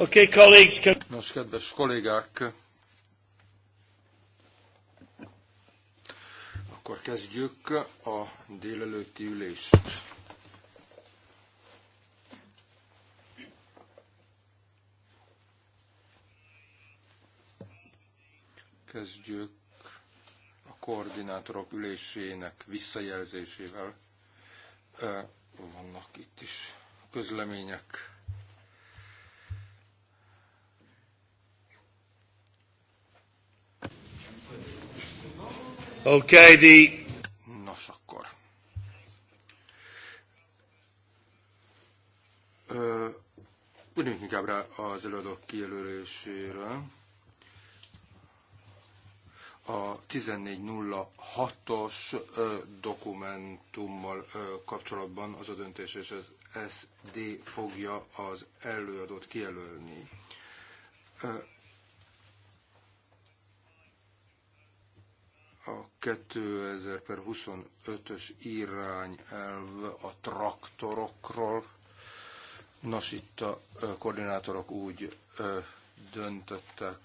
Okay, colleagues, can... Nos, kedves kollégák, akkor kezdjük a délelőtti ülést. Kezdjük a koordinátorok ülésének visszajelzésével. Vannak itt is közlemények. Okay, the... Nos akkor. Ugyanúgy inkább rá az előadók kijelölésére. A 1406-os dokumentummal kapcsolatban az a döntés és az SD fogja az előadót kijelölni a 2000 per 25-ös irányelv a traktorokról. Nos, itt a koordinátorok úgy döntöttek,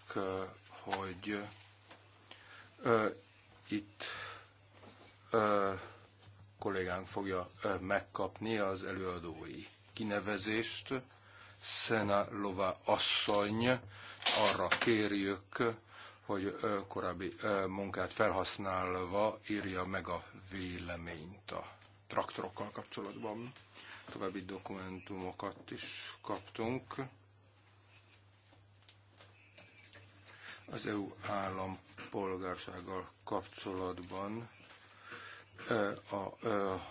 hogy itt kollégánk fogja megkapni az előadói kinevezést. Szena Lova asszony, arra kérjük, hogy korábbi munkát felhasználva írja meg a véleményt a traktorokkal kapcsolatban. További dokumentumokat is kaptunk. Az EU állampolgársággal kapcsolatban a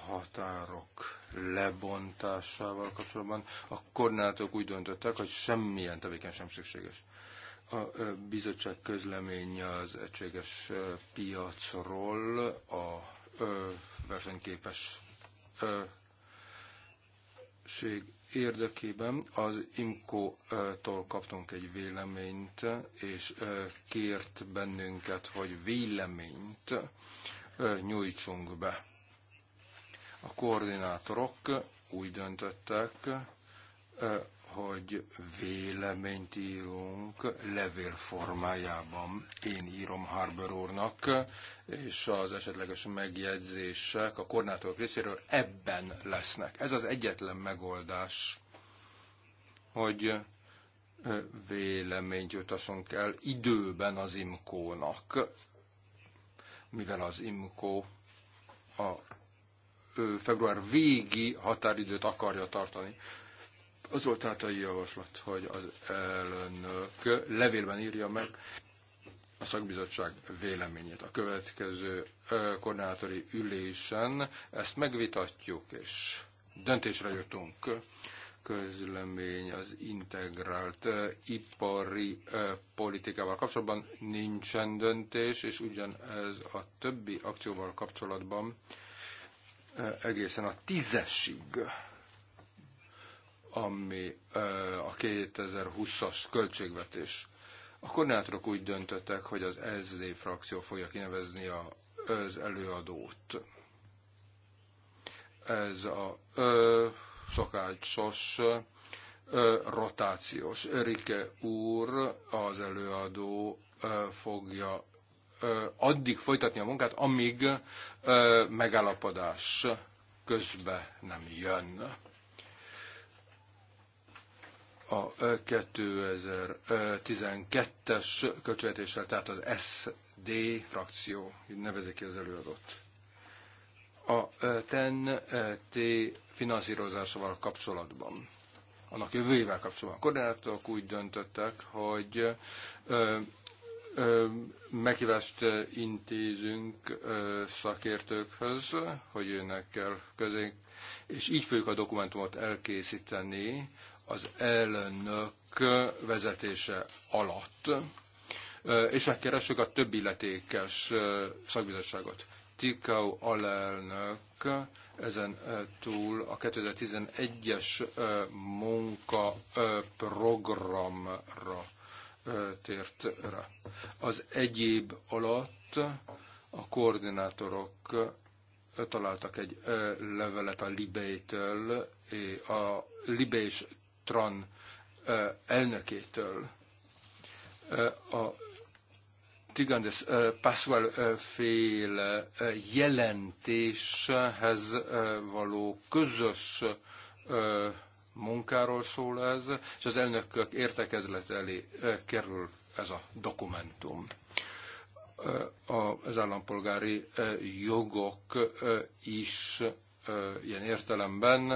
határok lebontásával kapcsolatban a koordinátok úgy döntöttek, hogy semmilyen tevékenység sem szükséges a bizottság közleménye az egységes piacról a versenyképes ség érdekében az IMCO-tól kaptunk egy véleményt, és kért bennünket, hogy véleményt nyújtsunk be. A koordinátorok úgy döntöttek, hogy véleményt írunk levél formájában. Én írom Harbour úrnak, és az esetleges megjegyzések a koordinátorok részéről ebben lesznek. Ez az egyetlen megoldás, hogy véleményt jutassunk el időben az imkónak, mivel az imkó a február végi határidőt akarja tartani. Az volt hát a javaslat, hogy az elnök levélben írja meg a szakbizottság véleményét. A következő koordinátori ülésen ezt megvitatjuk, és döntésre jutunk közlemény az integrált ipari politikával kapcsolatban nincsen döntés, és ugyanez a többi akcióval kapcsolatban egészen a tízesig ami a 2020-as költségvetés. A koordinátorok úgy döntöttek, hogy az SZD frakció fogja kinevezni az előadót. Ez a ö, szokácsos ö, rotációs. Rike úr, az előadó ö, fogja ö, addig folytatni a munkát, amíg ö, megállapodás közbe nem jön a 2012-es költségvetéssel, tehát az SD frakció, így nevezik ki az előadót. A TEN-T finanszírozásával kapcsolatban, annak jövőjével kapcsolatban a koordinátorok úgy döntöttek, hogy meghívást intézünk szakértőkhöz, hogy jönnek el közénk, és így fogjuk a dokumentumot elkészíteni az elnök vezetése alatt, és megkeressük a több illetékes szakbizottságot. Tikau alelnök ezen túl a 2011-es munkaprogramra tért rá. Az egyéb alatt a koordinátorok találtak egy levelet a Libétől, a Libé és TRAN elnökétől a Tigandes Pascual fél jelentéshez való közös munkáról szól ez, és az elnökök értekezlet elé kerül ez a dokumentum. Az állampolgári jogok is ilyen értelemben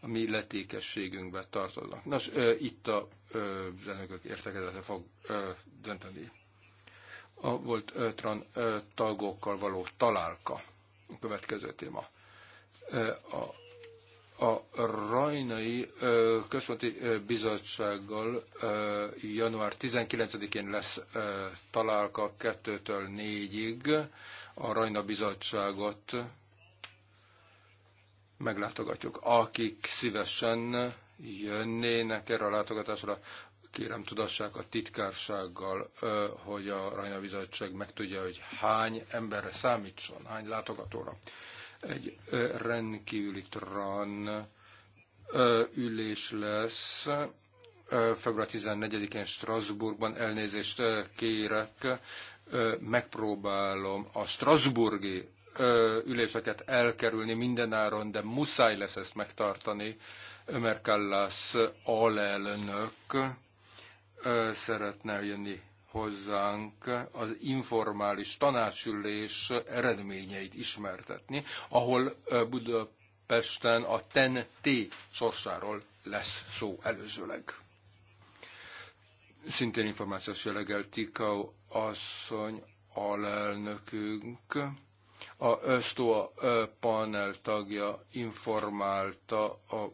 a mi letékességünkbe tartoznak. Nos, itt a zenekök értekezete fog dönteni. A volt tran tagokkal való találka a következő téma. A a Rajnai Központi Bizottsággal január 19-én lesz találka 2-től 4-ig. A Rajna Bizottságot meglátogatjuk. Akik szívesen jönnének erre a látogatásra, kérem tudassák a titkársággal, hogy a Rajna Bizottság megtudja, hogy hány emberre számítson, hány látogatóra. Egy rendkívüli tran ülés lesz február 14-én Strasbourgban, elnézést kérek, megpróbálom a Strasburgi üléseket elkerülni mindenáron, de muszáj lesz ezt megtartani. Ömer Kallas alelnök szeretne jönni hozzánk az informális tanácsülés eredményeit ismertetni, ahol Budapesten a TEN-T sorsáról lesz szó előzőleg. Szintén információs jelleggel Tikau asszony alelnökünk a STOA panel tagja informálta a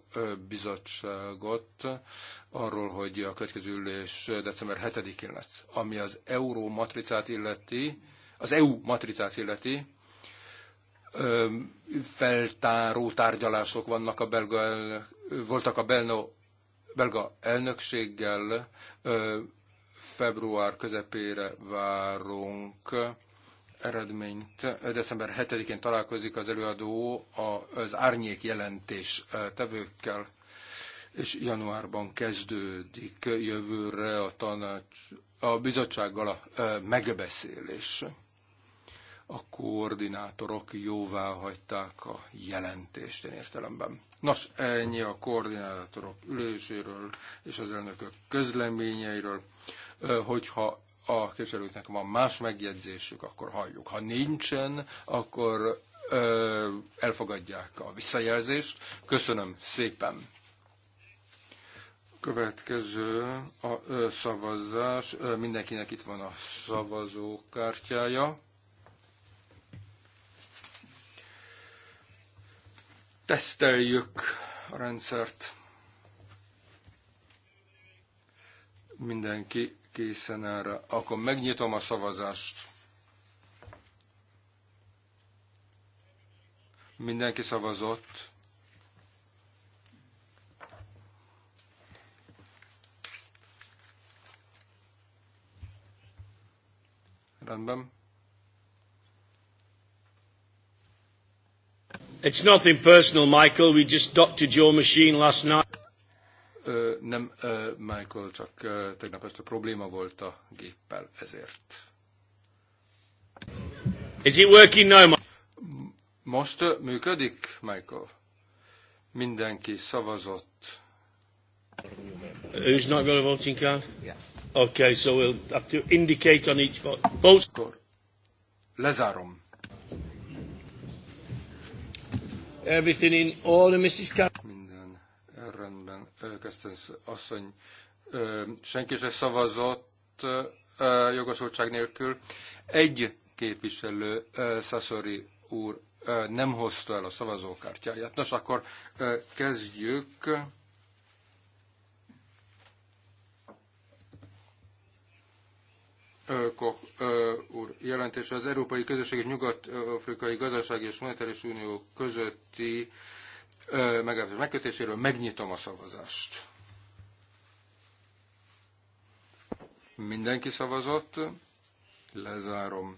bizottságot arról, hogy a következő ülés december 7-én lesz, ami az euró matricát illeti, az EU matricát illeti, feltáró tárgyalások vannak a belga, voltak a belno, belga elnökséggel, február közepére várunk eredményt. December 7-én találkozik az előadó az árnyék jelentés tevőkkel, és januárban kezdődik jövőre a tanács, a bizottsággal a megbeszélés. A koordinátorok jóvá hagyták a jelentést én értelemben. Nos, ennyi a koordinátorok üléséről és az elnökök közleményeiről hogyha a képviselőknek van más megjegyzésük, akkor halljuk. Ha nincsen, akkor ö, elfogadják a visszajelzést. Köszönöm szépen. Következő a ö, szavazás. Ö, mindenkinek itt van a szavazókártyája. Teszteljük a rendszert. Mindenki készen erre, akkor megnyitom a szavazást. Mindenki szavazott. Rendben. It's nothing personal, Michael. We just doctored your machine last night nem Michael, csak tegnap este probléma volt a géppel, ezért. Is it working now? Most működik, Michael? Mindenki szavazott. Who's not got a voting card? Yeah. Okay, so we'll have to indicate on each vote. Akkor lezárom. Everything in order, Mrs. Car van Köztönsz asszony, senki se szavazott jogosultság nélkül. Egy képviselő, Szaszori úr nem hozta el a szavazókártyáját. Nos, akkor kezdjük. Koch úr jelentése az Európai Közösség és Nyugat-Afrikai Gazdasági és Monetáris Unió közötti megállapodás megkötéséről. Megnyitom a szavazást. Mindenki szavazott. Lezárom.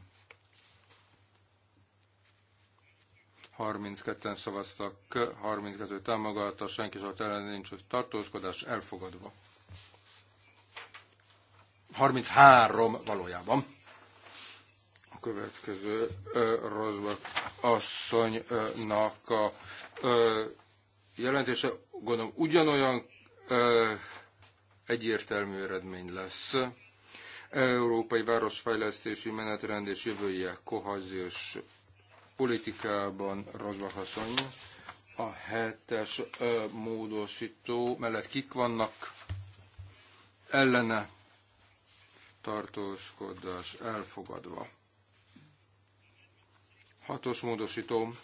32-en szavaztak, 32 támogatta, senki sem ellen nincs, hogy tartózkodás elfogadva. 33 valójában. A következő rozba asszonynak a ö, jelentése, gondolom, ugyanolyan ö, egyértelmű eredmény lesz. Európai Városfejlesztési Menetrend és jövője kohaziós politikában rozvahaszony. A hetes ö, módosító mellett kik vannak ellene tartózkodás elfogadva. Hatos módosítom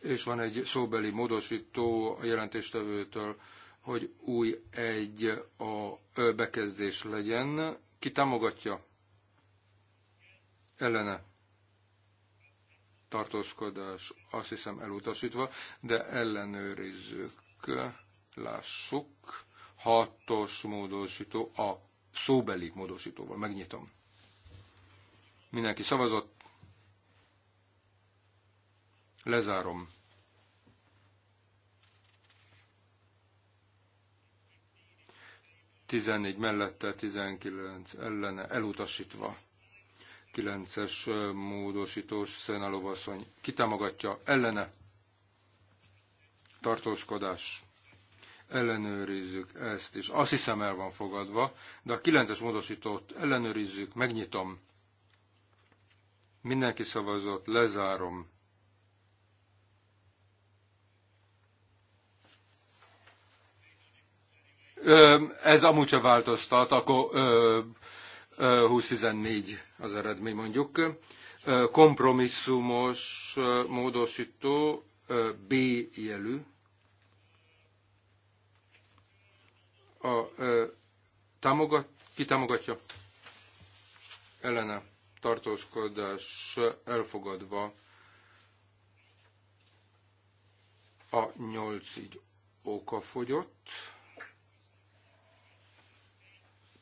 és van egy szóbeli módosító a jelentéstevőtől, hogy új egy a bekezdés legyen. Ki támogatja? Ellene tartózkodás, azt hiszem elutasítva, de ellenőrizzük, lássuk, hatos módosító, a szóbeli módosítóval, megnyitom. Mindenki szavazott, Lezárom. Tizennégy mellette, tizenkilenc ellene, elutasítva. Kilences módosító Szenálovasszony kitámogatja ellene. Tartózkodás ellenőrizzük ezt is. Azt hiszem el van fogadva, de a kilences módosítót ellenőrizzük, megnyitom. Mindenki szavazott, lezárom. Ez amúgy sem változtat, akkor 20-14 az eredmény mondjuk. Kompromisszumos módosító B jelű. A támogat, ki támogatja? Ellene tartózkodás elfogadva a nyolc így okafogyott.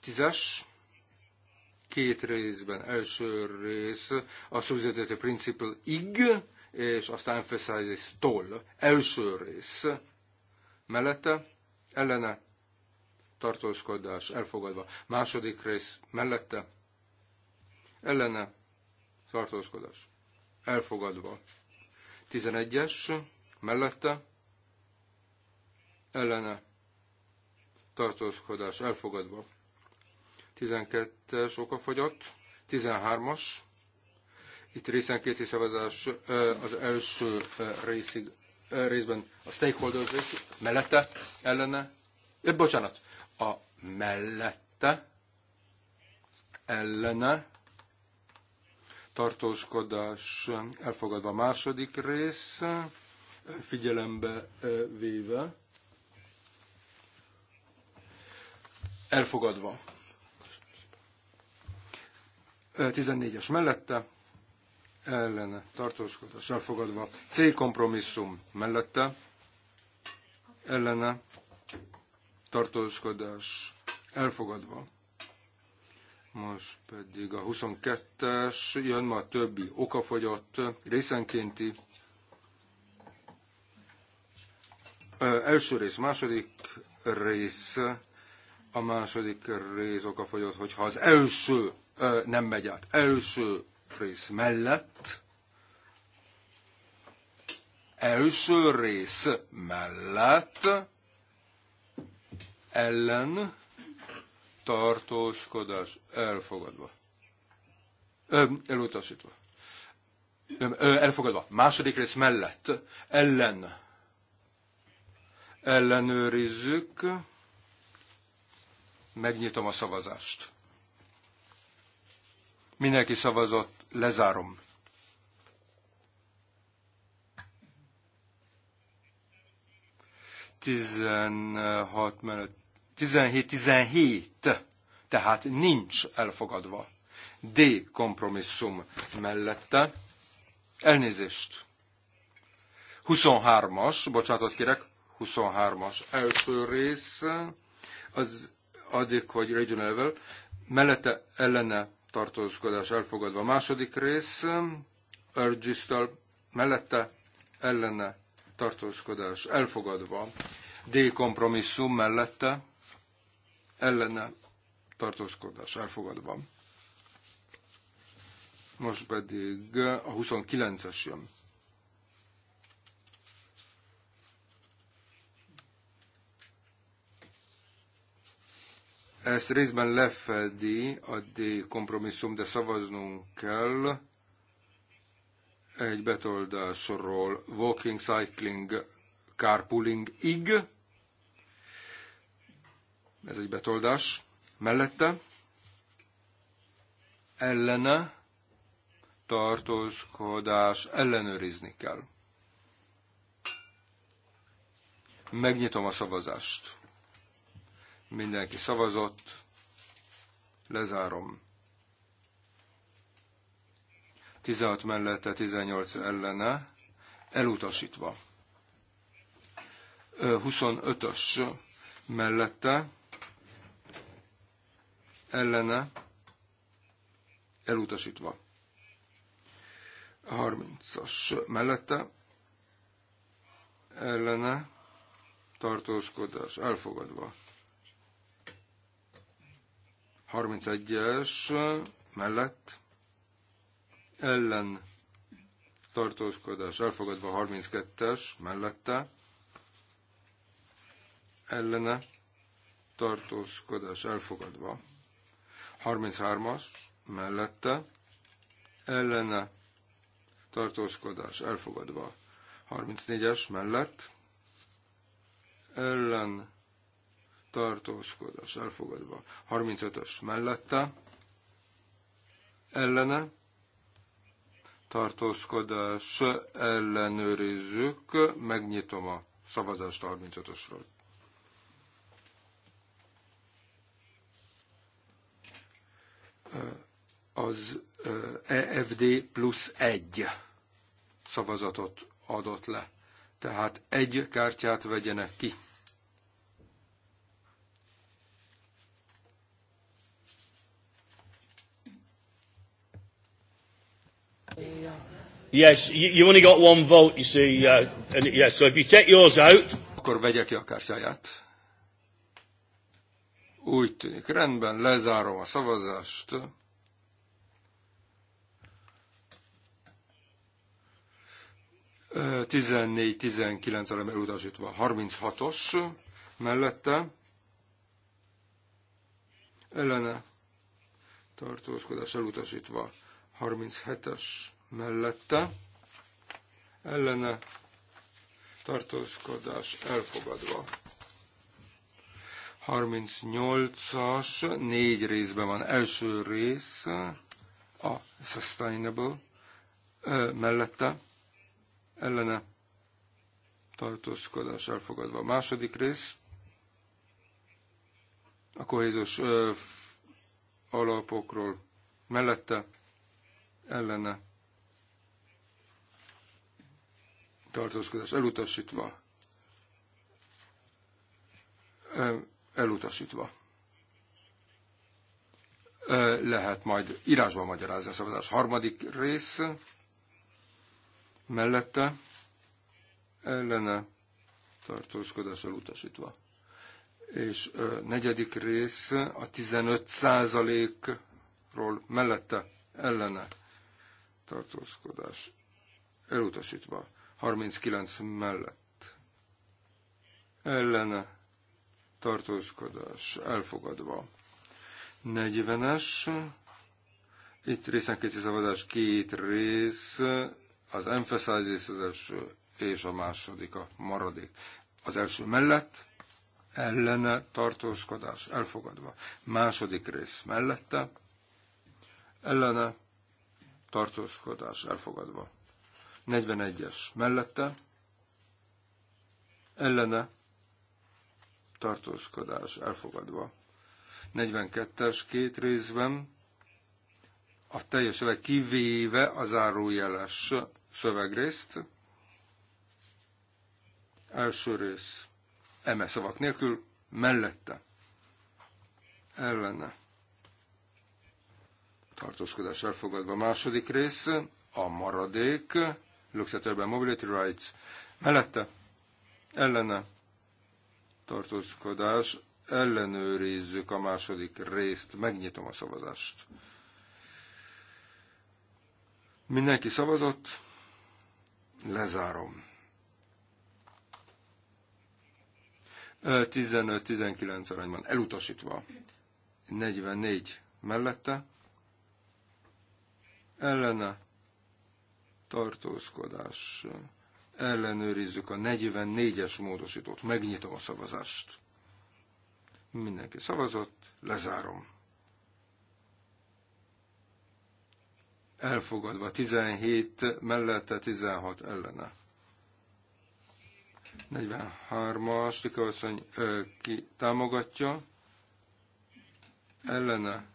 Tízes, két részben. Első rész a subsidiarity principle ig, és aztán emphasizes toll. Első rész mellette, ellene, tartózkodás elfogadva. Második rész mellette, ellene, tartózkodás elfogadva. tizenegyes mellette, ellene, tartózkodás elfogadva. 12-es okafogyat, 13-as. Itt részenkéti szavazás az első részig, részben a stakeholders rész, mellette, ellene, ö, bocsánat, a mellette, ellene, tartózkodás elfogadva a második rész, figyelembe véve, elfogadva. 14-es mellette, ellen tartózkodás elfogadva. C kompromisszum mellette, ellene tartózkodás elfogadva. Most pedig a 22-es, jön ma a többi okafogyott, részenkénti. Ö, első rész, második rész, a második rész okafogyott, hogyha az első nem megy át. Első rész mellett, első rész mellett ellen tartózkodás elfogadva. Ö, elutasítva. Ö, elfogadva. Második rész mellett ellen ellenőrizzük. Megnyitom a szavazást. Mindenki szavazott, lezárom. Tizenhat mellett, 17-17, tehát nincs elfogadva. D kompromisszum mellette. Elnézést. 23-as, bocsánatot kérek, 23-as első rész, az addig, hogy regional level, mellette ellene tartózkodás elfogadva. A második rész Urgistal mellette ellene tartózkodás elfogadva. D kompromisszum mellette ellene tartózkodás elfogadva. Most pedig a 29-es jön Ezt részben lefedi a D kompromisszum, de szavaznunk kell egy betoldásról walking, cycling, carpooling-ig. Ez egy betoldás. Mellette ellene tartózkodás ellenőrizni kell. Megnyitom a szavazást. Mindenki szavazott. Lezárom. 16 mellette, 18 ellene. Elutasítva. 25-ös mellette, ellene, elutasítva. 30-as mellette, ellene, tartózkodás elfogadva. 31-es mellett ellen tartózkodás elfogadva 32-es mellette ellene tartózkodás elfogadva 33-as mellette ellene tartózkodás elfogadva 34-es mellett ellen tartózkodás elfogadva. 35-ös mellette, ellene, tartózkodás ellenőrizzük, megnyitom a szavazást 35-ösről. Az EFD plusz egy szavazatot adott le. Tehát egy kártyát vegyenek ki. Yes, you only got one vote, you see. Uh, and yeah, so if you take yours out... Akkor vegye ki a kártyáját. Úgy tűnik, rendben, lezárom a szavazást. Uh, 14-19 elem elutasítva, 36-os mellette ellene tartózkodás elutasítva, 37-es mellette ellene tartózkodás elfogadva. 38-as, négy részben van. Első rész a Sustainable mellette ellene tartózkodás elfogadva. második rész a kohézós alapokról mellette ellene tartózkodás elutasítva. Elutasítva. Lehet majd írásban magyarázni a szavazás. Harmadik rész mellette ellene tartózkodás elutasítva. És negyedik rész a 15 százalékról mellette ellene tartózkodás elutasítva. 39 mellett ellene tartózkodás elfogadva. 40-es, itt részenkéti szavazás két rész, az emphasizes az első, és a második a maradék. Az első mellett ellene tartózkodás elfogadva. Második rész mellette ellene tartózkodás elfogadva. 41-es mellette, ellene, tartózkodás elfogadva. 42-es két részben, a teljes szöveg kivéve a zárójeles szövegrészt, első rész eme szavak nélkül, mellette, ellene, tartózkodás elfogadva. Második rész, a maradék, looks at urban mobility rights, mellette, ellene, tartózkodás, ellenőrizzük a második részt, megnyitom a szavazást. Mindenki szavazott, lezárom. 15-19 arányban elutasítva. 44 mellette, ellene tartózkodás. Ellenőrizzük a 44-es módosítót. Megnyitom a szavazást. Mindenki szavazott, lezárom. Elfogadva 17 mellette 16 ellene. 43-as, Tika ki támogatja, ellene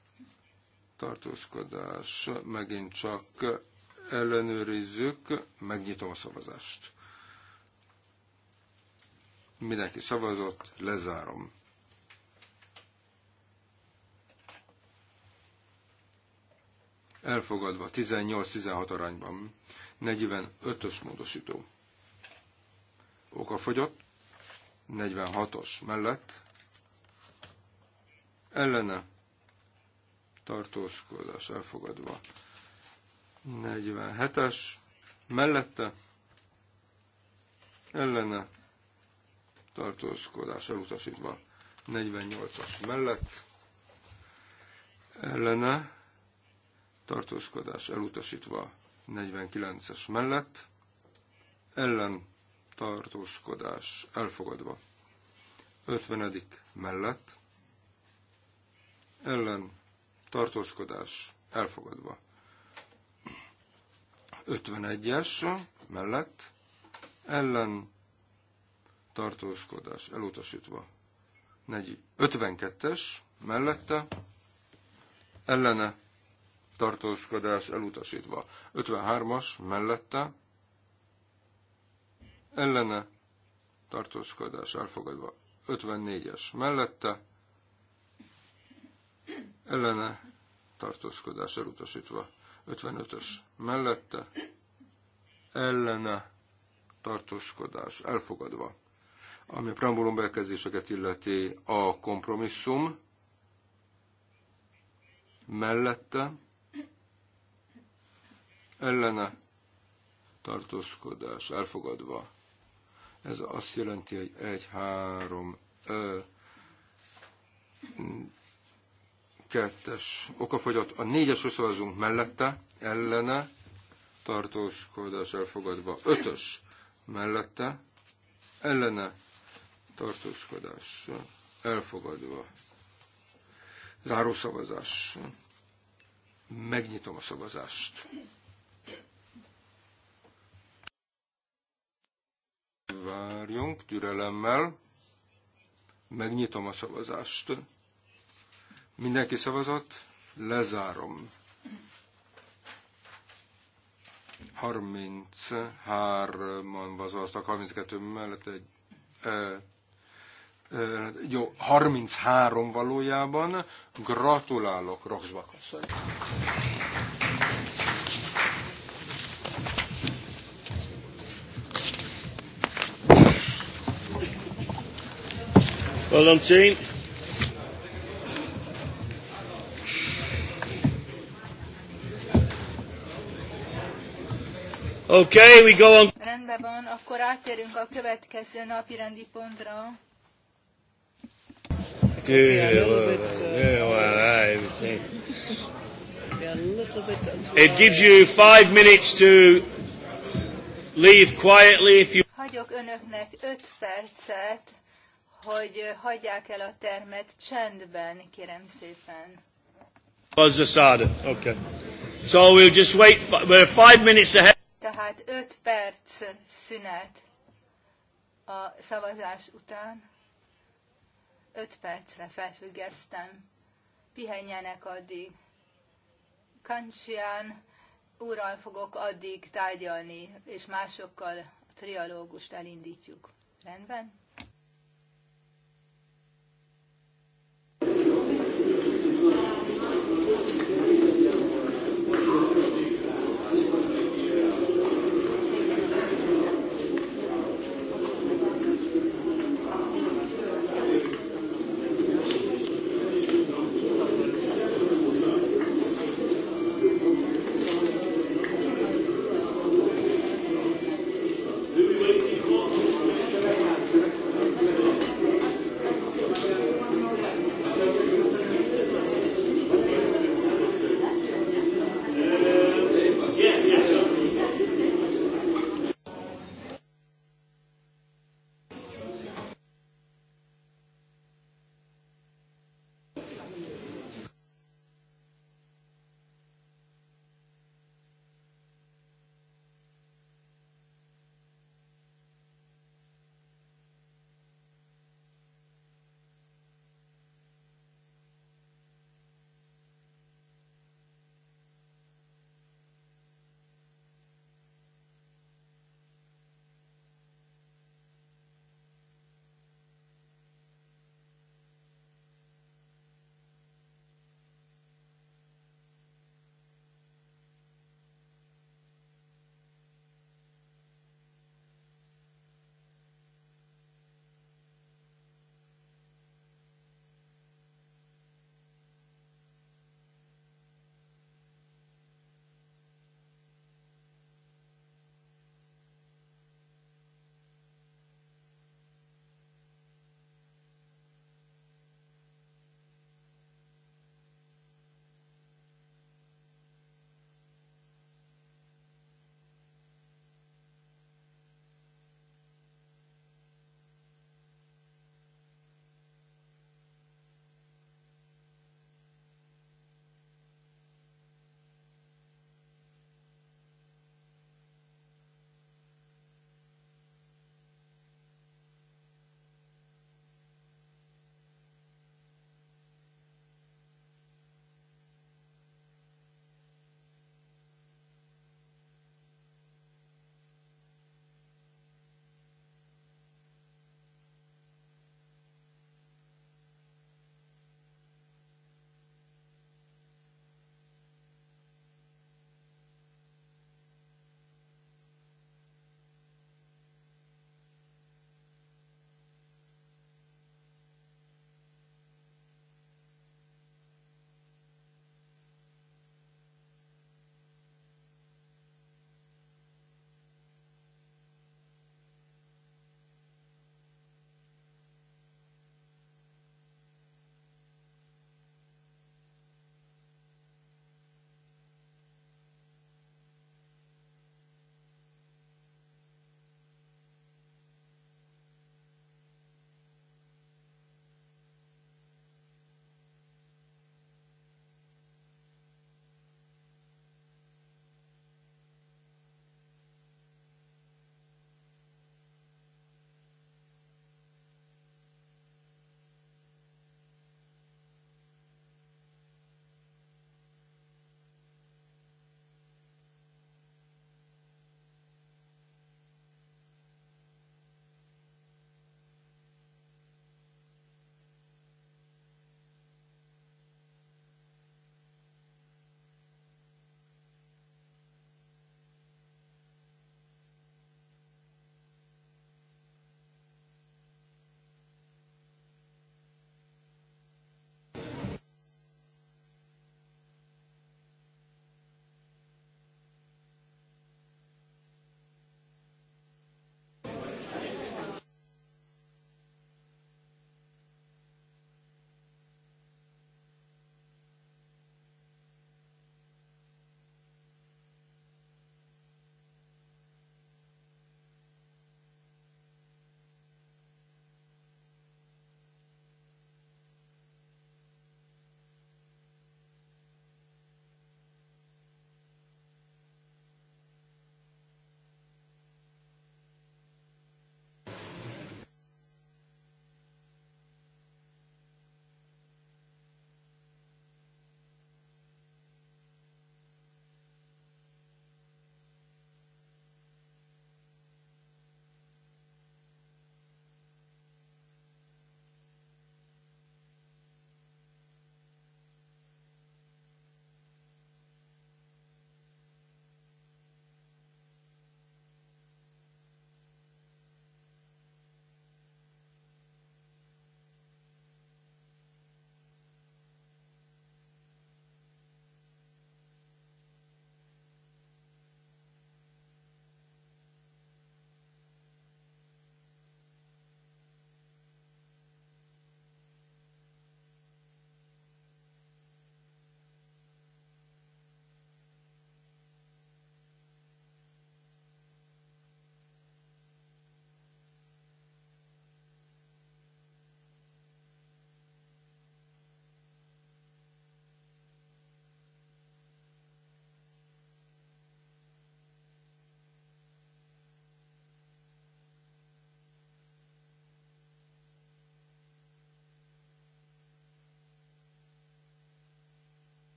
tartózkodás, megint csak ellenőrizzük, megnyitom a szavazást. Mindenki szavazott, lezárom. Elfogadva 18-16 arányban 45-ös módosító. Okafogyott, 46-os mellett, ellene tartózkodás elfogadva. 47-es mellette ellene tartózkodás elutasítva. 48-as mellett ellene tartózkodás elutasítva. 49-es mellett ellen tartózkodás elfogadva. 50. mellett ellen tartózkodás elfogadva. 51-es mellett ellen tartózkodás elutasítva. 52-es mellette ellene tartózkodás elutasítva. 53-as mellette ellene tartózkodás elfogadva. 54-es mellette ellene tartózkodás elutasítva. 55-ös mellette ellene tartózkodás elfogadva. Ami a preambulum bekezdéseket illeti a kompromisszum mellette ellene tartózkodás elfogadva. Ez azt jelenti, hogy három 3, kettes okafogyat, a négyes szavazunk mellette, ellene, tartózkodás elfogadva, ötös mellette, ellene, tartózkodás elfogadva. Záró szavazás. Megnyitom a szavazást. Várjunk türelemmel. Megnyitom a szavazást. Mindenki szavazott, lezárom. 33-an szavaztak, 32 mellett egy E, e, jó, 33 valójában. Gratulálok, Roxbach asszony. Well, done, saying Okay, we go on. Rendben van, akkor átérünk a következő napi rendi pontra. Uh, It gives you five minutes to leave quietly if you... Hagyok önöknek öt percet, hogy hagyják el a termet csendben, kérem szépen. Was the Okay. So we'll just wait, we're five minutes ahead. Tehát 5 perc szünet a szavazás után. 5 percre felfüggesztem. Pihenjenek addig. Kancsián úrral fogok addig tárgyalni, és másokkal a trialógust elindítjuk. Rendben?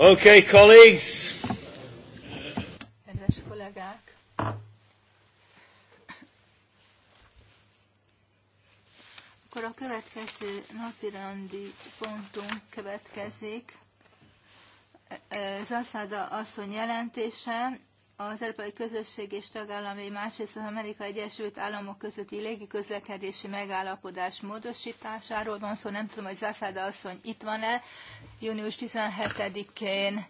Okay, colleagues. Kedves kollégák. Akkor a következő rendi pontunk következik. Zaszáda asszony jelentése az Európai Közösség és tagállami, másrészt az Amerikai Egyesült Államok közötti légiközlekedési megállapodás módosításáról van szó, nem tudom, hogy Zászáda asszony itt van-e. Június 17-én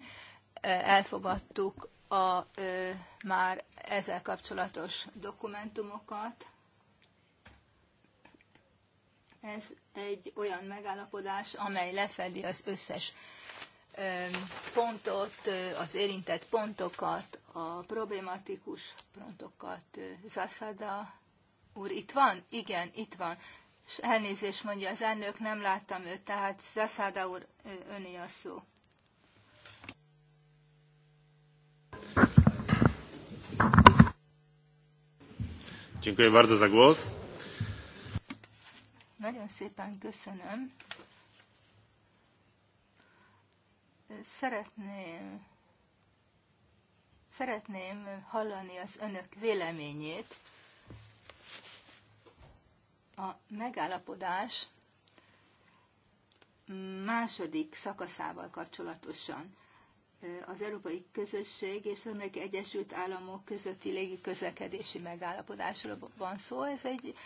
elfogadtuk a ö, már ezzel kapcsolatos dokumentumokat. Ez egy olyan megállapodás, amely lefedi az összes pontot, az érintett pontokat, a problematikus pontokat. Zászáda úr itt van? Igen, itt van. S elnézést mondja az elnök, nem láttam őt, tehát Zászáda úr, öné a szó. Dziękuję bardzo za głos. Nagyon szépen köszönöm. szeretném szeretném hallani az önök véleményét. A megállapodás második szakaszával kapcsolatosan az Európai Közösség és Amerikai Egyesült Államok közötti légiközlekedési megállapodásról van szó. Ez egy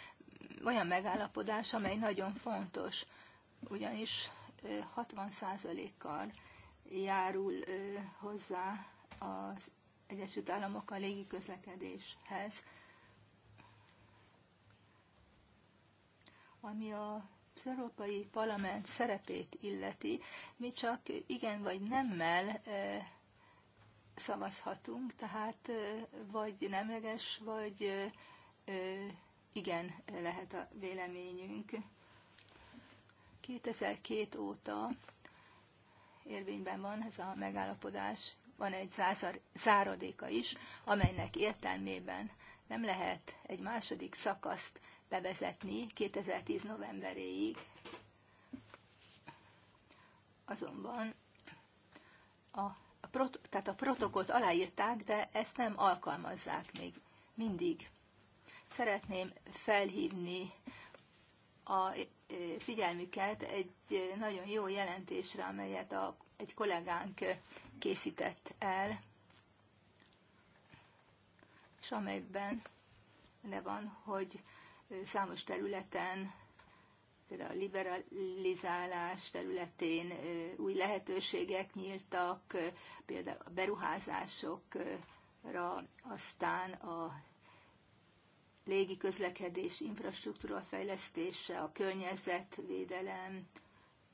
olyan megállapodás, amely nagyon fontos, ugyanis 60%-kal járul hozzá az Egyesült Államok a közlekedéshez, ami a az Európai Parlament szerepét illeti, mi csak igen vagy nemmel szavazhatunk, tehát vagy nemleges, vagy igen lehet a véleményünk. 2002 óta érvényben van ez a megállapodás, van egy záradéka is, amelynek értelmében nem lehet egy második szakaszt bevezetni 2010 novemberéig. Azonban a, a, prot, tehát a protokollt aláírták, de ezt nem alkalmazzák még mindig. Szeretném felhívni a e, e, figyelmüket egy e, nagyon jó jelentésre, amelyet a, egy kollégánk készített el, és amelyben le van, hogy számos területen, például a liberalizálás területén új lehetőségek nyíltak, például a beruházásokra, aztán a légi közlekedés infrastruktúra fejlesztése, a környezetvédelem,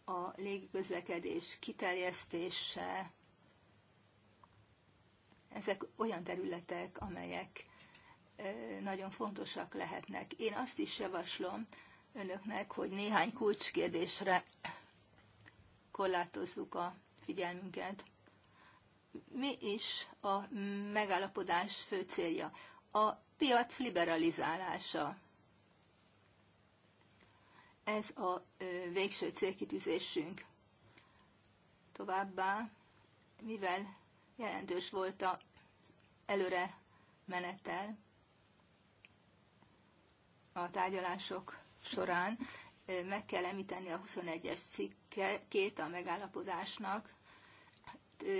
a légi közlekedés kiterjesztése. Ezek olyan területek, amelyek nagyon fontosak lehetnek. Én azt is javaslom önöknek, hogy néhány kulcskérdésre korlátozzuk a figyelmünket. Mi is a megállapodás fő célja? A piac liberalizálása. Ez a végső célkitűzésünk. Továbbá, mivel jelentős volt a előre menetel a tárgyalások során, meg kell említeni a 21-es cikkét a megállapodásnak,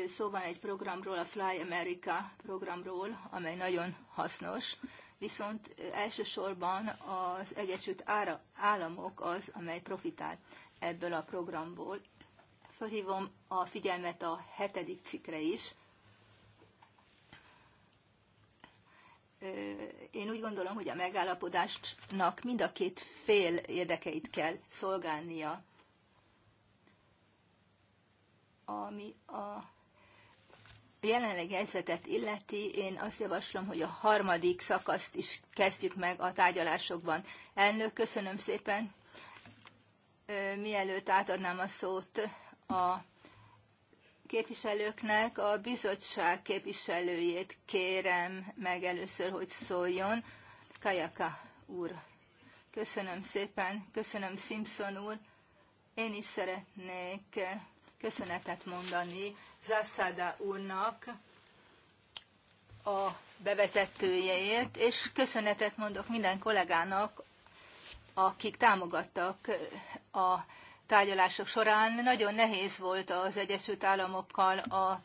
szó van egy programról, a Fly America programról, amely nagyon hasznos, viszont elsősorban az Egyesült Államok az, amely profitál ebből a programból. Fölhívom a figyelmet a hetedik cikre is. Én úgy gondolom, hogy a megállapodásnak mind a két fél érdekeit kell szolgálnia ami a jelenlegi helyzetet illeti, én azt javaslom, hogy a harmadik szakaszt is kezdjük meg a tárgyalásokban. Elnök, köszönöm szépen. Mielőtt átadnám a szót a képviselőknek, a bizottság képviselőjét kérem meg először, hogy szóljon. Kajaka úr. Köszönöm szépen, köszönöm Simpson úr. Én is szeretnék köszönetet mondani Zászáda úrnak a bevezetőjeért, és köszönetet mondok minden kollégának, akik támogattak a tárgyalások során. Nagyon nehéz volt az Egyesült Államokkal a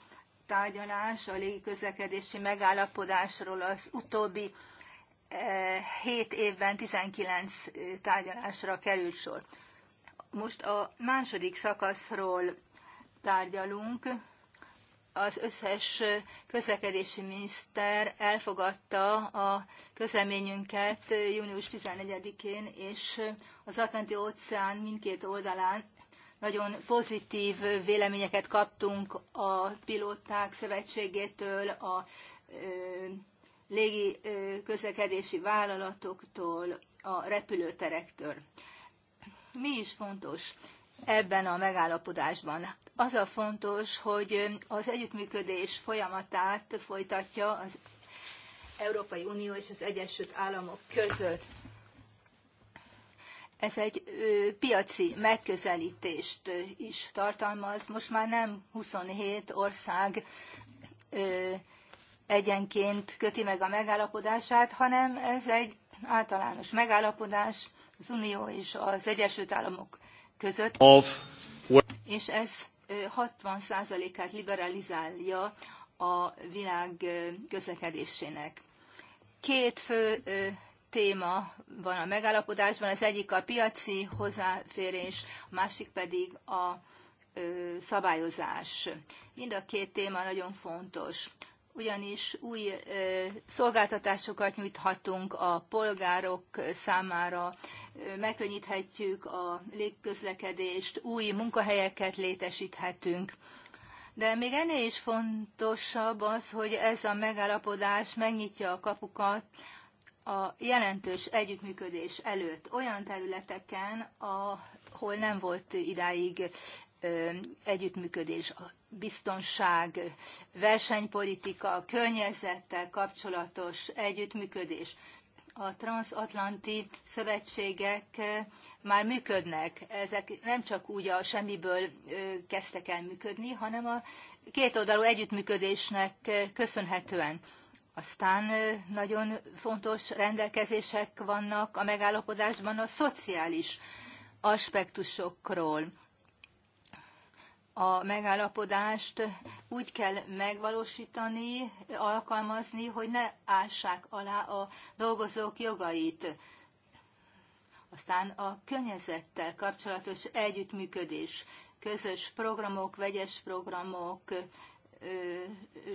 tárgyalás a légiközlekedési megállapodásról az utóbbi 7 évben 19 tárgyalásra került sor. Most a második szakaszról tárgyalunk. Az összes közlekedési miniszter elfogadta a közleményünket június 14-én, és az Atlanti-óceán mindkét oldalán nagyon pozitív véleményeket kaptunk a pilóták szövetségétől, a légi közlekedési vállalatoktól, a repülőterektől. Mi is fontos? ebben a megállapodásban. Az a fontos, hogy az együttműködés folyamatát folytatja az Európai Unió és az Egyesült Államok között. Ez egy piaci megközelítést is tartalmaz. Most már nem 27 ország egyenként köti meg a megállapodását, hanem ez egy általános megállapodás az Unió és az Egyesült Államok között, és ez 60%-át liberalizálja a világ közlekedésének. Két fő téma van a megállapodásban, az egyik a piaci hozzáférés, a másik pedig a szabályozás. Mind a két téma nagyon fontos ugyanis új szolgáltatásokat nyújthatunk a polgárok számára, megkönnyíthetjük a légközlekedést, új munkahelyeket létesíthetünk. De még ennél is fontosabb az, hogy ez a megállapodás megnyitja a kapukat a jelentős együttműködés előtt olyan területeken, ahol nem volt idáig együttműködés. A biztonság, versenypolitika, környezettel kapcsolatos együttműködés. A transatlanti szövetségek eh, már működnek. Ezek nem csak úgy a semmiből eh, kezdtek el működni, hanem a kétoldalú együttműködésnek eh, köszönhetően. Aztán nagyon fontos rendelkezések vannak a megállapodásban a szociális aspektusokról, a megállapodást úgy kell megvalósítani, alkalmazni, hogy ne ássák alá a dolgozók jogait. Aztán a környezettel kapcsolatos együttműködés, közös programok, vegyes programok,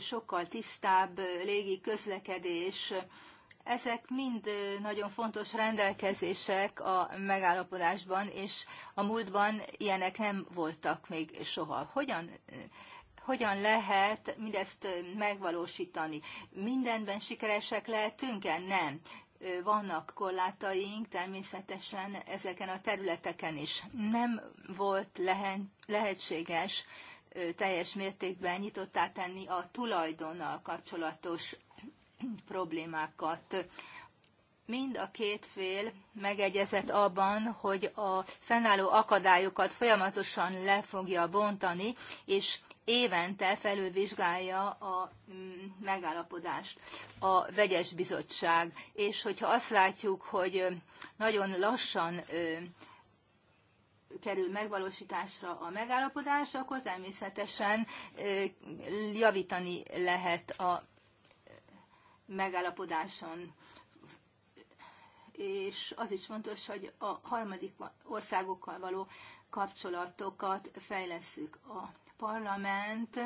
sokkal tisztább légi közlekedés, ezek mind nagyon fontos rendelkezések a megállapodásban, és a múltban ilyenek nem voltak még soha. Hogyan hogyan lehet mindezt megvalósítani. Mindenben sikeresek lehetünk-e? Nem. Vannak korlátaink természetesen ezeken a területeken is. Nem volt lehetséges teljes mértékben nyitottá tenni a tulajdonnal kapcsolatos problémákat. Mind a két fél megegyezett abban, hogy a fennálló akadályokat folyamatosan le fogja bontani, és évente felülvizsgálja a mm, megállapodást a vegyes bizottság. És hogyha azt látjuk, hogy nagyon lassan kerül megvalósításra a megállapodás, akkor természetesen javítani lehet a megállapodáson. És az is fontos, hogy a harmadik országokkal való kapcsolatokat fejleszük. A parlament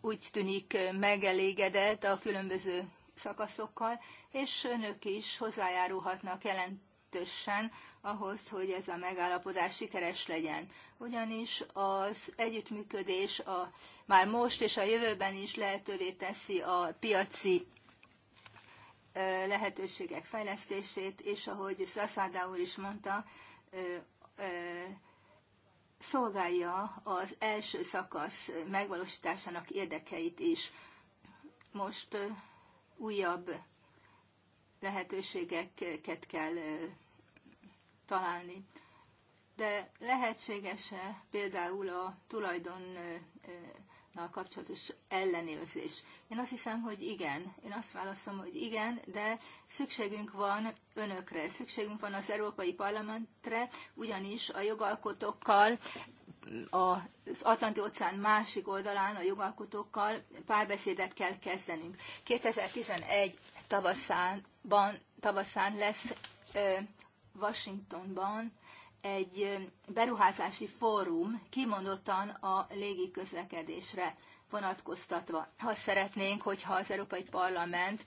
úgy tűnik megelégedett a különböző szakaszokkal, és önök is hozzájárulhatnak jelentősen ahhoz, hogy ez a megállapodás sikeres legyen ugyanis az együttműködés a, már most és a jövőben is lehetővé teszi a piaci lehetőségek fejlesztését, és ahogy Szaszádá úr is mondta, szolgálja az első szakasz megvalósításának érdekeit is. Most újabb lehetőségeket kell találni de lehetséges-e például a tulajdonnal kapcsolatos ellenőrzés? Én azt hiszem, hogy igen. Én azt válaszom, hogy igen, de szükségünk van önökre, szükségünk van az Európai Parlamentre, ugyanis a jogalkotókkal az Atlanti-óceán másik oldalán a jogalkotókkal párbeszédet kell kezdenünk. 2011 tavaszán, ban, tavaszán lesz Washingtonban egy beruházási fórum kimondottan a légi közlekedésre vonatkoztatva. Ha szeretnénk, hogyha az Európai Parlament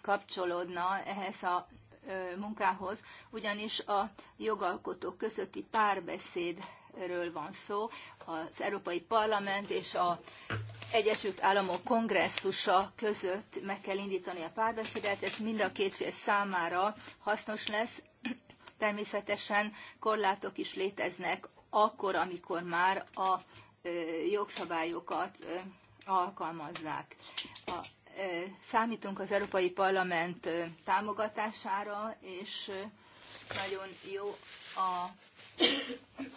kapcsolódna ehhez a munkához, ugyanis a jogalkotók közötti párbeszédről van szó, az Európai Parlament és az Egyesült Államok kongresszusa között meg kell indítani a párbeszédet, ez mind a két fél számára hasznos lesz, Természetesen korlátok is léteznek akkor, amikor már a jogszabályokat alkalmazzák. A, számítunk az Európai Parlament támogatására, és nagyon jó a,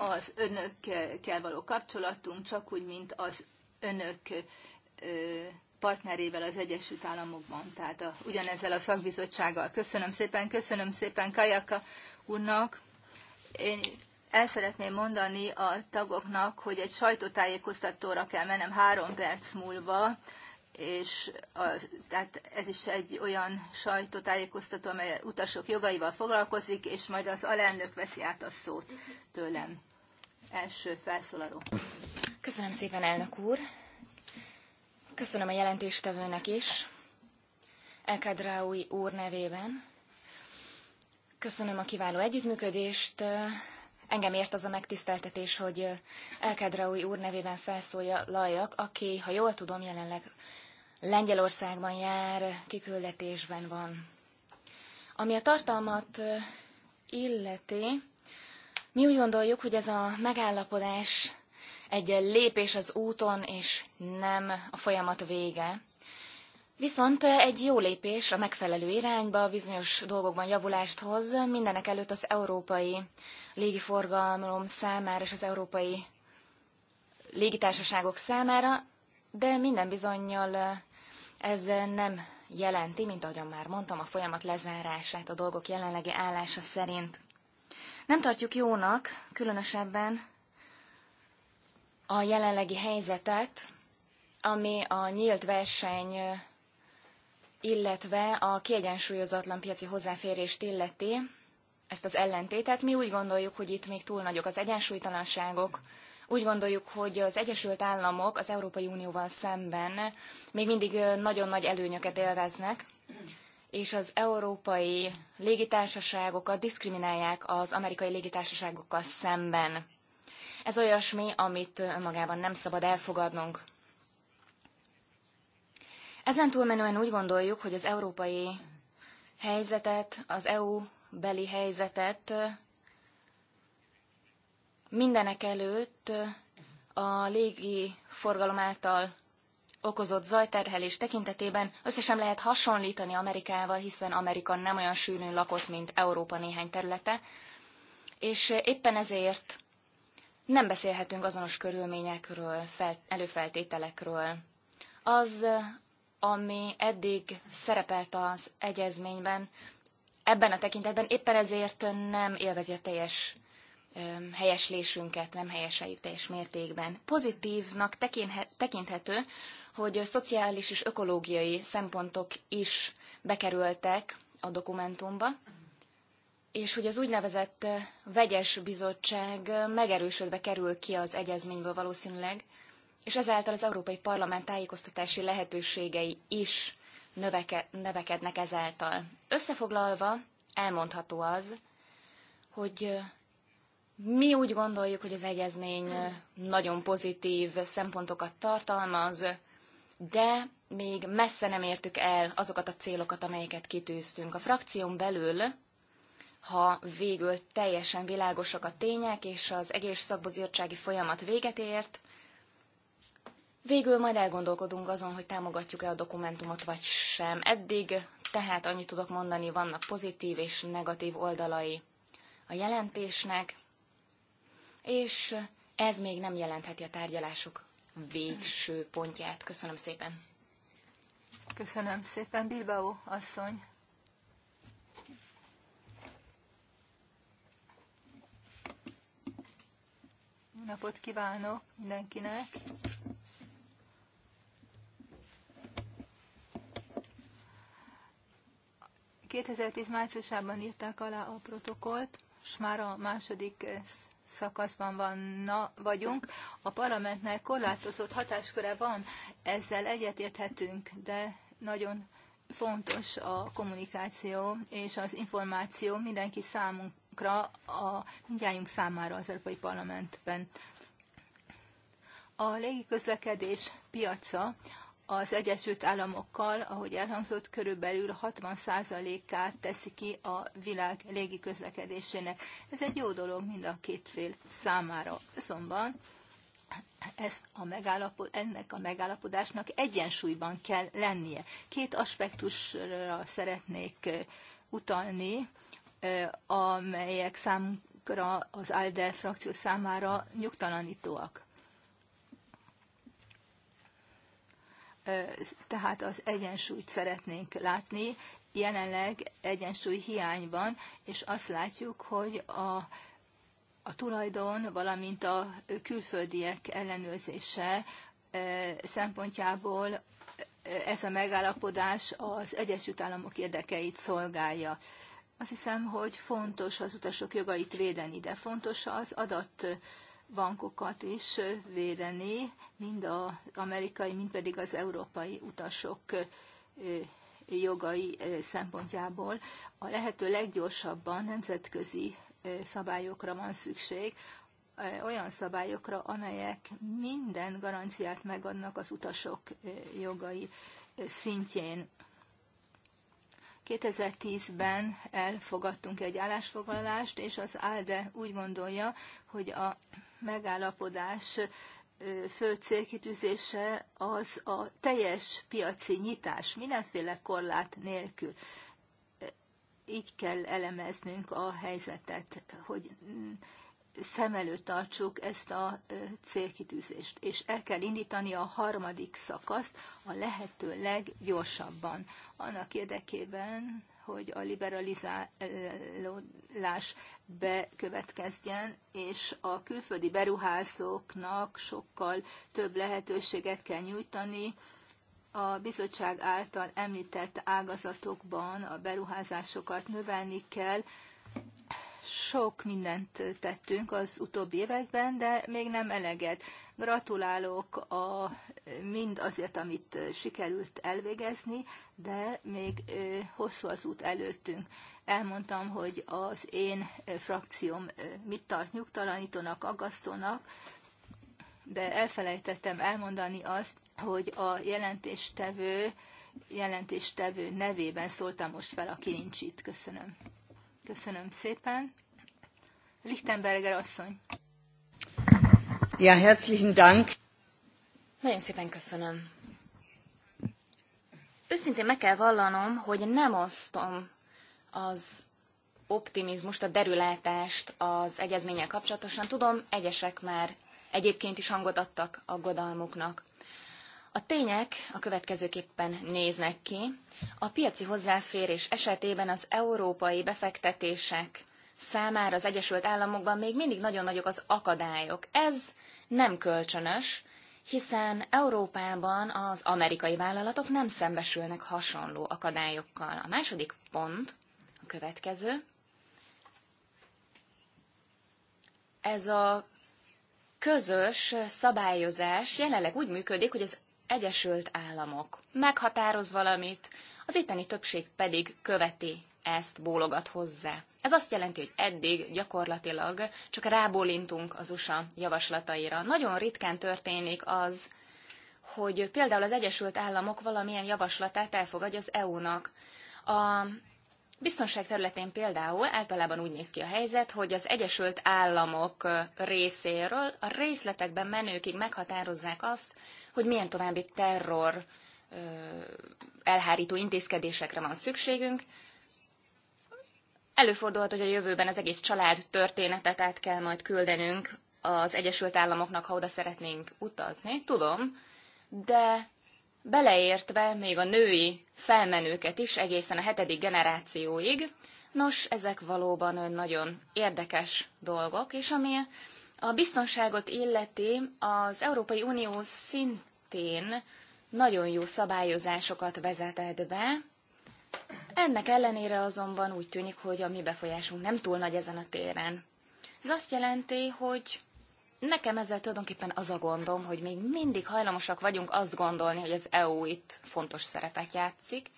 az önökkel való kapcsolatunk, csak úgy, mint az önök partnerével az Egyesült Államokban, tehát a, ugyanezzel a szakbizottsággal. Köszönöm szépen, köszönöm szépen Kajaka úrnak. Én el szeretném mondani a tagoknak, hogy egy sajtótájékoztatóra kell mennem három perc múlva, és a, tehát ez is egy olyan sajtótájékoztató, amely utasok jogaival foglalkozik, és majd az alelnök veszi át a szót tőlem. Első felszólaló. Köszönöm szépen, elnök úr. Köszönöm a jelentéstevőnek is. Elkadraui úr nevében Köszönöm a kiváló együttműködést. Engem ért az a megtiszteltetés, hogy Elkadraui úr nevében felszólaljak, aki, ha jól tudom, jelenleg Lengyelországban jár, kiküldetésben van. Ami a tartalmat illeti, mi úgy gondoljuk, hogy ez a megállapodás egy lépés az úton, és nem a folyamat vége. Viszont eh, egy jó lépés a megfelelő irányba, bizonyos dolgokban javulást hoz, mindenek előtt az európai légiforgalom számára és az európai légitársaságok számára, de minden bizonyal eh, ez nem jelenti, mint ahogyan már mondtam, a folyamat lezárását a dolgok jelenlegi állása szerint. Nem tartjuk jónak, különösebben a jelenlegi helyzetet, ami a nyílt verseny eh, illetve a kiegyensúlyozatlan piaci hozzáférést illeti ezt az ellentétet. Mi úgy gondoljuk, hogy itt még túl nagyok az egyensúlytalanságok, úgy gondoljuk, hogy az Egyesült Államok az Európai Unióval szemben még mindig nagyon nagy előnyöket élveznek, és az európai légitársaságokat diszkriminálják az amerikai légitársaságokkal szemben. Ez olyasmi, amit önmagában nem szabad elfogadnunk. Ezen túlmenően úgy gondoljuk, hogy az európai helyzetet, az EU beli helyzetet mindenek előtt a légi forgalom által okozott zajterhelés tekintetében összesen lehet hasonlítani Amerikával, hiszen Amerika nem olyan sűrűn lakott, mint Európa néhány területe, és éppen ezért nem beszélhetünk azonos körülményekről, előfeltételekről. Az ami eddig szerepelt az egyezményben, ebben a tekintetben éppen ezért nem élvezi a teljes helyeslésünket, nem helyeseljük teljes mértékben. Pozitívnak tekinthető, hogy szociális és ökológiai szempontok is bekerültek a dokumentumba, és hogy az úgynevezett vegyes bizottság megerősödve kerül ki az egyezményből valószínűleg, és ezáltal az Európai Parlament tájékoztatási lehetőségei is növeke, növekednek ezáltal. Összefoglalva elmondható az, hogy mi úgy gondoljuk, hogy az egyezmény nagyon pozitív szempontokat tartalmaz, de még messze nem értük el azokat a célokat, amelyeket kitűztünk. A frakción belül, ha végül teljesen világosak a tények, és az egész szakbozírtsági folyamat véget ért, Végül majd elgondolkodunk azon, hogy támogatjuk-e a dokumentumot vagy sem. Eddig tehát annyit tudok mondani, vannak pozitív és negatív oldalai a jelentésnek, és ez még nem jelentheti a tárgyalások végső pontját. Köszönöm szépen. Köszönöm szépen, Bilbao asszony. Napot kívánok mindenkinek! 2010 márciusában írták alá a protokolt, és már a második szakaszban van, na, vagyunk. A parlamentnek korlátozott hatásköre van, ezzel egyetérthetünk, de nagyon fontos a kommunikáció és az információ mindenki számunkra, a mindjárt számára az Európai Parlamentben. A légiközlekedés piaca az Egyesült Államokkal, ahogy elhangzott, körülbelül 60%-át teszi ki a világ légiközlekedésének. Ez egy jó dolog mind a két fél számára. Azonban ez a megállapod, ennek a megállapodásnak egyensúlyban kell lennie. Két aspektusra szeretnék utalni, amelyek számunkra az ALDE frakció számára nyugtalanítóak. tehát az egyensúlyt szeretnénk látni. Jelenleg egyensúly hiányban, és azt látjuk, hogy a, a tulajdon, valamint a külföldiek ellenőrzése szempontjából ez a megállapodás az Egyesült Államok érdekeit szolgálja. Azt hiszem, hogy fontos az utasok jogait védeni, de fontos az adat bankokat is védeni, mind az amerikai, mind pedig az európai utasok jogai szempontjából. A lehető leggyorsabban nemzetközi szabályokra van szükség, olyan szabályokra, amelyek minden garanciát megadnak az utasok jogai szintjén. 2010-ben elfogadtunk egy állásfoglalást, és az ALDE úgy gondolja, hogy a megállapodás fő célkitűzése az a teljes piaci nyitás mindenféle korlát nélkül. Így kell elemeznünk a helyzetet, hogy mm, szem előtt tartsuk ezt a célkitűzést, és el kell indítani a harmadik szakaszt a lehető leggyorsabban. Annak érdekében, hogy a liberalizálás bekövetkezjen, és a külföldi beruházóknak sokkal több lehetőséget kell nyújtani, a bizottság által említett ágazatokban a beruházásokat növelni kell, sok mindent tettünk az utóbbi években, de még nem eleget. Gratulálok a, mind azért, amit sikerült elvégezni, de még hosszú az út előttünk. Elmondtam, hogy az én frakcióm mit tart nyugtalanítónak, aggasztónak, de elfelejtettem elmondani azt, hogy a jelentéstevő jelentéstevő nevében szóltam most fel, aki nincs itt. Köszönöm. Köszönöm szépen. Lichtenberger asszony. Ja, herzlichen Dank. Nagyon szépen köszönöm. Őszintén meg kell vallanom, hogy nem osztom az optimizmust, a derülátást az egyezménnyel kapcsolatosan. Tudom, egyesek már egyébként is hangot adtak aggodalmuknak. A tények a következőképpen néznek ki. A piaci hozzáférés esetében az európai befektetések számára az Egyesült Államokban még mindig nagyon nagyok az akadályok. Ez nem kölcsönös, hiszen Európában az amerikai vállalatok nem szembesülnek hasonló akadályokkal. A második pont a következő. Ez a közös szabályozás jelenleg úgy működik, hogy az Egyesült Államok. Meghatároz valamit, az itteni többség pedig követi ezt, bólogat hozzá. Ez azt jelenti, hogy eddig gyakorlatilag csak rábólintunk az USA javaslataira. Nagyon ritkán történik az, hogy például az Egyesült Államok valamilyen javaslatát elfogadja az EU-nak. A biztonság területén például általában úgy néz ki a helyzet, hogy az Egyesült Államok részéről a részletekben menőkig meghatározzák azt, hogy milyen további terror elhárító intézkedésekre van szükségünk. Előfordulhat, hogy a jövőben az egész család történetet át kell majd küldenünk az Egyesült Államoknak, ha oda szeretnénk utazni, tudom, de beleértve még a női felmenőket is egészen a hetedik generációig, nos, ezek valóban nagyon érdekes dolgok, és ami a biztonságot illeti az Európai Unió szintén nagyon jó szabályozásokat vezetett be, ennek ellenére azonban úgy tűnik, hogy a mi befolyásunk nem túl nagy ezen a téren. Ez azt jelenti, hogy nekem ezzel tulajdonképpen az a gondom, hogy még mindig hajlamosak vagyunk azt gondolni, hogy az EU itt fontos szerepet játszik.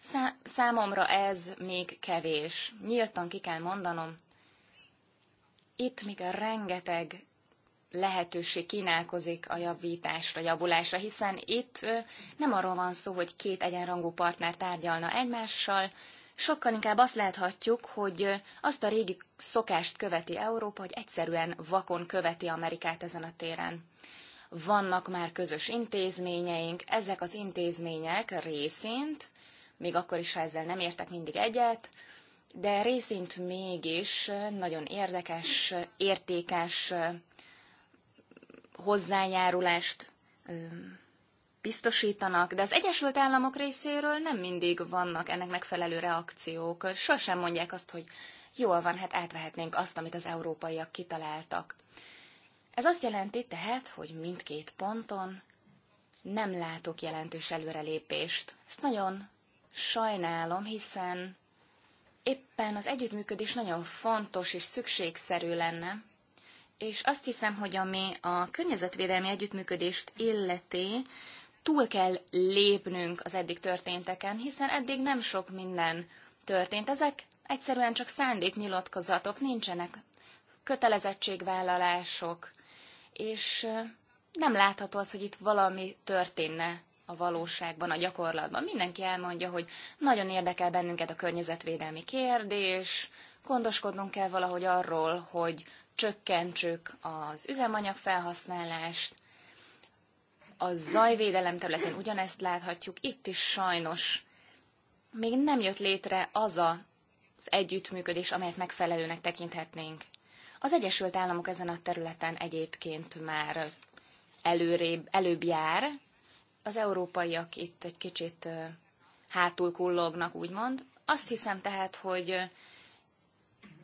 Szá- számomra ez még kevés. Nyíltan ki kell mondanom, itt még rengeteg lehetőség kínálkozik a javításra, javulásra, hiszen itt nem arról van szó, hogy két egyenrangú partner tárgyalna egymással, sokkal inkább azt láthatjuk, hogy azt a régi szokást követi Európa, hogy egyszerűen vakon követi Amerikát ezen a téren. Vannak már közös intézményeink, ezek az intézmények részint, még akkor is, ha ezzel nem értek mindig egyet, de részint mégis nagyon érdekes, értékes hozzájárulást biztosítanak, de az Egyesült Államok részéről nem mindig vannak ennek megfelelő reakciók. Sosem mondják azt, hogy jól van, hát átvehetnénk azt, amit az európaiak kitaláltak. Ez azt jelenti tehát, hogy mindkét ponton nem látok jelentős előrelépést. Ezt nagyon sajnálom, hiszen éppen az együttműködés nagyon fontos és szükségszerű lenne, és azt hiszem, hogy ami a környezetvédelmi együttműködést illeti, túl kell lépnünk az eddig történteken, hiszen eddig nem sok minden történt. Ezek egyszerűen csak szándéknyilatkozatok, nincsenek kötelezettségvállalások, és nem látható az, hogy itt valami történne a valóságban, a gyakorlatban. Mindenki elmondja, hogy nagyon érdekel bennünket a környezetvédelmi kérdés, gondoskodnunk kell valahogy arról, hogy csökkentsük az üzemanyag felhasználást, a zajvédelem területén ugyanezt láthatjuk, itt is sajnos még nem jött létre az a, az együttműködés, amelyet megfelelőnek tekinthetnénk. Az Egyesült Államok ezen a területen egyébként már előrébb, előbb jár, az európaiak itt egy kicsit hátul kullognak, úgymond. Azt hiszem tehát, hogy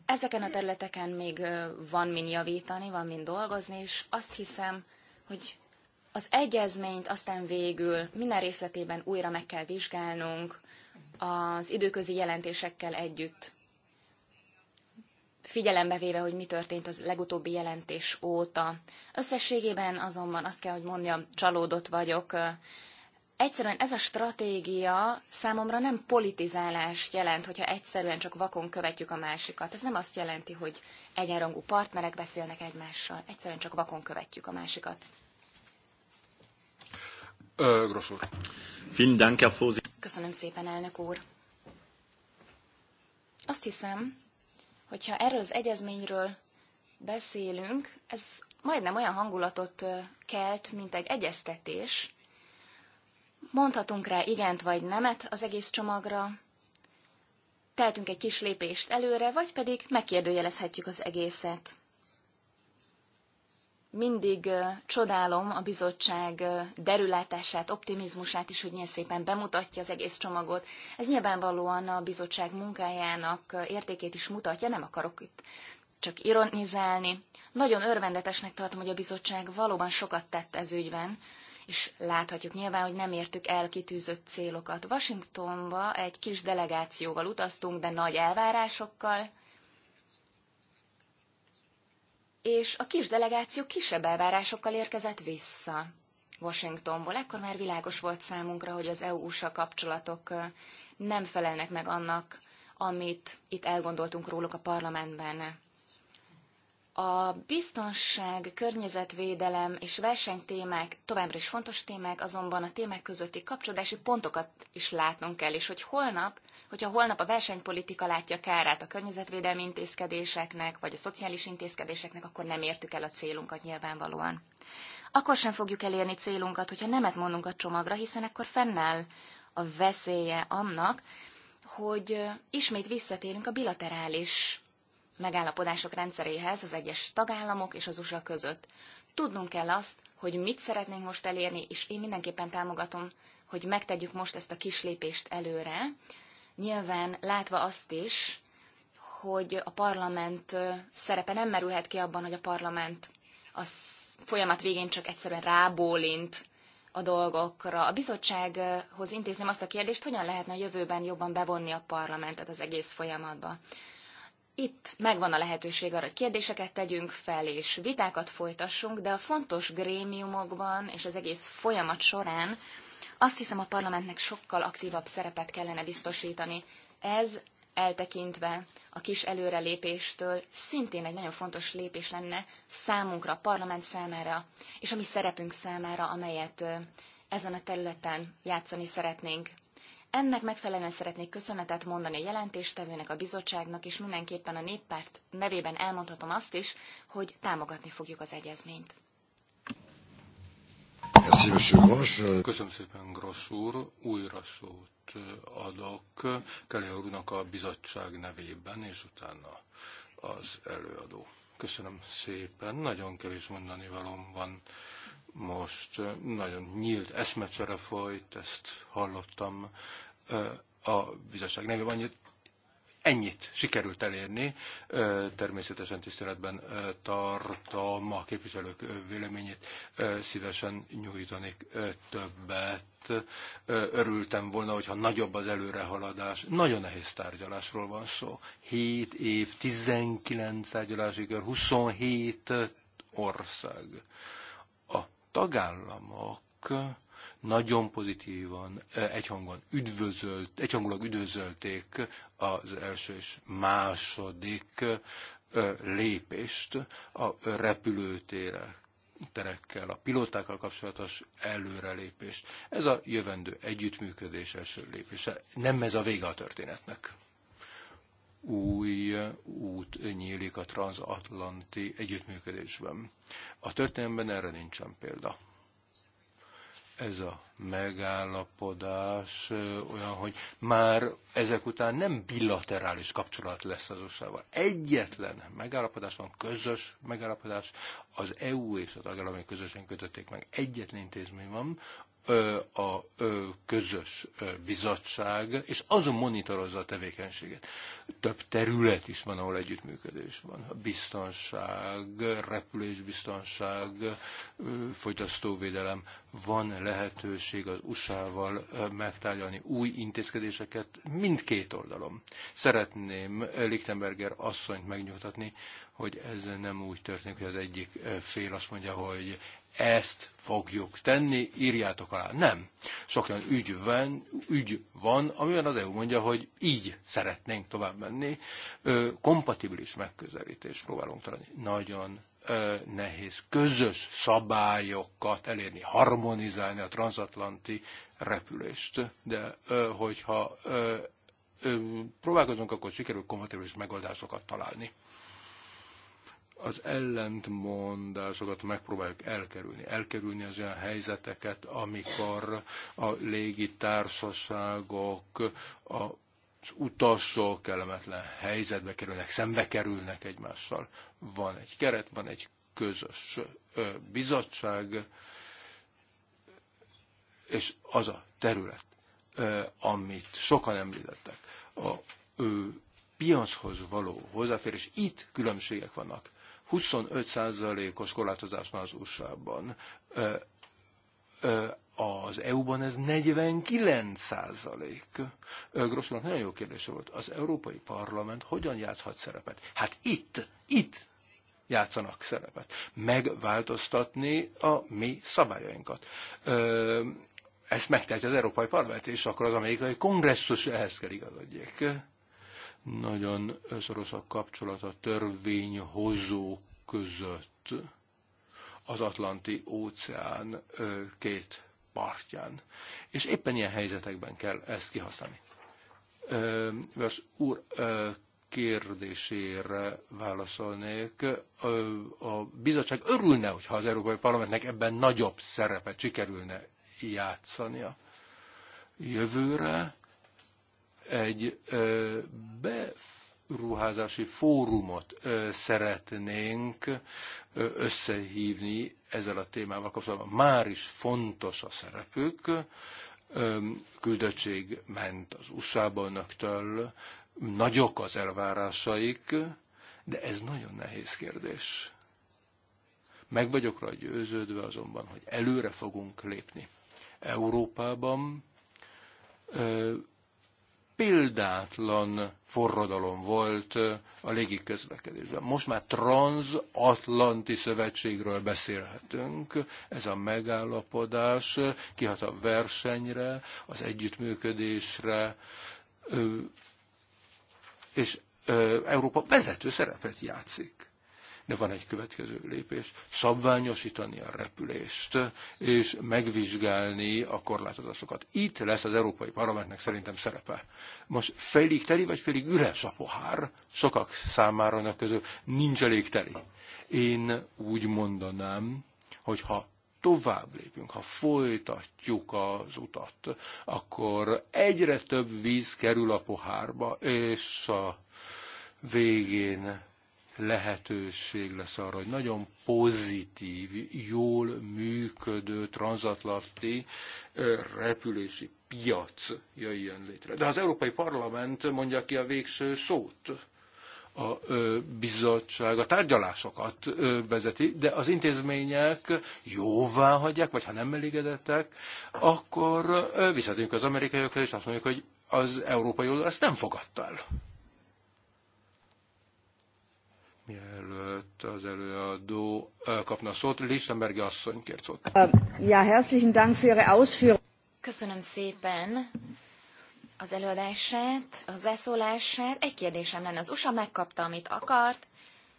ezeken a területeken még van min javítani, van min dolgozni, és azt hiszem, hogy az egyezményt aztán végül minden részletében újra meg kell vizsgálnunk az időközi jelentésekkel együtt figyelembe véve, hogy mi történt az legutóbbi jelentés óta. Összességében azonban azt kell, hogy mondjam, csalódott vagyok. Egyszerűen ez a stratégia számomra nem politizálást jelent, hogyha egyszerűen csak vakon követjük a másikat. Ez nem azt jelenti, hogy egyenrangú partnerek beszélnek egymással. Egyszerűen csak vakon követjük a másikat. Köszönöm szépen, elnök úr. Azt hiszem, hogyha erről az egyezményről beszélünk, ez majdnem olyan hangulatot kelt, mint egy egyeztetés. Mondhatunk rá igent vagy nemet az egész csomagra, tehetünk egy kis lépést előre, vagy pedig megkérdőjelezhetjük az egészet mindig csodálom a bizottság derülátását, optimizmusát is, hogy milyen szépen bemutatja az egész csomagot. Ez nyilvánvalóan a bizottság munkájának értékét is mutatja, nem akarok itt csak ironizálni. Nagyon örvendetesnek tartom, hogy a bizottság valóban sokat tett ez ügyben, és láthatjuk nyilván, hogy nem értük el kitűzött célokat. Washingtonba egy kis delegációval utaztunk, de nagy elvárásokkal, és a kis delegáció kisebb elvárásokkal érkezett vissza Washingtonból. Ekkor már világos volt számunkra, hogy az EU-USA kapcsolatok nem felelnek meg annak, amit itt elgondoltunk róluk a parlamentben. A biztonság, környezetvédelem és versenytémák továbbra is fontos témák, azonban a témák közötti kapcsolódási pontokat is látnunk kell, és hogy holnap, hogyha holnap a versenypolitika látja kárát a környezetvédelmi intézkedéseknek, vagy a szociális intézkedéseknek, akkor nem értük el a célunkat nyilvánvalóan. Akkor sem fogjuk elérni célunkat, hogyha nemet mondunk a csomagra, hiszen akkor fennáll a veszélye annak, hogy ismét visszatérünk a bilaterális megállapodások rendszeréhez az egyes tagállamok és az USA között. Tudnunk kell azt, hogy mit szeretnénk most elérni, és én mindenképpen támogatom, hogy megtegyük most ezt a kis lépést előre. Nyilván látva azt is, hogy a parlament szerepe nem merülhet ki abban, hogy a parlament a folyamat végén csak egyszerűen rábólint a dolgokra. A bizottsághoz intézném azt a kérdést, hogyan lehetne a jövőben jobban bevonni a parlamentet az egész folyamatba. Itt megvan a lehetőség arra, hogy kérdéseket tegyünk fel, és vitákat folytassunk, de a fontos grémiumokban és az egész folyamat során azt hiszem a parlamentnek sokkal aktívabb szerepet kellene biztosítani. Ez eltekintve a kis előrelépéstől szintén egy nagyon fontos lépés lenne számunkra, a parlament számára, és a mi szerepünk számára, amelyet ezen a területen játszani szeretnénk. Ennek megfelelően szeretnék köszönetet mondani a jelentéstevőnek, a bizottságnak, és mindenképpen a néppárt nevében elmondhatom azt is, hogy támogatni fogjuk az egyezményt. Köszönöm szépen, Gross úr. Újra szót adok Kelly úrnak a bizottság nevében, és utána az előadó. Köszönöm szépen. Nagyon kevés mondani valóm van most. Nagyon nyílt eszmecsere folyt, ezt hallottam a bizottság nevében annyit, ennyit sikerült elérni. Természetesen tiszteletben tartom a képviselők véleményét, szívesen nyújtanék többet. Örültem volna, hogyha nagyobb az előrehaladás. Nagyon nehéz tárgyalásról van szó. 7 év, 19 tárgyalási kör, 27 ország. A tagállamok nagyon pozitívan, egyhangon üdvözölt, egyhangulag üdvözölték az első és második lépést a repülőtérek terekkel, a pilótákkal kapcsolatos előrelépést. Ez a jövendő együttműködés első lépése. Nem ez a vége a történetnek. Új út nyílik a transatlanti együttműködésben. A történelemben erre nincsen példa ez a megállapodás olyan, hogy már ezek után nem bilaterális kapcsolat lesz az usa Egyetlen megállapodás van, közös megállapodás, az EU és az tagállamok közösen kötötték meg. Egyetlen intézmény van, a közös bizottság, és azon monitorozza a tevékenységet. Több terület is van, ahol együttműködés van. A biztonság, repülésbiztonság, fogyasztóvédelem. Van lehetőség az USA-val megtárgyalni új intézkedéseket mindkét oldalon. Szeretném Lichtenberger asszonyt megnyugtatni, hogy ez nem úgy történik, hogy az egyik fél azt mondja, hogy ezt fogjuk tenni, írjátok alá. Nem. Sok olyan ügy van, ügy van amiben az EU mondja, hogy így szeretnénk tovább menni. Ö, kompatibilis megközelítés próbálunk találni. Nagyon ö, nehéz közös szabályokat elérni, harmonizálni a transatlanti repülést, de ö, hogyha ö, ö, próbálkozunk, akkor sikerül kompatibilis megoldásokat találni az ellentmondásokat megpróbáljuk elkerülni. Elkerülni az olyan helyzeteket, amikor a légitársaságok, a az utasok kellemetlen helyzetbe kerülnek, szembe kerülnek egymással. Van egy keret, van egy közös bizottság, és az a terület, amit sokan említettek, a piachoz való hozzáférés, itt különbségek vannak 25%-os korlátozás van az USA-ban. Az EU-ban ez 49 százalék. Grossonak nagyon jó kérdése volt. Az Európai Parlament hogyan játszhat szerepet? Hát itt, itt játszanak szerepet. Megváltoztatni a mi szabályainkat. Ezt megtehetja az Európai Parlament, és akkor az amerikai kongresszus ehhez kell igazodjék. Nagyon szoros a kapcsolat a törvényhozó között az Atlanti óceán két partján. És éppen ilyen helyzetekben kell ezt kihasználni. Az úr kérdésére válaszolnék. A bizottság örülne, hogyha az Európai Parlamentnek ebben nagyobb szerepet sikerülne játszania. Jövőre egy beruházási fórumot szeretnénk összehívni ezzel a témával kapcsolatban. Már is fontos a szerepük, küldöttség ment az USA-ba önöktől, nagyok az elvárásaik, de ez nagyon nehéz kérdés. Meg vagyok rá győződve azonban, hogy előre fogunk lépni. Európában példátlan forradalom volt a légiközlekedésben. Most már transatlanti szövetségről beszélhetünk. Ez a megállapodás kihat a versenyre, az együttműködésre, és Európa vezető szerepet játszik. De van egy következő lépés, szabványosítani a repülést, és megvizsgálni a korlátozásokat. Itt lesz az Európai Parlamentnek szerintem szerepe. Most félig teli, vagy félig üres a pohár, sokak számára önök közül nincs elég teli. Én úgy mondanám, hogy ha tovább lépünk, ha folytatjuk az utat, akkor egyre több víz kerül a pohárba, és a végén lehetőség lesz arra, hogy nagyon pozitív, jól működő transatlanti repülési piac jöjjön létre. De az Európai Parlament mondja ki a végső szót. A bizottság a tárgyalásokat vezeti, de az intézmények jóvá hagyják, vagy ha nem elégedettek, akkor visszatérünk az amerikaiakhoz, és azt mondjuk, hogy az európai oldal ezt nem fogadta el. Mielőtt az előadó kapna szót, Lichtenbergi asszony kért szót. Ja, herzlichen Dank für Ihre Ausführung. Köszönöm szépen az előadását, az elszólását. Egy kérdésem lenne, az USA megkapta, amit akart.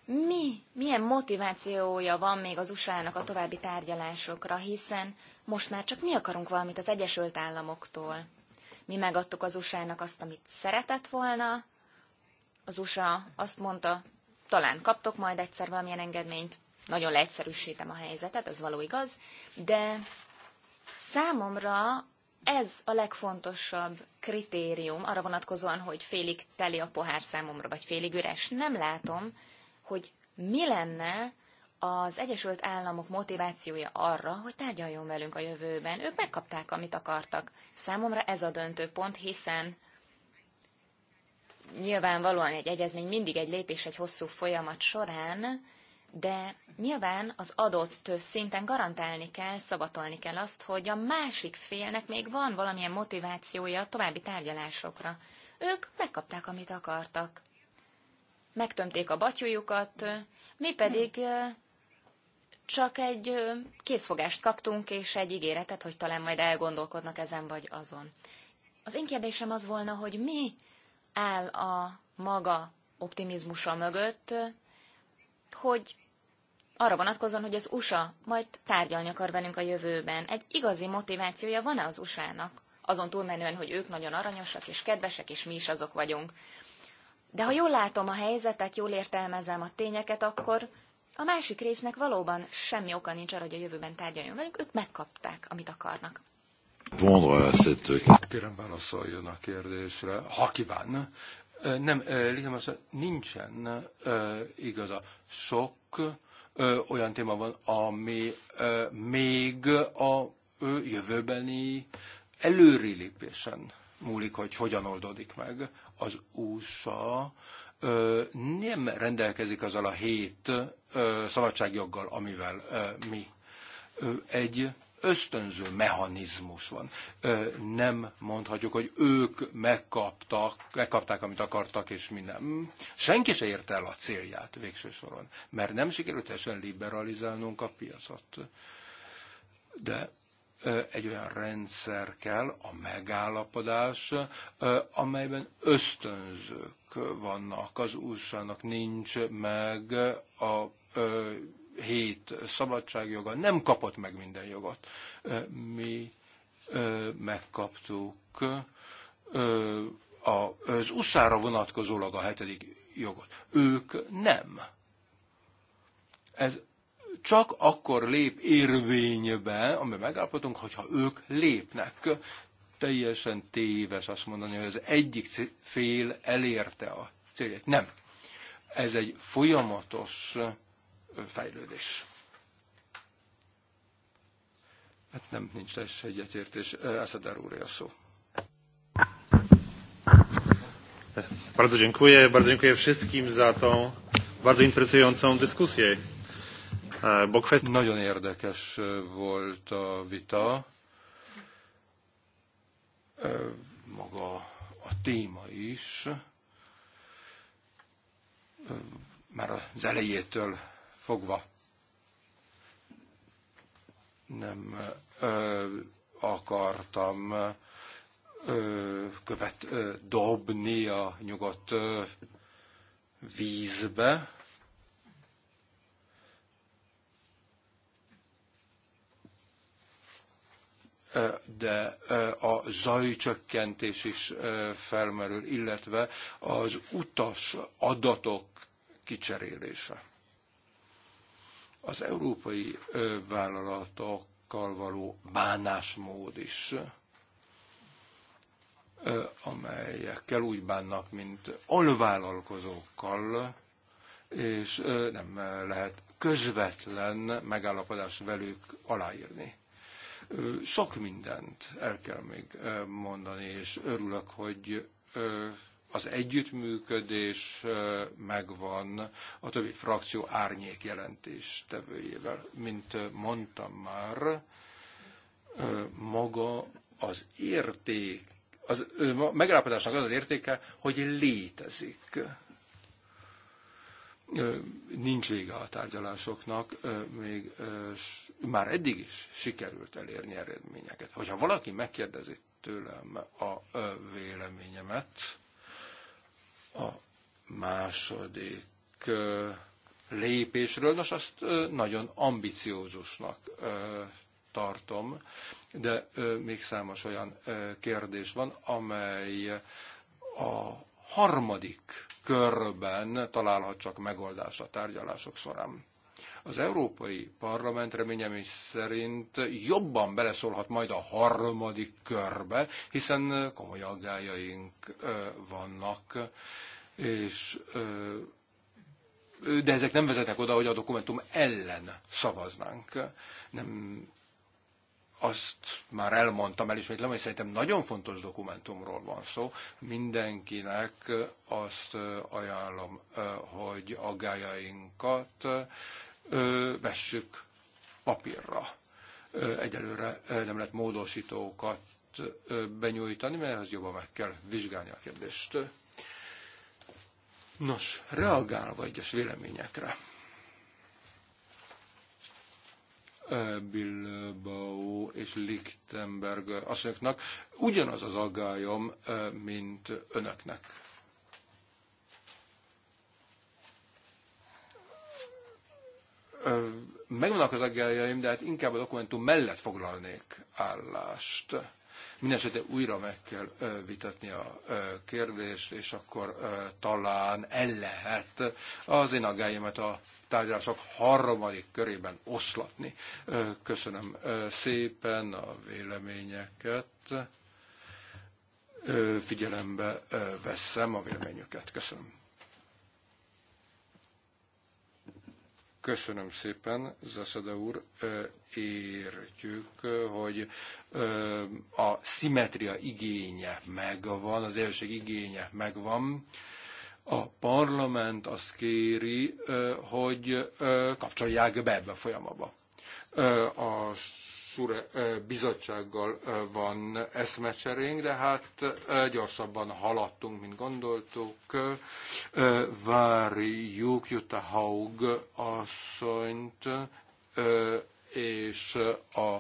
Mi, milyen motivációja van még az USA-nak a további tárgyalásokra, hiszen most már csak mi akarunk valamit az Egyesült Államoktól. Mi megadtuk az USA-nak azt, amit szeretett volna. Az USA azt mondta, talán kaptok majd egyszer valamilyen engedményt, nagyon leegyszerűsítem a helyzetet, ez való igaz, de számomra ez a legfontosabb kritérium arra vonatkozóan, hogy félig teli a pohár számomra, vagy félig üres. Nem látom, hogy mi lenne az Egyesült Államok motivációja arra, hogy tárgyaljon velünk a jövőben. Ők megkapták, amit akartak. Számomra ez a döntő pont, hiszen nyilvánvalóan egy egyezmény mindig egy lépés egy hosszú folyamat során, de nyilván az adott szinten garantálni kell, szabatolni kell azt, hogy a másik félnek még van valamilyen motivációja a további tárgyalásokra. Ők megkapták, amit akartak. Megtömték a batyujukat, mi pedig csak egy készfogást kaptunk, és egy ígéretet, hogy talán majd elgondolkodnak ezen vagy azon. Az én kérdésem az volna, hogy mi áll a maga optimizmusa mögött, hogy arra vonatkozóan, hogy az USA majd tárgyalni akar velünk a jövőben. Egy igazi motivációja van-e az USA-nak? Azon túlmenően, hogy ők nagyon aranyosak és kedvesek, és mi is azok vagyunk. De ha jól látom a helyzetet, jól értelmezem a tényeket, akkor a másik résznek valóban semmi oka nincs arra, hogy a jövőben tárgyaljon velünk, ők megkapták, amit akarnak. Kérem válaszoljon a kérdésre, ha kíván. Nem, Liga nincsen igaza. Sok olyan téma van, ami még a jövőbeni előri lépésen múlik, hogy hogyan oldódik meg. Az USA nem rendelkezik azzal a hét szabadságjoggal, amivel mi egy ösztönző mechanizmus van. Nem mondhatjuk, hogy ők megkaptak, megkapták, amit akartak, és mi nem. Senki se érte el a célját végső soron, mert nem sikerült teljesen liberalizálnunk a piacot. De egy olyan rendszer kell, a megállapodás, amelyben ösztönzők vannak. Az újságnak nincs meg a hét szabadságjoga nem kapott meg minden jogot. Mi megkaptuk az USA-ra vonatkozólag a hetedik jogot. Ők nem. Ez csak akkor lép érvénybe, amiben megállapodunk, hogyha ők lépnek. Teljesen téves azt mondani, hogy az egyik fél elérte a célját. Nem. Ez egy folyamatos fejlődés. Hát nem, nincs lesz egyetértés. Eszeder úr, a szó. Bardzo dziękuję, bardzo dziękuję wszystkim za tą bardzo interesującą dyskusję. E, bo kwestia... Nagyon érdekes e, volt a vita. E, maga a téma is már az elejétől fogva nem ö, akartam ö, követ ö, dobni a nyugodt ö, vízbe. de a zajcsökkentés is felmerül, illetve az utas adatok kicserélése. Az európai vállalatokkal való bánásmód is, amelyekkel úgy bánnak, mint alvállalkozókkal, és nem lehet közvetlen megállapodás velük aláírni. Sok mindent el kell még mondani, és örülök, hogy az együttműködés megvan a többi frakció árnyék jelentés tevőjével. Mint mondtam már, maga az érték, az megállapodásnak az az értéke, hogy létezik. Nincs vége a tárgyalásoknak, még már eddig is sikerült elérni eredményeket. Hogyha valaki megkérdezi tőlem a véleményemet, a második lépésről. Nos, azt nagyon ambiciózusnak tartom, de még számos olyan kérdés van, amely a harmadik körben találhat csak megoldást a tárgyalások során. Az Európai Parlament reményem is szerint jobban beleszólhat majd a harmadik körbe, hiszen komoly aggájaink vannak, és de ezek nem vezetnek oda, hogy a dokumentum ellen szavaznánk. Nem azt már elmondtam, elismétlem, hogy szerintem nagyon fontos dokumentumról van szó. Mindenkinek azt ajánlom, hogy aggájainkat ö, vessük papírra. Ö, egyelőre nem lehet módosítókat benyújtani, mert az jobban meg kell vizsgálni a kérdést. Nos, reagálva egyes véleményekre. Bilbao és Lichtenberg asszonyoknak ugyanaz az aggályom, mint önöknek. megvannak az aggájaim, de hát inkább a dokumentum mellett foglalnék állást. Mindenesetre újra meg kell vitatni a kérdést, és akkor talán el lehet az én aggáimat a tárgyalások harmadik körében oszlatni. Köszönöm szépen a véleményeket. Figyelembe veszem a véleményüket. Köszönöm. Köszönöm szépen, Zaszada úr. Értjük, hogy a szimetria igénye megvan, az érség igénye megvan. A parlament azt kéri, hogy kapcsolják be ebbe a folyamatba. A Sure bizottsággal van eszmecserénk, de hát gyorsabban haladtunk, mint gondoltuk. Várjuk Jutta Haug asszonyt és a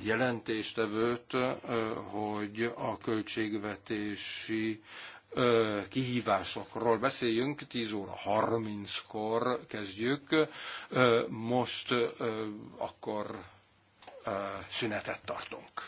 jelentéstevőt, hogy a költségvetési kihívásokról beszéljünk. 10 óra 30-kor kezdjük. Most akkor szünetet tartunk.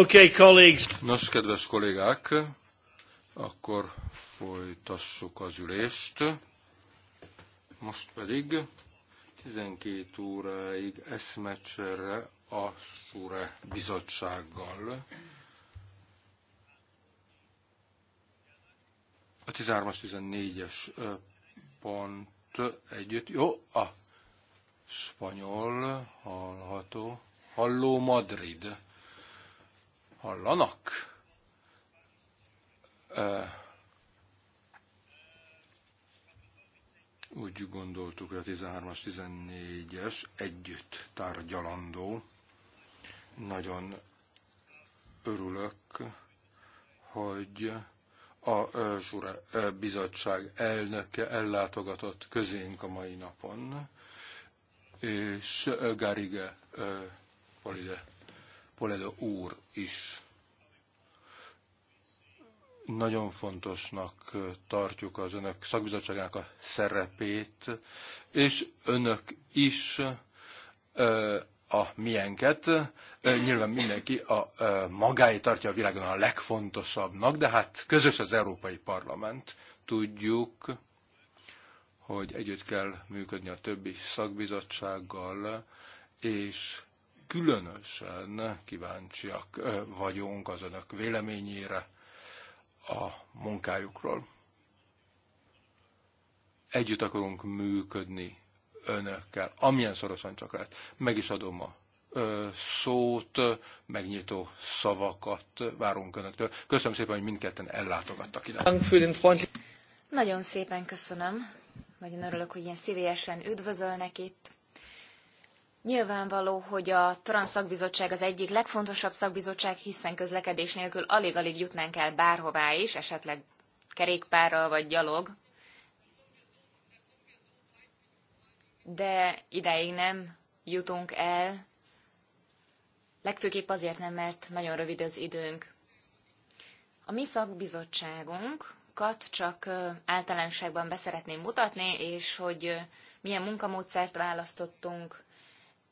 Okay, colleagues. Nos, kedves kollégák, akkor folytassuk az ülést. Most pedig 12 óráig eszmecsere a SURE bizottsággal. A 13-as, 14-es pont együtt. Jó, a spanyol hallható. Halló Madrid Hallanak? Úgy gondoltuk, hogy a 13-as, 14-es együtt tárgyalandó. Nagyon örülök, hogy a Zsure bizottság elnöke ellátogatott közénk a mai napon, és Garige Polide Poledo úr is nagyon fontosnak tartjuk az önök szakbizottságának a szerepét, és önök is a miénket. Nyilván mindenki a magáé tartja a világon a legfontosabbnak, de hát közös az Európai Parlament. Tudjuk, hogy együtt kell működni a többi szakbizottsággal, és Különösen kíváncsiak vagyunk az önök véleményére a munkájukról. Együtt akarunk működni önökkel, amilyen szorosan csak lehet. Meg is adom a szót, megnyitó szavakat várunk önöktől. Köszönöm szépen, hogy mindketten ellátogattak ide. Nagyon szépen köszönöm. Nagyon örülök, hogy ilyen szívélyesen üdvözölnek itt. Nyilvánvaló, hogy a szakbizottság az egyik legfontosabb szakbizottság, hiszen közlekedés nélkül alig-alig jutnánk el bárhová is, esetleg kerékpárral vagy gyalog. De ideig nem jutunk el, legfőképp azért nem, mert nagyon rövid az időnk. A mi szakbizottságunkat csak általánosságban beszeretném mutatni, és hogy milyen munkamódszert választottunk,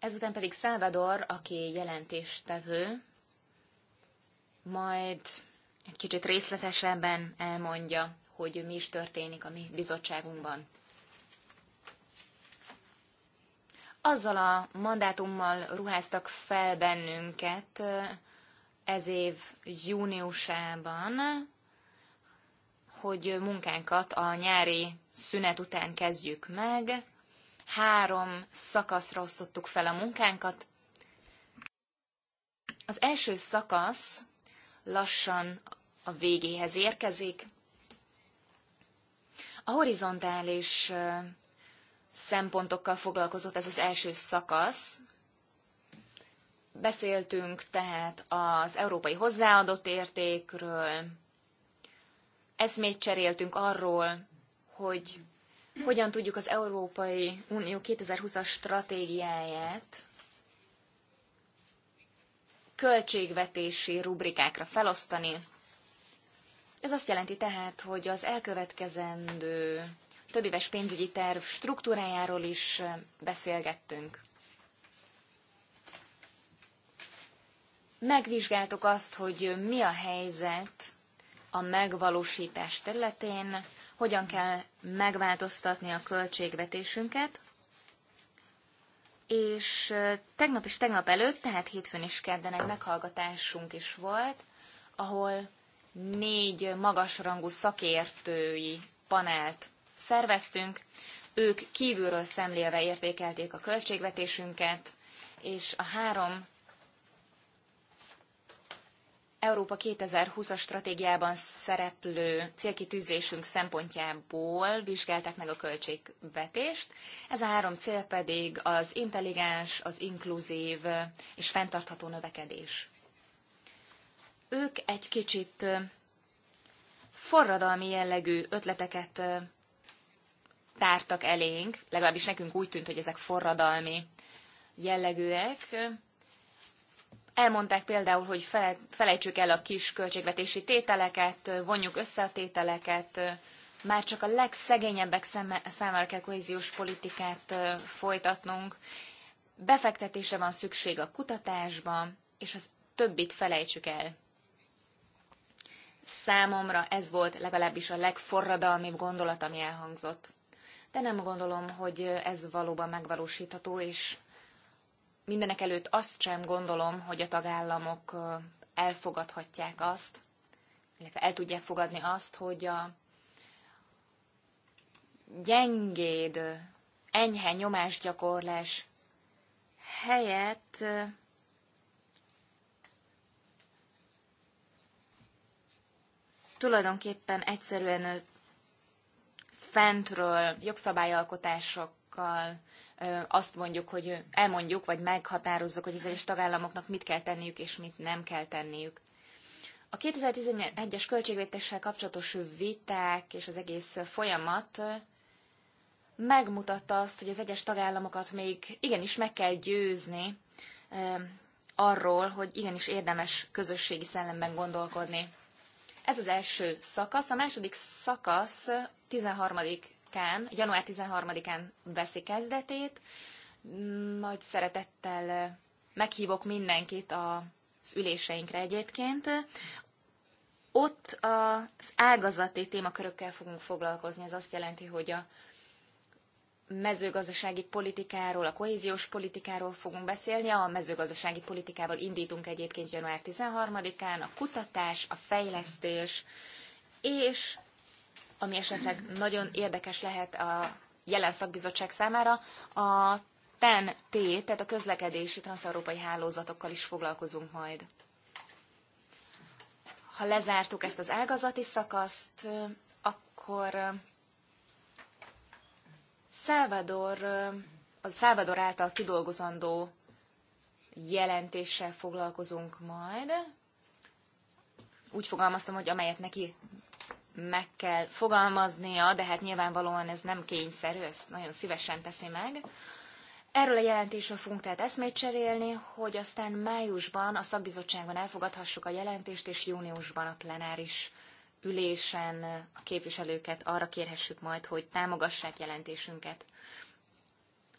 Ezután pedig Salvador, aki jelentéstevő, majd egy kicsit részletesebben elmondja, hogy mi is történik a mi bizottságunkban. Azzal a mandátummal ruháztak fel bennünket eh, ez év júniusában, hogy munkánkat a nyári szünet után kezdjük meg, három szakaszra osztottuk fel a munkánkat. Az első szakasz lassan a végéhez érkezik. A horizontális szempontokkal foglalkozott ez az első szakasz. Beszéltünk tehát az európai hozzáadott értékről, eszmét cseréltünk arról, hogy hogyan tudjuk az Európai Unió 2020-as stratégiáját költségvetési rubrikákra felosztani. Ez azt jelenti tehát, hogy az elkövetkezendő többéves pénzügyi terv struktúrájáról is beszélgettünk. Megvizsgáltuk azt, hogy mi a helyzet a megvalósítás területén, hogyan kell megváltoztatni a költségvetésünket, és tegnap és tegnap előtt, tehát hétfőn is kedden egy meghallgatásunk is volt, ahol négy magasrangú szakértői panelt szerveztünk. Ők kívülről szemlélve értékelték a költségvetésünket, és a három Európa 2020-as stratégiában szereplő célkitűzésünk szempontjából vizsgálták meg a költségvetést. Ez a három cél pedig az intelligens, az inkluzív és fenntartható növekedés. Ők egy kicsit forradalmi jellegű ötleteket tártak elénk, legalábbis nekünk úgy tűnt, hogy ezek forradalmi jellegűek, Elmondták például, hogy felejtsük el a kis költségvetési tételeket, vonjuk össze a tételeket, már csak a legszegényebbek számára kell kohéziós politikát folytatnunk. Befektetésre van szükség a kutatásba, és az többit felejtsük el. Számomra ez volt legalábbis a legforradalmibb gondolat, ami elhangzott. De nem gondolom, hogy ez valóban megvalósítható, és mindenek előtt azt sem gondolom, hogy a tagállamok elfogadhatják azt, illetve el tudják fogadni azt, hogy a gyengéd, enyhe nyomásgyakorlás helyett tulajdonképpen egyszerűen fentről jogszabályalkotásokkal azt mondjuk, hogy elmondjuk, vagy meghatározzuk, hogy az egyes tagállamoknak mit kell tenniük, és mit nem kell tenniük. A 2011-es költségvetéssel kapcsolatos viták és az egész folyamat megmutatta azt, hogy az egyes tagállamokat még igenis meg kell győzni arról, hogy igenis érdemes közösségi szellemben gondolkodni. Ez az első szakasz. A második szakasz 13. 13-án, január 13-án veszi kezdetét. Nagy szeretettel eh, meghívok mindenkit az üléseinkre egyébként. Ott az ágazati témakörökkel fogunk foglalkozni, ez azt jelenti, hogy a mezőgazdasági politikáról, a kohéziós politikáról fogunk beszélni. A mezőgazdasági politikával indítunk egyébként január 13-án, a kutatás, a fejlesztés és ami esetleg nagyon érdekes lehet a jelen szakbizottság számára, a TEN-T, e tehát a közlekedési transzeurópai hálózatokkal is foglalkozunk majd. Ha lezártuk ezt az ágazati szakaszt, akkor Salvador, a Salvador által kidolgozandó jelentéssel foglalkozunk majd. Úgy fogalmaztam, hogy amelyet neki meg kell fogalmaznia, de hát nyilvánvalóan ez nem kényszerű, ezt nagyon szívesen teszi meg. Erről a jelentésről fogunk tehát eszmét cserélni, hogy aztán májusban a szakbizottságon elfogadhassuk a jelentést, és júniusban a plenáris ülésen a képviselőket arra kérhessük majd, hogy támogassák jelentésünket.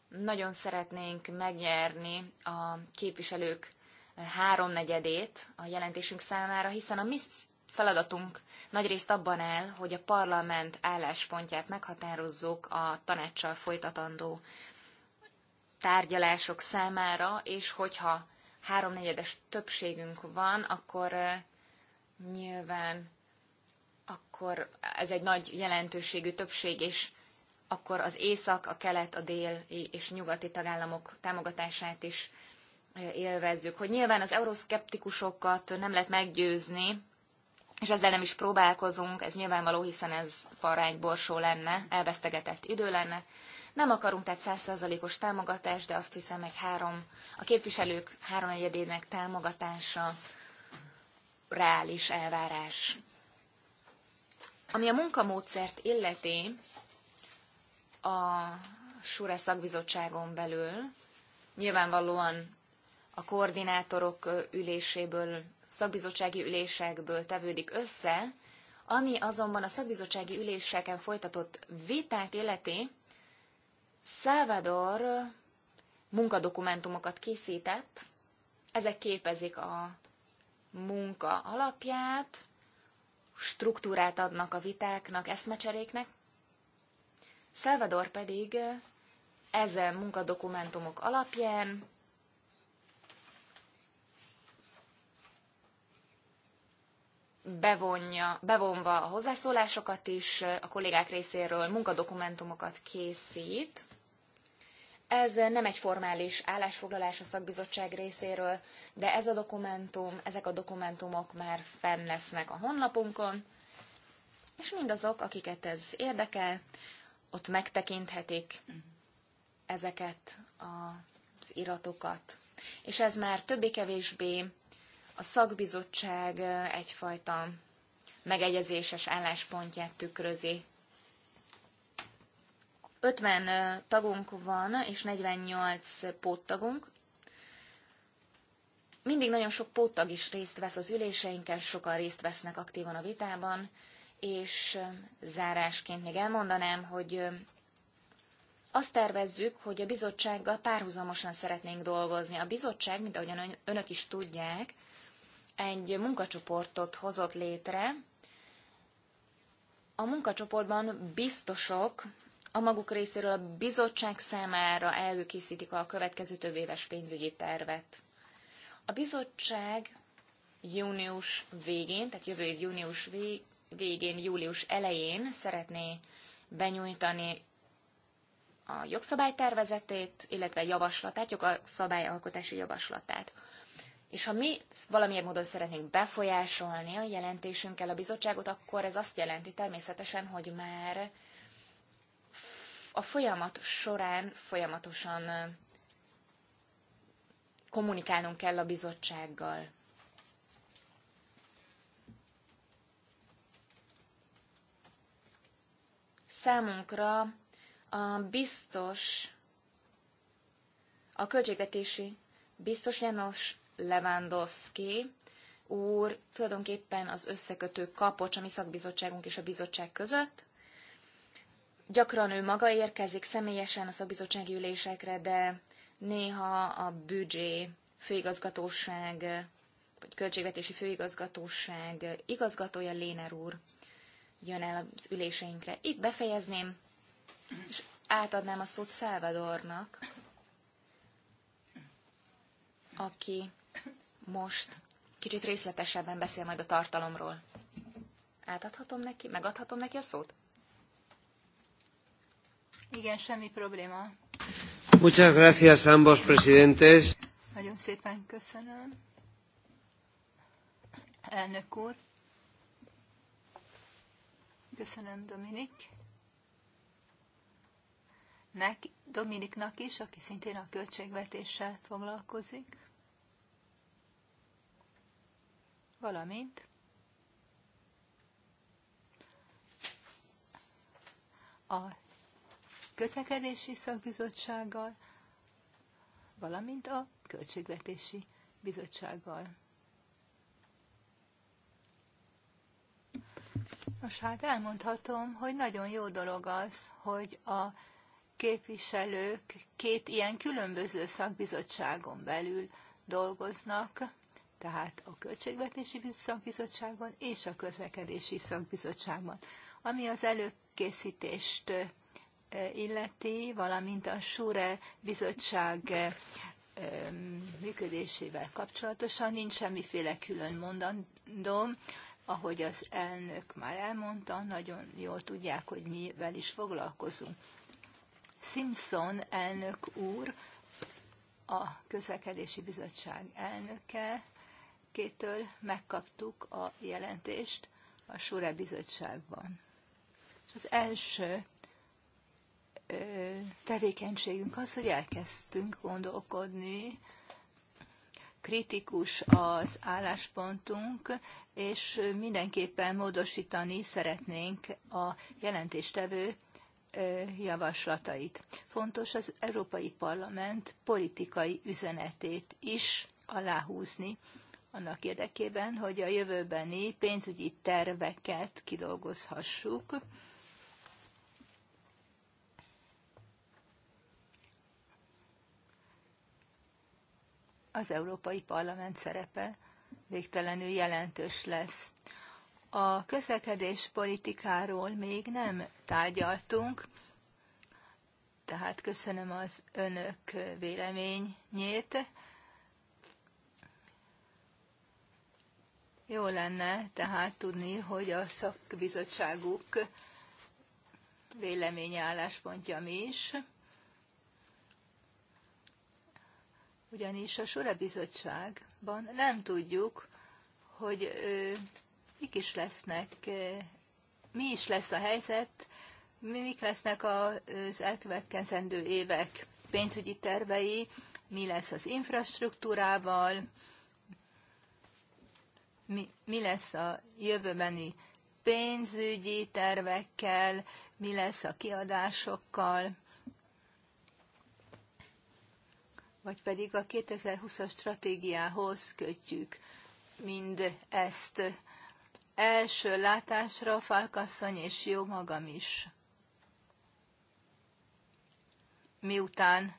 Nagyon szeretnénk megnyerni a képviselők háromnegyedét a jelentésünk számára, hiszen a mi feladatunk nagyrészt abban áll, hogy a parlament álláspontját meghatározzuk a tanácssal folytatandó tárgyalások számára, és hogyha háromnegyedes többségünk van, akkor nyilván akkor ez egy nagy jelentőségű többség, és akkor az észak, a kelet, a dél és nyugati tagállamok támogatását is élvezzük. Hogy nyilván az euroszkeptikusokat nem lehet meggyőzni és ezzel nem is próbálkozunk, ez nyilvánvaló, hiszen ez borsó lenne, elvesztegetett idő lenne. Nem akarunk tehát százszerzalékos támogatást, de azt hiszem, meg három, a képviselők három egyedének támogatása reális elvárás. Ami a munkamódszert illeti, a SURE szakbizottságon belül nyilvánvalóan a koordinátorok üléséből szakbizottsági ülésekből tevődik össze, ami azonban a szakbizottsági üléseken folytatott vitát illeti, Salvador munkadokumentumokat készített, ezek képezik a munka alapját, struktúrát adnak a vitáknak, eszmecseréknek. Salvador pedig ezen munkadokumentumok alapján bevonja, bevonva a hozzászólásokat is, a kollégák részéről munkadokumentumokat készít. Ez nem egy formális állásfoglalás a szakbizottság részéről, de ez a dokumentum, ezek a dokumentumok már fenn lesznek a honlapunkon, és mindazok, akiket ez érdekel, ott megtekinthetik ezeket az iratokat. És ez már többé-kevésbé a szakbizottság egyfajta megegyezéses álláspontját tükrözi. 50 tagunk van, és 48 póttagunk. Mindig nagyon sok póttag is részt vesz az üléseinken, sokan részt vesznek aktívan a vitában, és zárásként még elmondanám, hogy azt tervezzük, hogy a bizottsággal párhuzamosan szeretnénk dolgozni. A bizottság, mint ahogyan önök is tudják, egy munkacsoportot hozott létre. A munkacsoportban biztosok a maguk részéről a bizottság számára előkészítik a következő több éves pénzügyi tervet. A bizottság június végén, tehát jövő év június végén, július elején szeretné benyújtani a jogszabálytervezetét, illetve javaslatát, jogszabályalkotási javaslatát. És ha mi valamilyen módon szeretnénk befolyásolni a jelentésünkkel a bizottságot, akkor ez azt jelenti természetesen, hogy már a folyamat során folyamatosan kommunikálnunk kell a bizottsággal. Számunkra a biztos, a költségvetési biztos János Lewandowski úr tulajdonképpen az összekötő kapocs a mi szakbizottságunk és a bizottság között. Gyakran ő maga érkezik személyesen a szakbizottsági ülésekre, de néha a büdzsé főigazgatóság vagy költségvetési főigazgatóság igazgatója Léner úr jön el az üléseinkre. Itt befejezném, és átadnám a szót Szávadornak, aki most kicsit részletesebben beszél majd a tartalomról. Átadhatom neki, megadhatom neki a szót? Igen, semmi probléma. Muchas gracias ambos presidentes. Nagyon szépen köszönöm. Elnök úr. Köszönöm Dominik. Nek, Dominiknak is, aki szintén a költségvetéssel foglalkozik. valamint a közlekedési szakbizottsággal, valamint a költségvetési bizottsággal. Nos, hát elmondhatom, hogy nagyon jó dolog az, hogy a képviselők két ilyen különböző szakbizottságon belül dolgoznak, tehát a Költségvetési Szakbizottságban és a Közlekedési Szakbizottságban. Ami az előkészítést illeti, valamint a Súre bizottság működésével kapcsolatosan nincs semmiféle külön mondandóm, ahogy az elnök már elmondta, nagyon jól tudják, hogy mivel is foglalkozunk. Simpson elnök úr, a közlekedési bizottság elnöke Kétől megkaptuk a jelentést a Sure Bizottságban. És az első ö, tevékenységünk az, hogy elkezdtünk gondolkodni, kritikus az álláspontunk, és mindenképpen módosítani szeretnénk a jelentéstevő javaslatait. Fontos az Európai Parlament politikai üzenetét is aláhúzni annak érdekében, hogy a jövőbeni pénzügyi terveket kidolgozhassuk. Az Európai Parlament szerepe végtelenül jelentős lesz. A közlekedés politikáról még nem tárgyaltunk, tehát köszönöm az önök véleményét Jó lenne tehát tudni, hogy a szakbizottságuk véleménye álláspontja mi is. Ugyanis a Sura Bizottságban nem tudjuk, hogy ö, mik is lesznek, ö, mi is lesz a helyzet, mi, mik lesznek az elkövetkezendő évek pénzügyi tervei, mi lesz az infrastruktúrával, mi, mi lesz a jövőbeni pénzügyi tervekkel, mi lesz a kiadásokkal, vagy pedig a 2020-as stratégiához kötjük mind ezt. Első látásra Falkasszony és jó magam is. Miután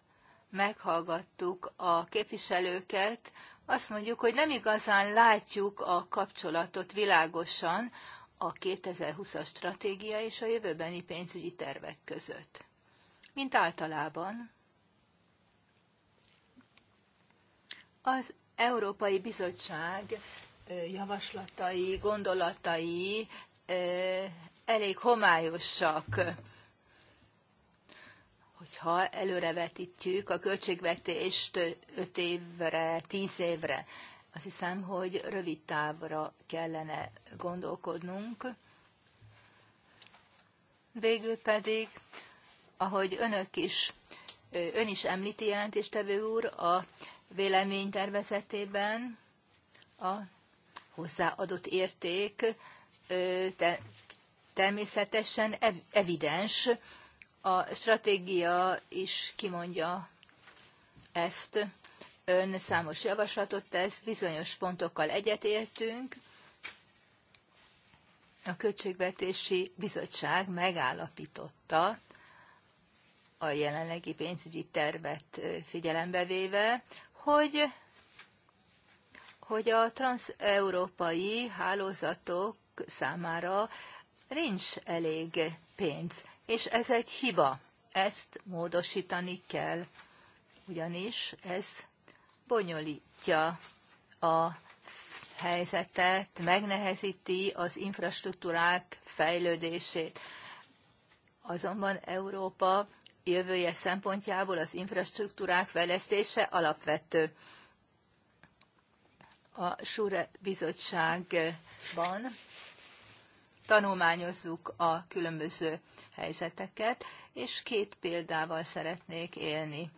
meghallgattuk a képviselőket, azt mondjuk, hogy nem igazán látjuk a kapcsolatot világosan a 2020-as stratégia és a jövőbeni pénzügyi tervek között. Mint általában, az Európai Bizottság javaslatai, gondolatai elég homályosak hogyha előrevetítjük a költségvetést 5 évre, 10 évre. Azt hiszem, hogy rövid távra kellene gondolkodnunk. Végül pedig, ahogy önök is, ön is említi jelentéstevő úr a véleménytervezetében, a hozzáadott érték természetesen evidens a stratégia is kimondja ezt. Ön számos javaslatot tesz, bizonyos pontokkal egyetértünk. A Költségvetési Bizottság megállapította a jelenlegi pénzügyi tervet figyelembe véve, hogy hogy a transeurópai hálózatok számára nincs elég pénz és ez egy hiba. Ezt módosítani kell, ugyanis ez bonyolítja a helyzetet, megnehezíti az infrastruktúrák fejlődését. Azonban Európa jövője szempontjából az infrastruktúrák fejlesztése alapvető. A Sure bizottságban tanulmányozzuk a különböző helyzeteket, és két példával szeretnék élni.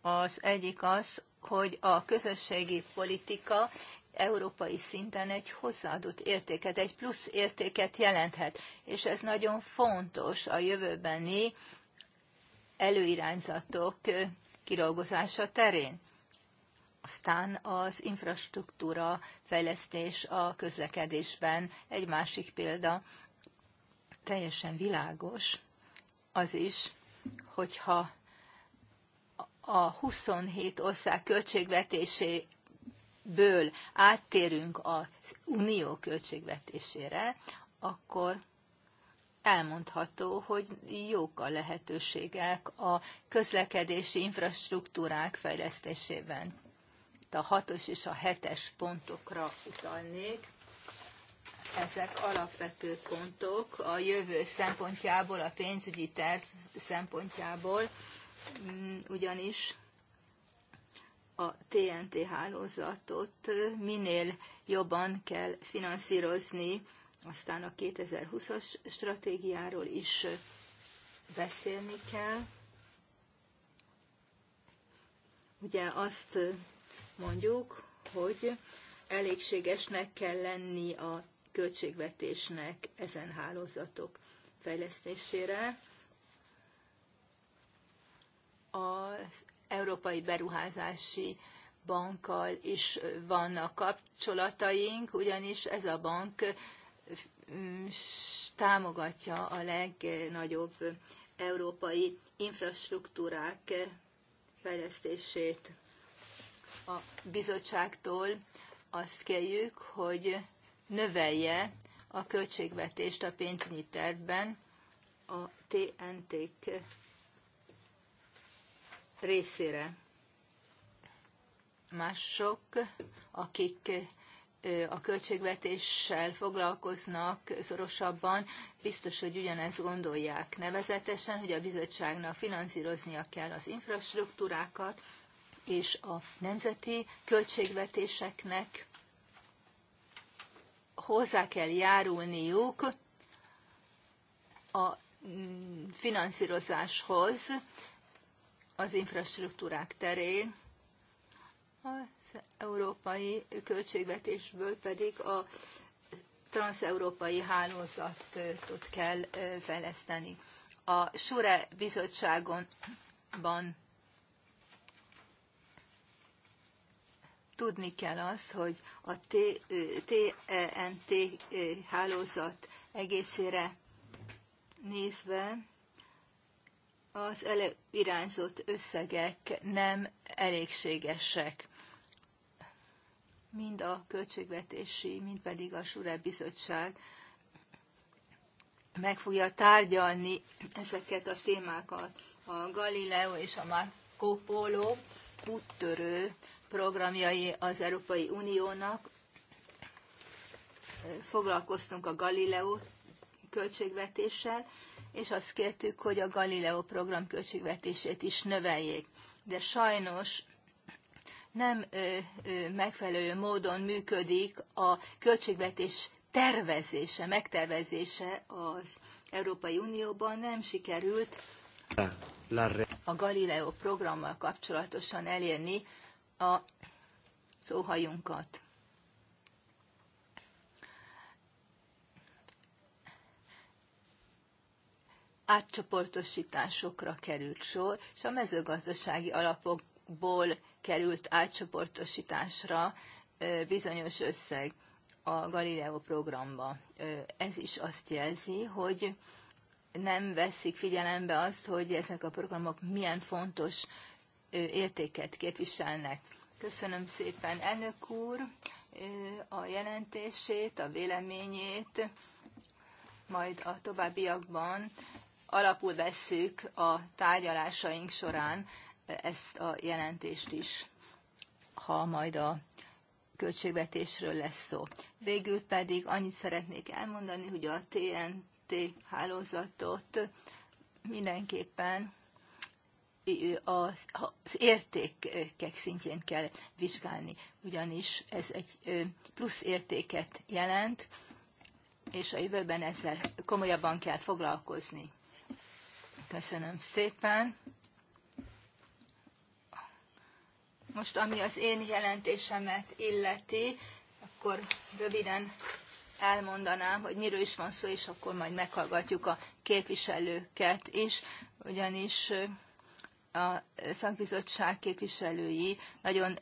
Az egyik az, hogy a közösségi politika európai szinten egy hozzáadott értéket, egy plusz értéket jelenthet, és ez nagyon fontos a jövőbeni előirányzatok kidolgozása terén. Aztán az infrastruktúra fejlesztés a közlekedésben egy másik példa, teljesen világos az is, hogyha a 27 ország költségvetéséből áttérünk az unió költségvetésére, akkor elmondható, hogy jók a lehetőségek a közlekedési infrastruktúrák fejlesztésében itt a hatos és a hetes pontokra utalnék. Ezek alapvető pontok a jövő szempontjából, a pénzügyi terv szempontjából, mm, ugyanis a TNT hálózatot minél jobban kell finanszírozni, aztán a 2020-as stratégiáról is beszélni kell. Ugye azt mondjuk, hogy elégségesnek kell lenni a költségvetésnek ezen hálózatok fejlesztésére. Az Európai Beruházási Bankkal is vannak kapcsolataink, ugyanis ez a bank mm, támogatja a legnagyobb európai infrastruktúrák fejlesztését a bizottságtól azt kérjük, hogy növelje a költségvetést a pénzügyi tervben a TNT-k részére. Mások, akik a költségvetéssel foglalkoznak szorosabban, biztos, hogy ugyanezt gondolják. Nevezetesen, hogy a bizottságnak finanszíroznia kell az infrastruktúrákat, és a nemzeti költségvetéseknek hozzá kell járulniuk a mm, finanszírozáshoz az infrastruktúrák terén, az európai költségvetésből pedig a transeurópai hálózatot kell fejleszteni. A SURE Bizottságon tudni kell az, hogy a TNT e hálózat egészére nézve az irányzott összegek nem elégségesek. Mind a költségvetési, mind pedig a Sure Bizottság meg fogja tárgyalni ezeket a témákat. A Galileo és a Marco Polo úttörő programjai az Európai Uniónak. Foglalkoztunk a Galileo költségvetéssel, és azt kértük, hogy a Galileo program költségvetését is növeljék. De sajnos nem ö, ö, megfelelő módon működik a költségvetés tervezése, megtervezése az Európai Unióban nem sikerült a Galileo programmal kapcsolatosan elérni a szóhajunkat. Átcsoportosításokra került sor, és a mezőgazdasági alapokból került átcsoportosításra bizonyos összeg a Galileo programba. Ez is azt jelzi, hogy nem veszik figyelembe azt, hogy ezek a programok milyen fontos értéket képviselnek. Köszönöm szépen, elnök úr, a jelentését, a véleményét, majd a továbbiakban alapul vesszük a tárgyalásaink során ezt a jelentést is, ha majd a költségvetésről lesz szó. Végül pedig annyit szeretnék elmondani, hogy a TNT hálózatot mindenképpen az, az értékek szintjén kell vizsgálni, ugyanis ez egy plusz értéket jelent, és a jövőben ezzel komolyabban kell foglalkozni. Köszönöm szépen. Most ami az én jelentésemet illeti, akkor röviden elmondanám, hogy miről is van szó, és akkor majd meghallgatjuk a képviselőket is, ugyanis a szakbizottság képviselői nagyon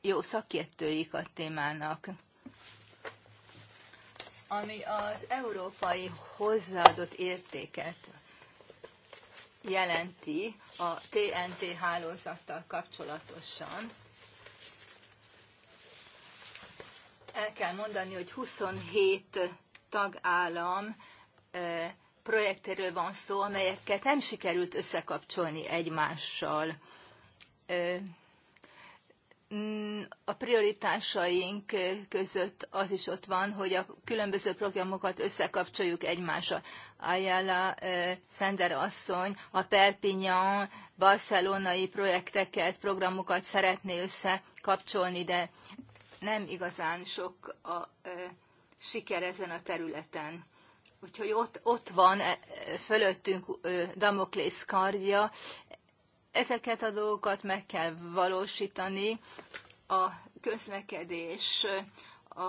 jó szakértőik a témának. Ami az európai hozzáadott értéket jelenti a TNT hálózattal kapcsolatosan. El kell mondani, hogy 27 tagállam projektéről van szó, amelyeket nem sikerült összekapcsolni egymással. Mm, a prioritásaink között az is ott van, hogy a különböző programokat összekapcsoljuk egymással. Ayala Szender asszony a Perpignan barcelonai projekteket, programokat szeretné összekapcsolni, de nem igazán sok a siker ezen a területen Úgyhogy ott, ott van e, fölöttünk Damoklész kardja. Ezeket a dolgokat meg kell valósítani. A közlekedés, a,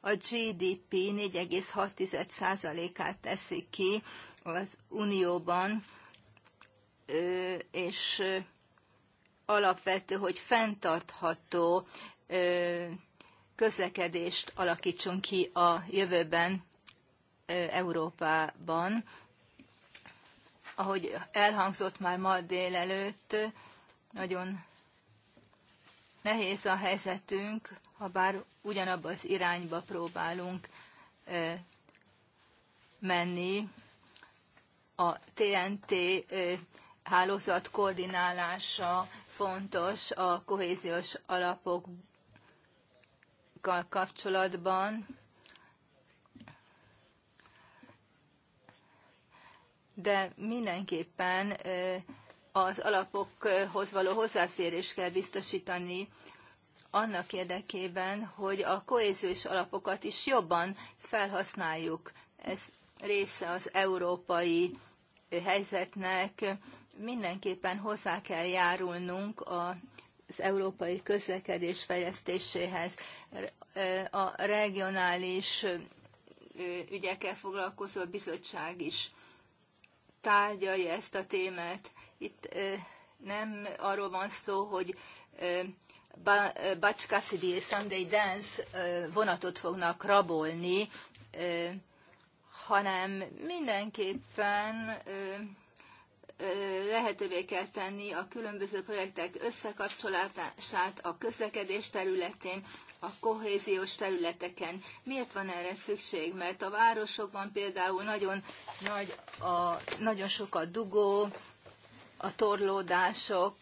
a GDP 4,6%-át teszi ki az Unióban, és alapvető, hogy fenntartható közlekedést alakítsunk ki a jövőben Európában. Ahogy elhangzott már ma délelőtt, nagyon nehéz a helyzetünk, ha bár ugyanabba az irányba próbálunk menni. A TNT hálózat koordinálása fontos a kohéziós alapok kapcsolatban, de mindenképpen az alapokhoz való hozzáférés kell biztosítani annak érdekében, hogy a kohéziós alapokat is jobban felhasználjuk. Ez része az európai helyzetnek. Mindenképpen hozzá kell járulnunk a az európai közlekedés fejlesztéséhez, a regionális ügyekkel foglalkozó bizottság is tárgyalja ezt a témát. Itt nem arról van szó, hogy Butch Cassidy és Sunday Dance vonatot fognak rabolni, hanem mindenképpen lehetővé kell tenni a különböző projektek összekapcsolását a közlekedés területén, a kohéziós területeken. Miért van erre szükség? Mert a városokban például nagyon, nagy a, nagyon sok a dugó, a torlódások,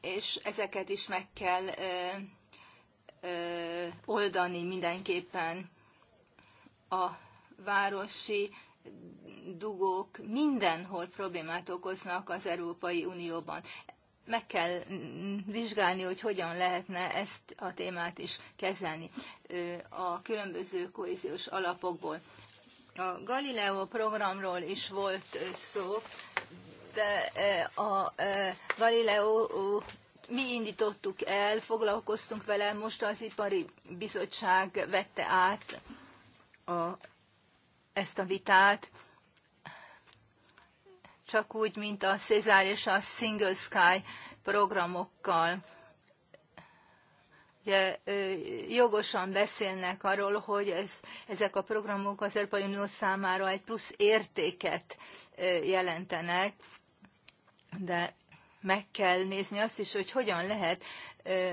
és ezeket is meg kell ö, ö, oldani mindenképpen a városi dugók mindenhol problémát okoznak az Európai Unióban. Meg kell vizsgálni, hogy hogyan lehetne ezt a témát is kezelni a különböző kohéziós alapokból. A Galileo programról is volt szó, de a Galileo mi indítottuk el, foglalkoztunk vele, most az Ipari Bizottság vette át a, ezt a vitát csak úgy, mint a Cézár és a Single Sky programokkal. Ugye jogosan beszélnek arról, hogy ez, ezek a programok az Európai Unió számára egy plusz értéket jelentenek, de meg kell nézni azt is, hogy hogyan lehet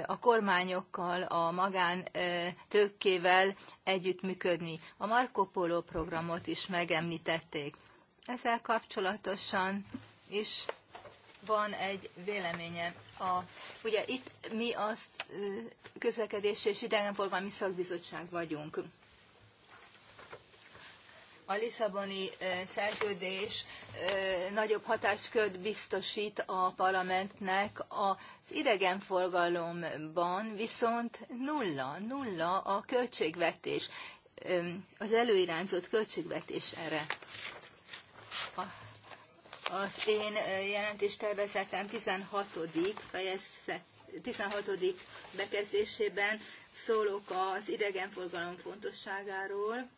a kormányokkal, a magántőkkével együttműködni. A Marco Polo programot is megemlítették. Ezzel kapcsolatosan is van egy véleménye. A, ugye itt mi az közlekedés és idegenforgalmi szakbizottság vagyunk. A Lisszaboni szerződés nagyobb hatáskört biztosít a parlamentnek az idegenforgalomban, viszont nulla, nulla a költségvetés, az előirányzott költségvetés erre. Az én jelentéstervezetem 16. Fejezze, 16. bekezdésében szólok az idegenforgalom fontosságáról,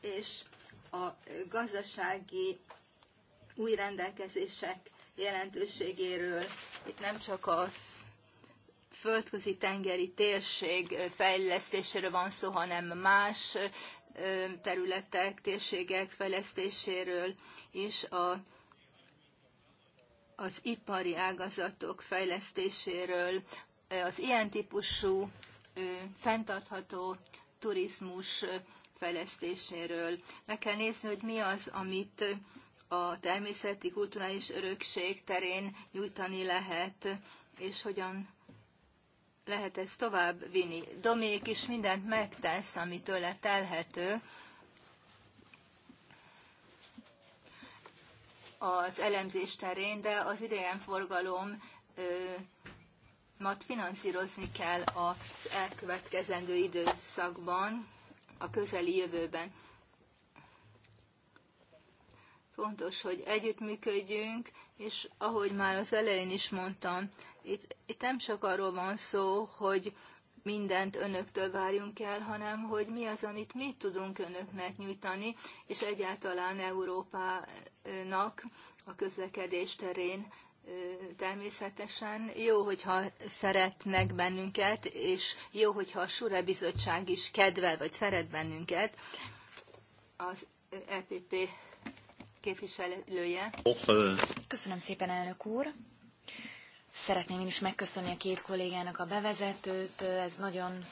és a gazdasági új rendelkezések jelentőségéről. Itt nem csak a földközi tengeri térség fejlesztéséről van szó, hanem más területek, térségek fejlesztéséről is a az ipari ágazatok fejlesztéséről, az ilyen típusú fenntartható turizmus fejlesztéséről. Meg kell nézni, hogy mi az, amit a természeti kulturális örökség terén nyújtani lehet, és hogyan lehet ezt tovább vinni. Domék is mindent megtesz, ami tőle telhető. az elemzés terén, de az idegenforgalom mat finanszírozni kell az elkövetkezendő időszakban, a közeli jövőben fontos, hogy együttműködjünk, és ahogy már az elején is mondtam, itt, itt nem csak arról van szó, hogy mindent önöktől várjunk el, hanem hogy mi az, amit mi tudunk önöknek nyújtani, és egyáltalán Európának a közlekedés terén természetesen. Jó, hogyha szeretnek bennünket, és jó, hogyha a Sure Bizottság is kedvel vagy szeret bennünket. Az EPP képviselője. Köszönöm szépen, elnök úr. Szeretném én is megköszönni a két kollégának a bevezetőt. Ez nagyon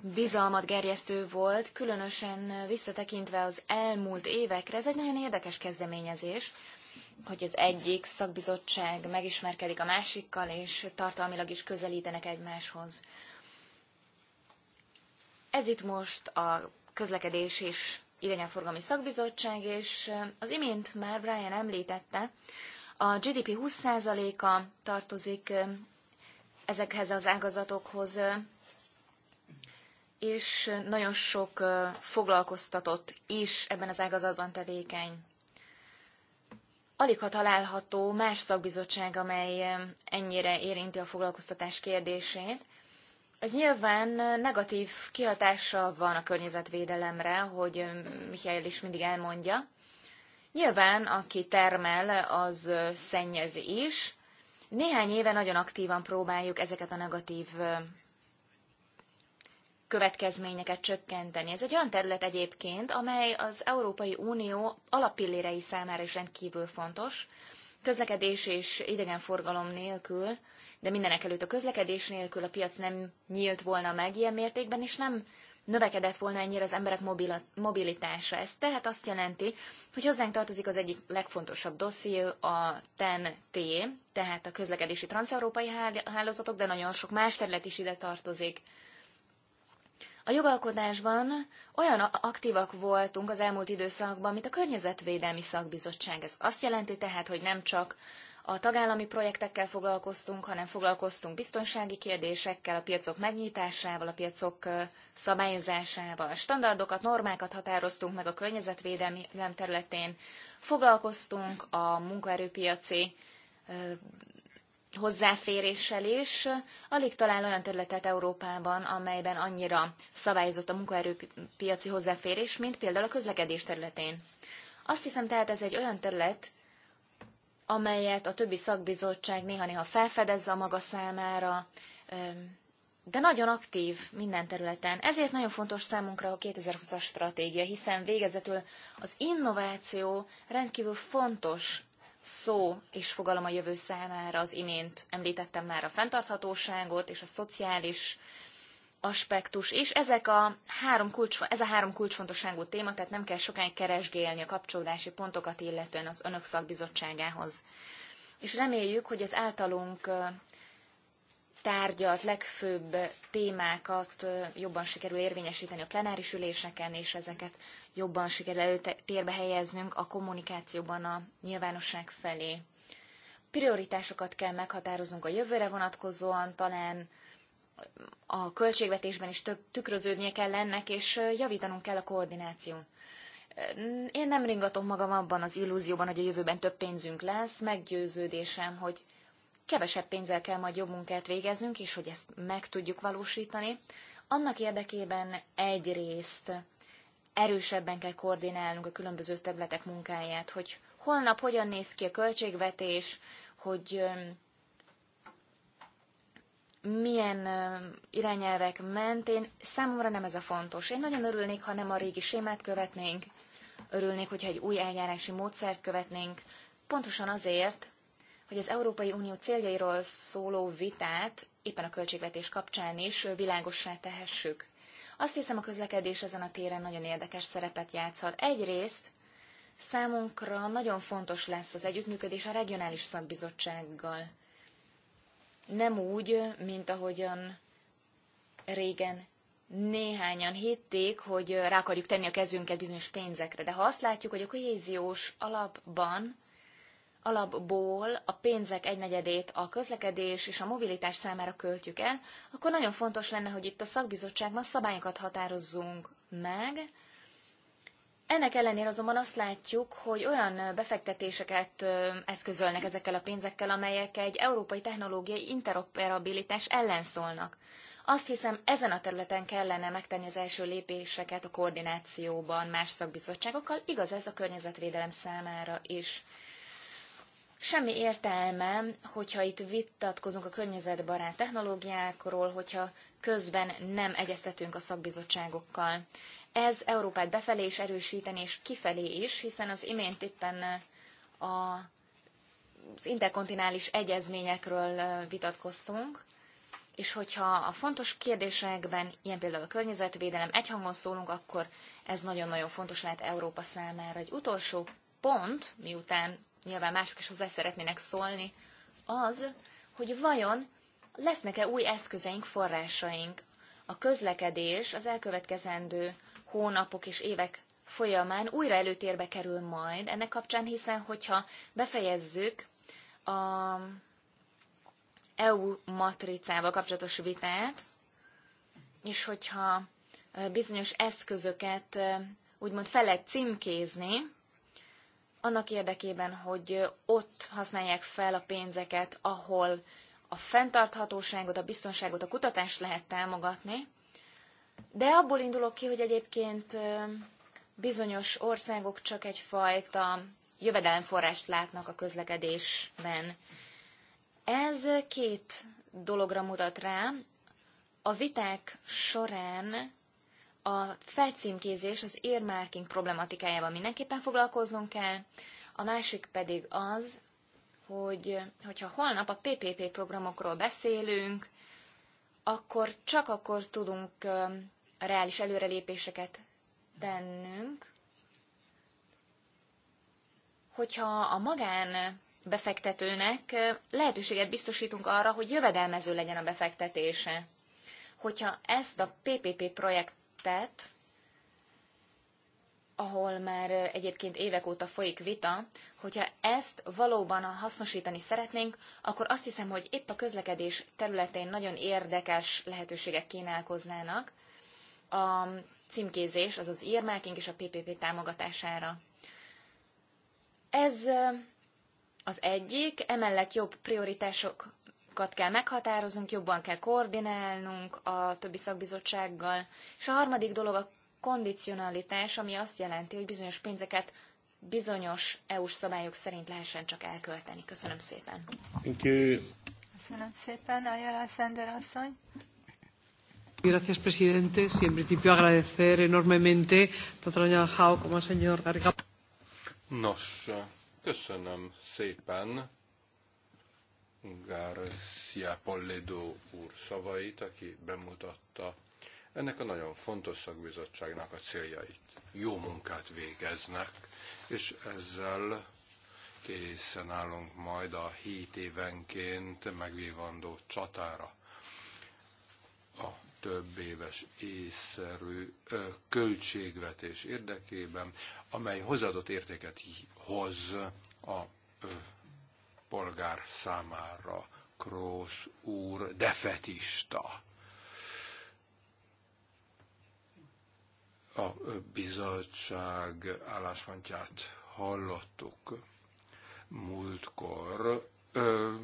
bizalmat gerjesztő volt, különösen visszatekintve az elmúlt évekre. Ez egy nagyon érdekes kezdeményezés, hogy az egyik szakbizottság megismerkedik a másikkal, és tartalmilag is közelítenek egymáshoz. Ez itt most a közlekedés és idegenforgalmi szakbizottság, és az imént már Brian említette, a GDP 20%-a tartozik ezekhez az ágazatokhoz, és nagyon sok foglalkoztatott is ebben az ágazatban tevékeny. Alig ha található más szakbizottság, amely ennyire érinti a foglalkoztatás kérdését, ez nyilván negatív kihatással van a környezetvédelemre, hogy Mihály is mindig elmondja. Nyilván, aki termel, az szennyezi is. Néhány éve nagyon aktívan próbáljuk ezeket a negatív következményeket csökkenteni. Ez egy olyan terület egyébként, amely az Európai Unió alappillérei számára is rendkívül fontos. Közlekedés és idegenforgalom nélkül de mindenek előtt a közlekedés nélkül a piac nem nyílt volna meg ilyen mértékben, és nem növekedett volna ennyire az emberek mobilitása. Ez tehát azt jelenti, hogy hozzánk tartozik az egyik legfontosabb dosszió a TEN-T, tehát a közlekedési transeurópai hálózatok, de nagyon sok más terület is ide tartozik. A jogalkotásban olyan aktívak voltunk az elmúlt időszakban, mint a Környezetvédelmi Szakbizottság. Ez azt jelenti tehát, hogy nem csak a tagállami projektekkel foglalkoztunk, hanem foglalkoztunk biztonsági kérdésekkel, a piacok megnyitásával, a piacok szabályozásával. Standardokat, normákat határoztunk meg a környezetvédelmi területén, foglalkoztunk a munkaerőpiaci hozzáféréssel is. Alig talán olyan területet Európában, amelyben annyira szabályozott a munkaerőpiaci hozzáférés, mint például a közlekedés területén. Azt hiszem tehát ez egy olyan terület, amelyet a többi szakbizottság néha-néha felfedezze a maga számára, de nagyon aktív minden területen. Ezért nagyon fontos számunkra a 2020-as stratégia, hiszen végezetül az innováció rendkívül fontos szó és fogalom a jövő számára. Az imént említettem már a fenntarthatóságot és a szociális aspektus, és ezek a három kulcs, ez a három kulcsfontosságú téma, tehát nem kell sokáig keresgélni a kapcsolódási pontokat illetően az önök szakbizottságához. És reméljük, hogy az általunk tárgyalt legfőbb témákat jobban sikerül érvényesíteni a plenáris üléseken, és ezeket jobban sikerül előtérbe helyeznünk a kommunikációban a nyilvánosság felé. Prioritásokat kell meghatároznunk a jövőre vonatkozóan, talán a költségvetésben is tükröződnie kell ennek, és javítanunk kell a koordináción. Én nem ringatom magam abban az illúzióban, hogy a jövőben több pénzünk lesz, meggyőződésem, hogy kevesebb pénzzel kell majd jobb munkát végeznünk, és hogy ezt meg tudjuk valósítani. Annak érdekében egyrészt erősebben kell koordinálnunk a különböző területek munkáját, hogy holnap hogyan néz ki a költségvetés, hogy milyen irányelvek mentén, számomra nem ez a fontos. Én nagyon örülnék, ha nem a régi sémát követnénk, örülnék, hogyha egy új eljárási módszert követnénk, pontosan azért, hogy az Európai Unió céljairól szóló vitát éppen a költségvetés kapcsán is világossá tehessük. Azt hiszem, a közlekedés ezen a téren nagyon érdekes szerepet játszhat. Egyrészt számunkra nagyon fontos lesz az együttműködés a regionális szakbizottsággal nem úgy, mint ahogyan régen néhányan hitték, hogy rá akarjuk tenni a kezünket bizonyos pénzekre. De ha azt látjuk, hogy a kohéziós alapban, alapból a pénzek egynegyedét a közlekedés és a mobilitás számára költjük el, akkor nagyon fontos lenne, hogy itt a szakbizottságban szabályokat határozzunk meg, ennek ellenére azonban azt látjuk, hogy olyan befektetéseket eszközölnek ezekkel a pénzekkel, amelyek egy európai technológiai interoperabilitás ellen szólnak. Azt hiszem, ezen a területen kellene megtenni az első lépéseket a koordinációban más szakbizottságokkal, igaz ez a környezetvédelem számára is. Semmi értelme, hogyha itt vitatkozunk a környezetbarát technológiákról, hogyha közben nem egyeztetünk a szakbizottságokkal. Ez Európát befelé is erősíteni, és kifelé is, hiszen az imént éppen eh, a, az interkontinális egyezményekről eh, vitatkoztunk, és hogyha a fontos kérdésekben, ilyen például a környezetvédelem, egyhangon szólunk, akkor ez nagyon-nagyon fontos lehet Európa számára. Egy utolsó pont, miután nyilván mások is hozzá szeretnének szólni, az, hogy vajon lesznek-e új eszközeink, forrásaink. A közlekedés az elkövetkezendő hónapok és évek folyamán újra előtérbe kerül majd ennek kapcsán, hiszen hogyha befejezzük a EU matricával kapcsolatos vitát, és hogyha bizonyos eszközöket úgymond fel lehet címkézni, annak érdekében, hogy ott használják fel a pénzeket, ahol a fenntarthatóságot, a biztonságot, a kutatást lehet támogatni, de abból indulok ki, hogy egyébként bizonyos országok csak egyfajta jövedelemforrást látnak a közlekedésben. Ez két dologra mutat rá. A viták során a felcímkézés, az earmarking problematikájával mindenképpen foglalkoznunk kell, a másik pedig az, hogy hogyha holnap a PPP programokról beszélünk, akkor csak akkor tudunk reális előrelépéseket tennünk, hogyha a magán befektetőnek lehetőséget biztosítunk arra, hogy jövedelmező legyen a befektetése. Hogyha ezt a PPP projektet ahol már egyébként évek óta folyik vita, hogyha ezt valóban hasznosítani szeretnénk, akkor azt hiszem, hogy épp a közlekedés területén nagyon érdekes lehetőségek kínálkoznának a címkézés, azaz írmáking és a PPP támogatására. Ez az egyik, emellett jobb prioritásokat kell meghatároznunk, jobban kell koordinálnunk a többi szakbizottsággal, és a harmadik dolog a kondicionalitás, ami azt jelenti, hogy bizonyos pénzeket bizonyos EU-s szabályok szerint lehessen csak elkölteni. Köszönöm szépen. Köszönöm szépen, Ayala Sender asszony. Gracias, presidente. si en principio agradecer enormemente tanto a señora Jao como al señor Garriga. Nos, köszönöm szépen Garcia Polledo úr szavait, aki bemutatta ennek a nagyon fontos szakbizottságnak a céljait. Jó munkát végeznek, és ezzel készen állunk majd a 7 évenként megvívandó csatára a több éves észszerű költségvetés érdekében, amely hozadott értéket hoz a polgár számára. Krósz úr defetista A bizottság álláspontját hallottuk múltkor. Ö,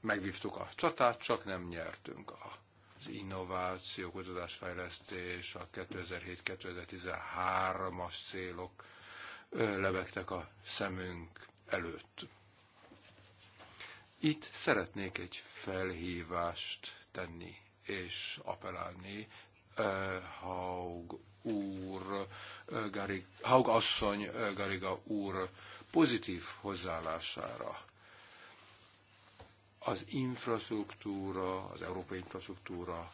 megvívtuk a csatát, csak nem nyertünk a az innováció, kutatásfejlesztés, a 2007-2013-as célok lebegtek a szemünk előtt. Itt szeretnék egy felhívást tenni és apelálni Haug úr, Haug asszony Gariga úr pozitív hozzáállására. Az infrastruktúra, az európai infrastruktúra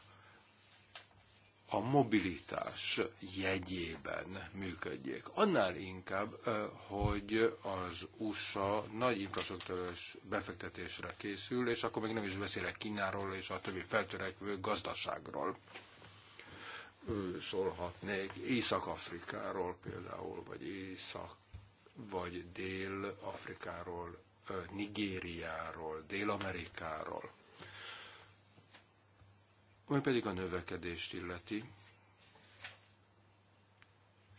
a mobilitás jegyében működjék. Annál inkább, hogy az USA nagy infrastruktúrás befektetésre készül, és akkor még nem is beszélek Kínáról és a többi feltörekvő gazdaságról szólhatnék Észak-Afrikáról például, vagy Észak, vagy Dél-Afrikáról, Nigériáról, Dél-Amerikáról. Majd pedig a növekedést illeti.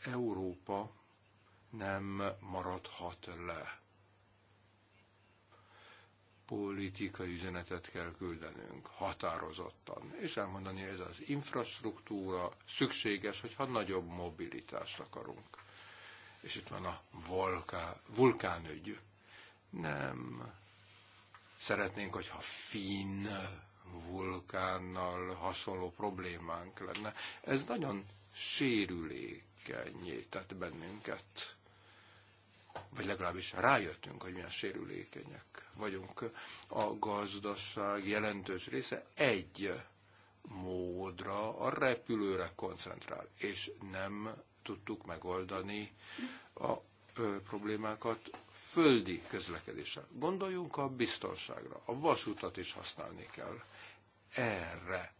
Európa nem maradhat le politikai üzenetet kell küldenünk határozottan, és elmondani, hogy ez az infrastruktúra szükséges, hogyha nagyobb mobilitást akarunk. És itt van a vulká, vulkánügy. Nem szeretnénk, hogyha finn vulkánnal hasonló problémánk lenne. Ez nagyon sérülékenyé tett bennünket vagy legalábbis rájöttünk, hogy milyen sérülékenyek vagyunk. A gazdaság jelentős része egy módra, a repülőre koncentrál, és nem tudtuk megoldani a ö, problémákat földi közlekedéssel. Gondoljunk a biztonságra, a vasutat is használni kell. Erre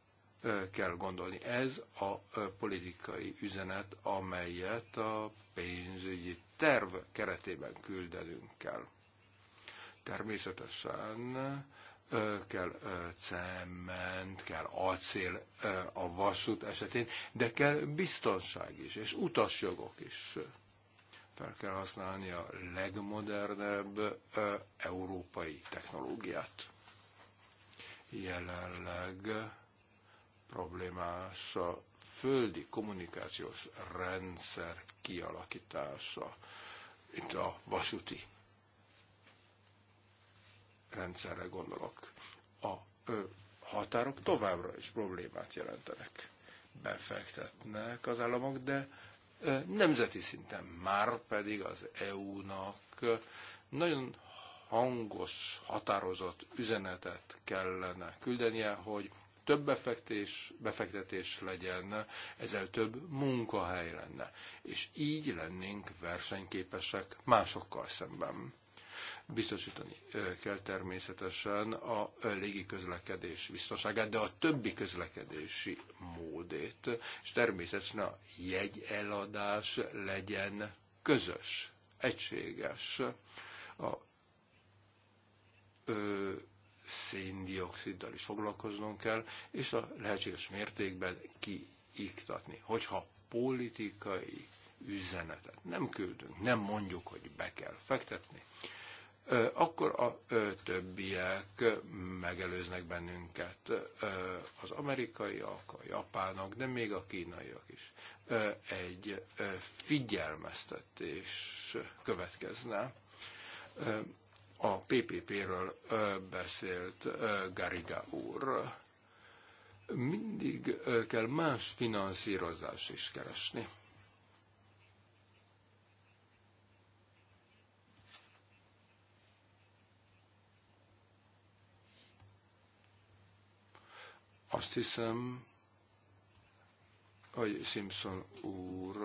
kell gondolni. Ez a politikai üzenet, amelyet a pénzügyi terv keretében küldenünk kell. Természetesen kell cement, kell acél a vasút esetén, de kell biztonság is, és utasjogok is. Fel kell használni a legmodernebb európai technológiát. Jelenleg problémás a földi kommunikációs rendszer kialakítása, itt a vasúti rendszerre gondolok. A ö, határok továbbra is problémát jelentenek. Befektetnek az államok, de ö, nemzeti szinten már pedig az EU-nak nagyon hangos, határozott üzenetet kellene küldenie, hogy több befektés, befektetés legyen, ezzel több munkahely lenne, és így lennénk versenyképesek másokkal szemben. Biztosítani kell természetesen a légi közlekedés biztonságát, de a többi közlekedési módét, és természetesen a jegyeladás legyen közös, egységes. A, ö, széndioksziddal is foglalkoznunk kell, és a lehetséges mértékben kiiktatni. Hogyha politikai üzenetet nem küldünk, nem mondjuk, hogy be kell fektetni, akkor a többiek megelőznek bennünket, az amerikaiak, a japánok, de még a kínaiak is. Egy figyelmeztetés következne a PPP-ről beszélt Gariga úr. Mindig kell más finanszírozás is keresni. Azt hiszem, hogy Simpson úr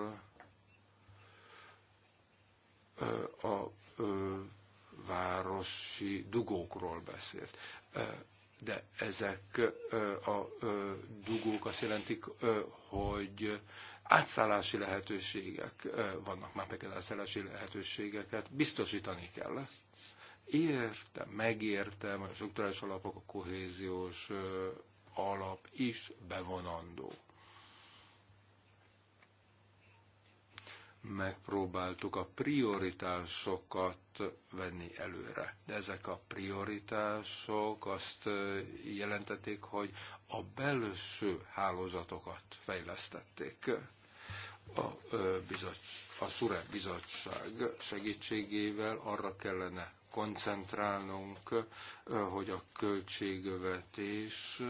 a, a, a városi dugókról beszélt. De ezek a dugók azt jelentik, hogy átszállási lehetőségek vannak, már pedig átszállási lehetőségeket biztosítani kell. Értem, megértem, a struktúrális alapok, a kohéziós alap is bevonandó. megpróbáltuk a prioritásokat venni előre. De ezek a prioritások azt jelentették, hogy a belső hálózatokat fejlesztették. A, a SURE bizottság segítségével arra kellene koncentrálnunk, hogy a költségvetés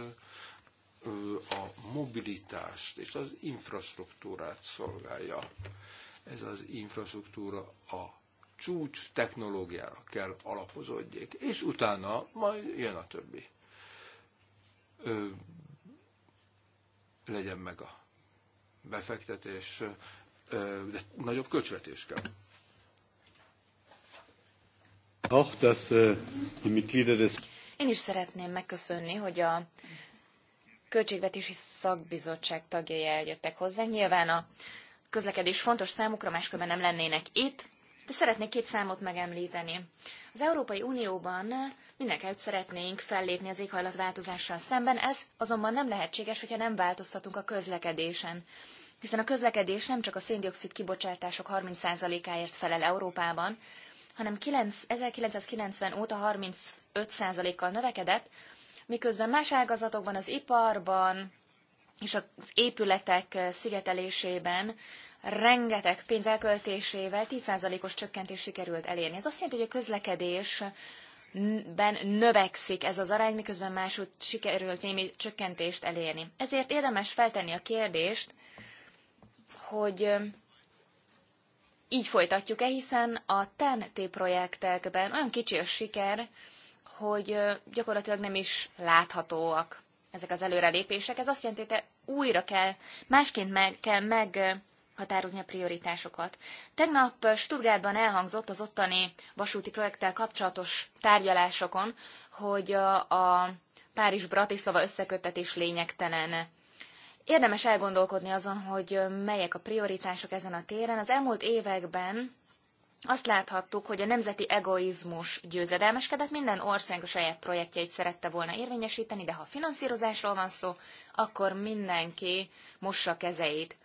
a mobilitást és az infrastruktúrát szolgálja ez az infrastruktúra a csúcs technológiára kell alapozódjék, és utána majd jön a többi. Ö, legyen meg a befektetés, ö, de nagyobb költségvetés kell. Auch, das, äh, die des én is szeretném megköszönni, hogy a Költségvetési Szakbizottság tagjai eljöttek hozzá. Nyilván a közlekedés fontos számukra, máskülönben nem lennének itt, de szeretnék két számot megemlíteni. Az Európai Unióban mindenkit szeretnénk fellépni az éghajlatváltozással szemben, ez azonban nem lehetséges, hogyha nem változtatunk a közlekedésen. Hiszen a közlekedés nem csak a széndiokszid kibocsátások 30%-áért felel Európában, hanem 9, 1990 óta 35%-kal növekedett, miközben más ágazatokban, az iparban, és az épületek szigetelésében rengeteg pénz elköltésével 10%-os csökkentés sikerült elérni. Ez azt jelenti, hogy a közlekedés ben növekszik ez az arány, miközben máshogy sikerült némi csökkentést elérni. Ezért érdemes feltenni a kérdést, hogy így folytatjuk-e, hiszen a TEN-T projektekben olyan kicsi a siker, hogy gyakorlatilag nem is láthatóak ezek az előrelépések. Ez azt jelenti, hogy újra kell, másként meg, kell meg határozni a prioritásokat. Tegnap Stuttgartban elhangzott az ottani vasúti projekttel kapcsolatos tárgyalásokon, hogy a Párizs-Bratislava összeköttetés lényegtelen. Érdemes elgondolkodni azon, hogy melyek a prioritások ezen a téren. Az elmúlt években azt láthattuk, hogy a nemzeti egoizmus győzedelmeskedett, minden ország a saját projektjeit szerette volna érvényesíteni, de ha finanszírozásról van szó, akkor mindenki mossa kezeit.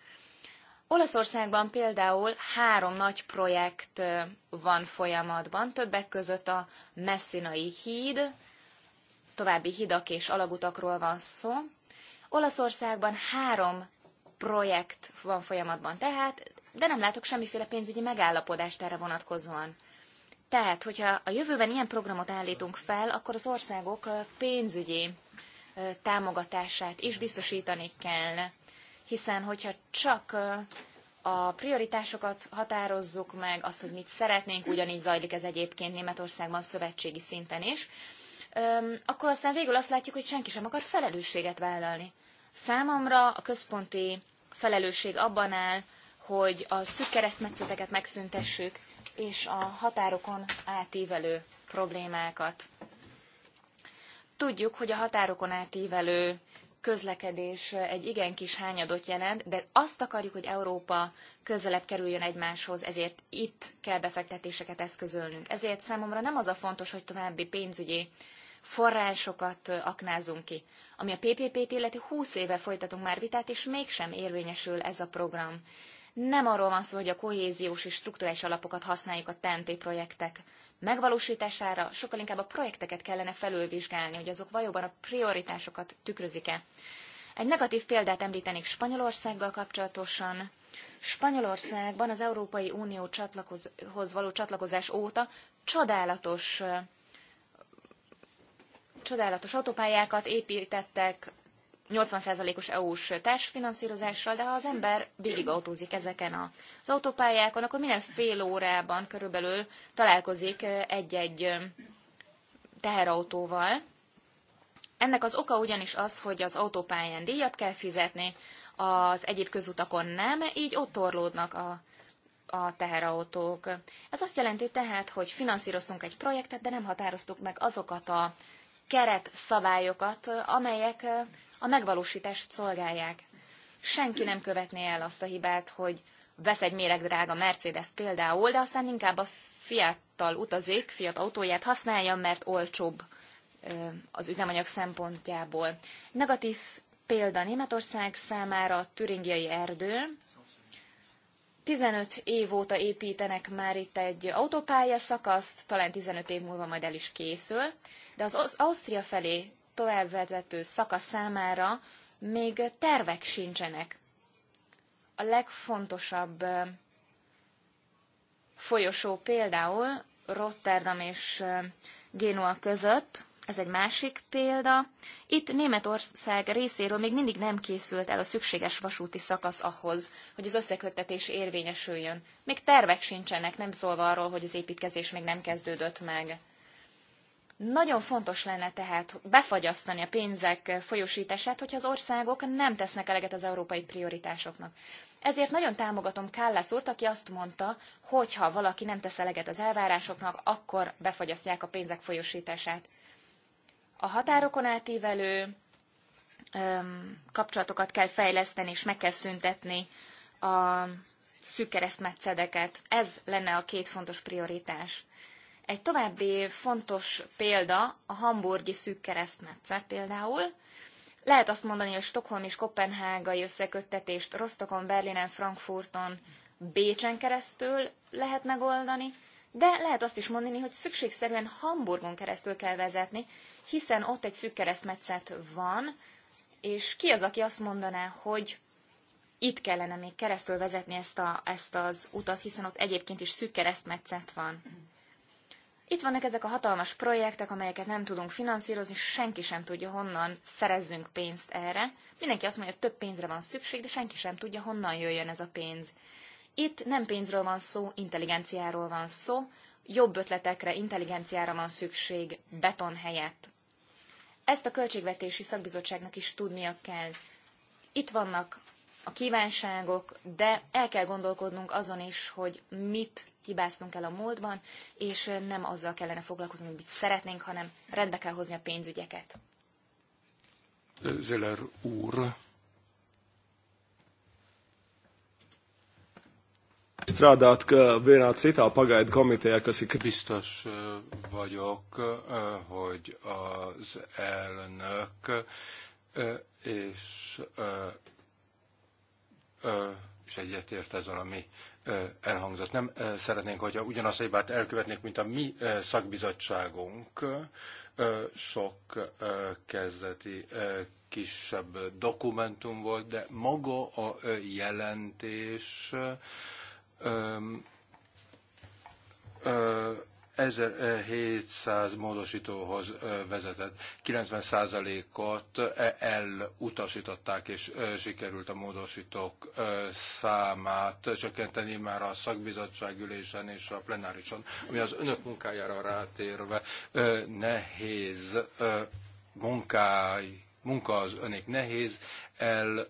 Olaszországban például három nagy projekt van folyamatban, többek között a Messinai híd, további hidak és alagutakról van szó. Olaszországban három projekt van folyamatban tehát, de nem látok semmiféle pénzügyi megállapodást erre vonatkozóan. Tehát, hogyha a jövőben ilyen programot állítunk fel, akkor az országok pénzügyi támogatását is biztosítani kell, hiszen hogyha csak a prioritásokat határozzuk meg, az, hogy mit szeretnénk, ugyanígy zajlik ez egyébként Németországban szövetségi szinten is, akkor aztán végül azt látjuk, hogy senki sem akar felelősséget vállalni. Számomra a központi felelősség abban áll, hogy a szűk keresztmetszeteket megszüntessük, és a határokon átívelő problémákat. Tudjuk, hogy a határokon átívelő közlekedés egy igen kis hányadot jelent, de azt akarjuk, hogy Európa közelebb kerüljön egymáshoz, ezért itt kell befektetéseket eszközölnünk. Ezért számomra nem az a fontos, hogy további pénzügyi forrásokat aknázunk ki. Ami a PPP-t illeti, 20 éve folytatunk már vitát, és mégsem érvényesül ez a program. Nem arról van szó, hogy a kohéziós és struktúrális alapokat használjuk a TNT projektek megvalósítására, sokkal inkább a projekteket kellene felülvizsgálni, hogy azok valóban a prioritásokat tükrözik-e. Egy negatív példát említenék Spanyolországgal kapcsolatosan. Spanyolországban az Európai Unió csatlakozhoz való csatlakozás óta csodálatos csodálatos autópályákat építettek, 80%-os EU-s társfinanszírozással, de ha az ember végigautózik ezeken az autópályákon, akkor minden fél órában körülbelül találkozik eh, egy-egy eh, teherautóval. Ennek az oka ugyanis az, hogy az autópályán díjat kell fizetni, az egyéb közutakon nem, így ott torlódnak a, a teherautók. Ez azt jelenti tehát, hogy finanszíroztunk egy projektet, de nem határoztuk meg azokat a keret szabályokat, amelyek eh, a megvalósítást szolgálják. Senki nem követné el azt a hibát, hogy vesz egy méregdrága Mercedes például, de aztán inkább a fiattal utazik, fiat autóját használja, mert olcsóbb az üzemanyag szempontjából. Negatív példa Németország számára a türingiai erdő. 15 év óta építenek már itt egy autópálya szakaszt, talán 15 év múlva majd el is készül, de az Ausztria felé továbbvezető szakasz számára még tervek sincsenek. A legfontosabb folyosó például Rotterdam és Génua között, ez egy másik példa. Itt Németország részéről még mindig nem készült el a szükséges vasúti szakasz ahhoz, hogy az összeköttetés érvényesüljön. Még tervek sincsenek, nem szólva arról, hogy az építkezés még nem kezdődött meg. Nagyon fontos lenne tehát befagyasztani a pénzek folyósítását, hogyha az országok nem tesznek eleget az európai prioritásoknak. Ezért nagyon támogatom Kállás úrt, aki azt mondta, hogy ha valaki nem tesz eleget az elvárásoknak, akkor befagyasztják a pénzek folyosítását. A határokon átívelő öm, kapcsolatokat kell fejleszteni, és meg kell szüntetni a szűk keresztmetszedeket. Ez lenne a két fontos prioritás. Egy további fontos példa a hamburgi szűk keresztmetszet például. Lehet azt mondani, hogy a Stockholm és Kopenhágai összeköttetést Rostokon, Berlinen, Frankfurton, Bécsen keresztül lehet megoldani, de lehet azt is mondani, hogy szükségszerűen Hamburgon keresztül kell vezetni, hiszen ott egy szűk keresztmetszet van, és ki az, aki azt mondaná, hogy itt kellene még keresztül vezetni ezt, a, ezt az utat, hiszen ott egyébként is szűk keresztmetszet van. Itt vannak ezek a hatalmas projektek, amelyeket nem tudunk finanszírozni, senki sem tudja, honnan szerezzünk pénzt erre. Mindenki azt mondja, hogy több pénzre van szükség, de senki sem tudja, honnan jöjjön ez a pénz. Itt nem pénzről van szó, intelligenciáról van szó, jobb ötletekre, intelligenciára van szükség beton helyett. Ezt a költségvetési szakbizottságnak is tudnia kell. Itt vannak a kívánságok, de el kell gondolkodnunk azon is, hogy mit hibáztunk el a múltban, és nem azzal kellene foglalkozni, amit szeretnénk, hanem rendbe kell hozni a pénzügyeket. Zeller úr. Strádát ka vienā citā pagaidu komitejā, kas Biztos vagyok, hogy az elnök és és egyetért ezzel, ami elhangzott. Nem szeretnénk, hogyha ugyanazt a hibát elkövetnék, mint a mi szakbizottságunk sok kezdeti kisebb dokumentum volt, de maga a jelentés 1700 módosítóhoz vezetett. 90%-ot elutasították, és sikerült a módosítók számát csökkenteni már a szakbizottság ülésen és a plenárison, ami az önök munkájára rátérve nehéz munkáj, munka az önék nehéz, el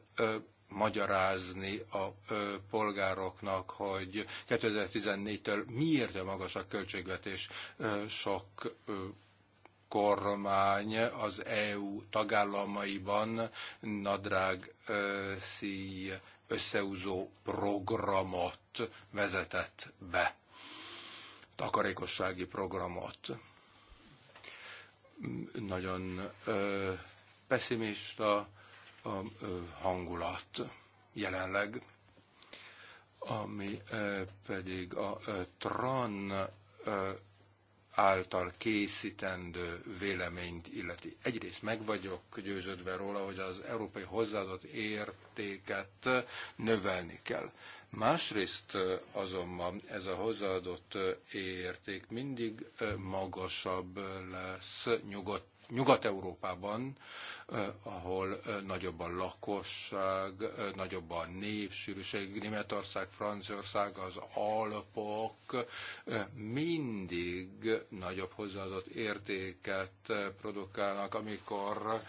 magyarázni a polgároknak, hogy 2014-től miért magas a költségvetés sok kormány az EU tagállamaiban nadrág szíj összeúzó programot vezetett be, takarékossági programot. Nagyon pessimista a hangulat jelenleg, ami pedig a TRAN által készítendő véleményt illeti. Egyrészt meg vagyok győződve róla, hogy az európai hozzáadott értéket növelni kell. Másrészt azonban ez a hozzáadott érték mindig magasabb lesz nyugodt Nyugat-Európában, ahol nagyobb a lakosság, nagyobb a népsűrűség, Németország, Franciaország, az Alpok mindig nagyobb hozzáadott értéket produkálnak, amikor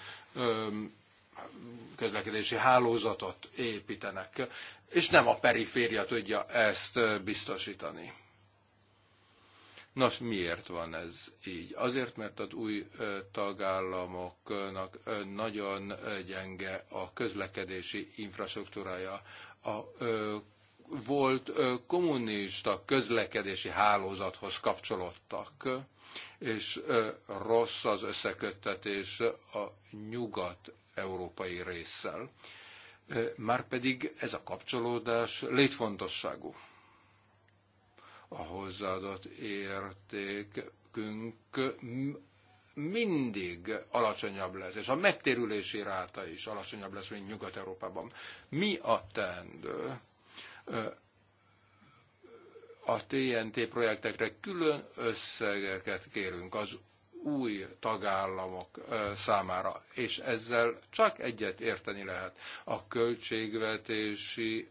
közlekedési hálózatot építenek, és nem a periféria tudja ezt biztosítani. Nos, miért van ez így? Azért, mert az új tagállamoknak nagyon gyenge a közlekedési infrastruktúrája. A volt kommunista közlekedési hálózathoz kapcsolódtak, és rossz az összeköttetés a nyugat-európai résszel. Márpedig ez a kapcsolódás létfontosságú. A hozzáadott értékünk mindig alacsonyabb lesz, és a megtérülési ráta is alacsonyabb lesz, mint Nyugat-Európában. Mi a teendő? A TNT projektekre külön összegeket kérünk az új tagállamok számára, és ezzel csak egyet érteni lehet. A költségvetési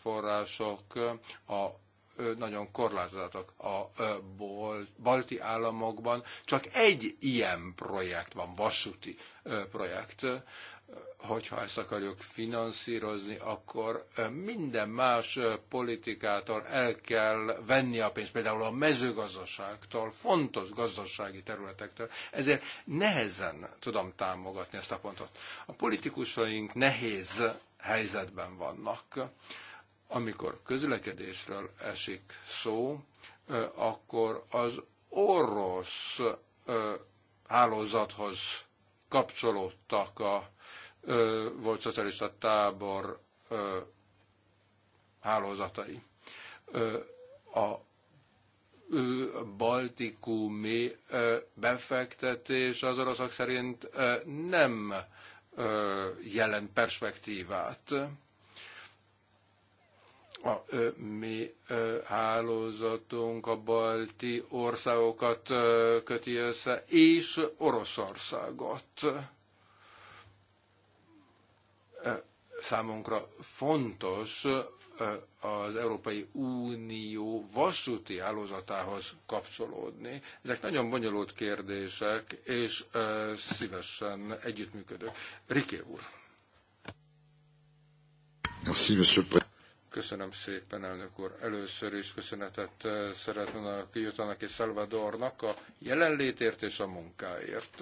források a nagyon korlátozatok. A balti államokban csak egy ilyen projekt van, vasúti projekt. Hogyha ezt akarjuk finanszírozni, akkor minden más politikától el kell venni a pénzt, például a mezőgazdaságtól, fontos gazdasági területektől. Ezért nehezen tudom támogatni ezt a pontot. A politikusaink nehéz helyzetben vannak amikor közlekedésről esik szó, akkor az orosz hálózathoz kapcsolódtak a volt szocialista tábor hálózatai. A baltikumi befektetés az oroszok szerint nem jelent perspektívát a mi hálózatunk a balti országokat köti össze, és Oroszországot. Számunkra fontos az Európai Unió vasúti hálózatához kapcsolódni. Ezek nagyon bonyolult kérdések, és szívesen együttműködök. Riké úr. Merci, monsieur Köszönöm szépen, elnök úr. Először is köszönetet eh, szeretnének Jutának és Salvadornak a jelenlétért és a munkáért.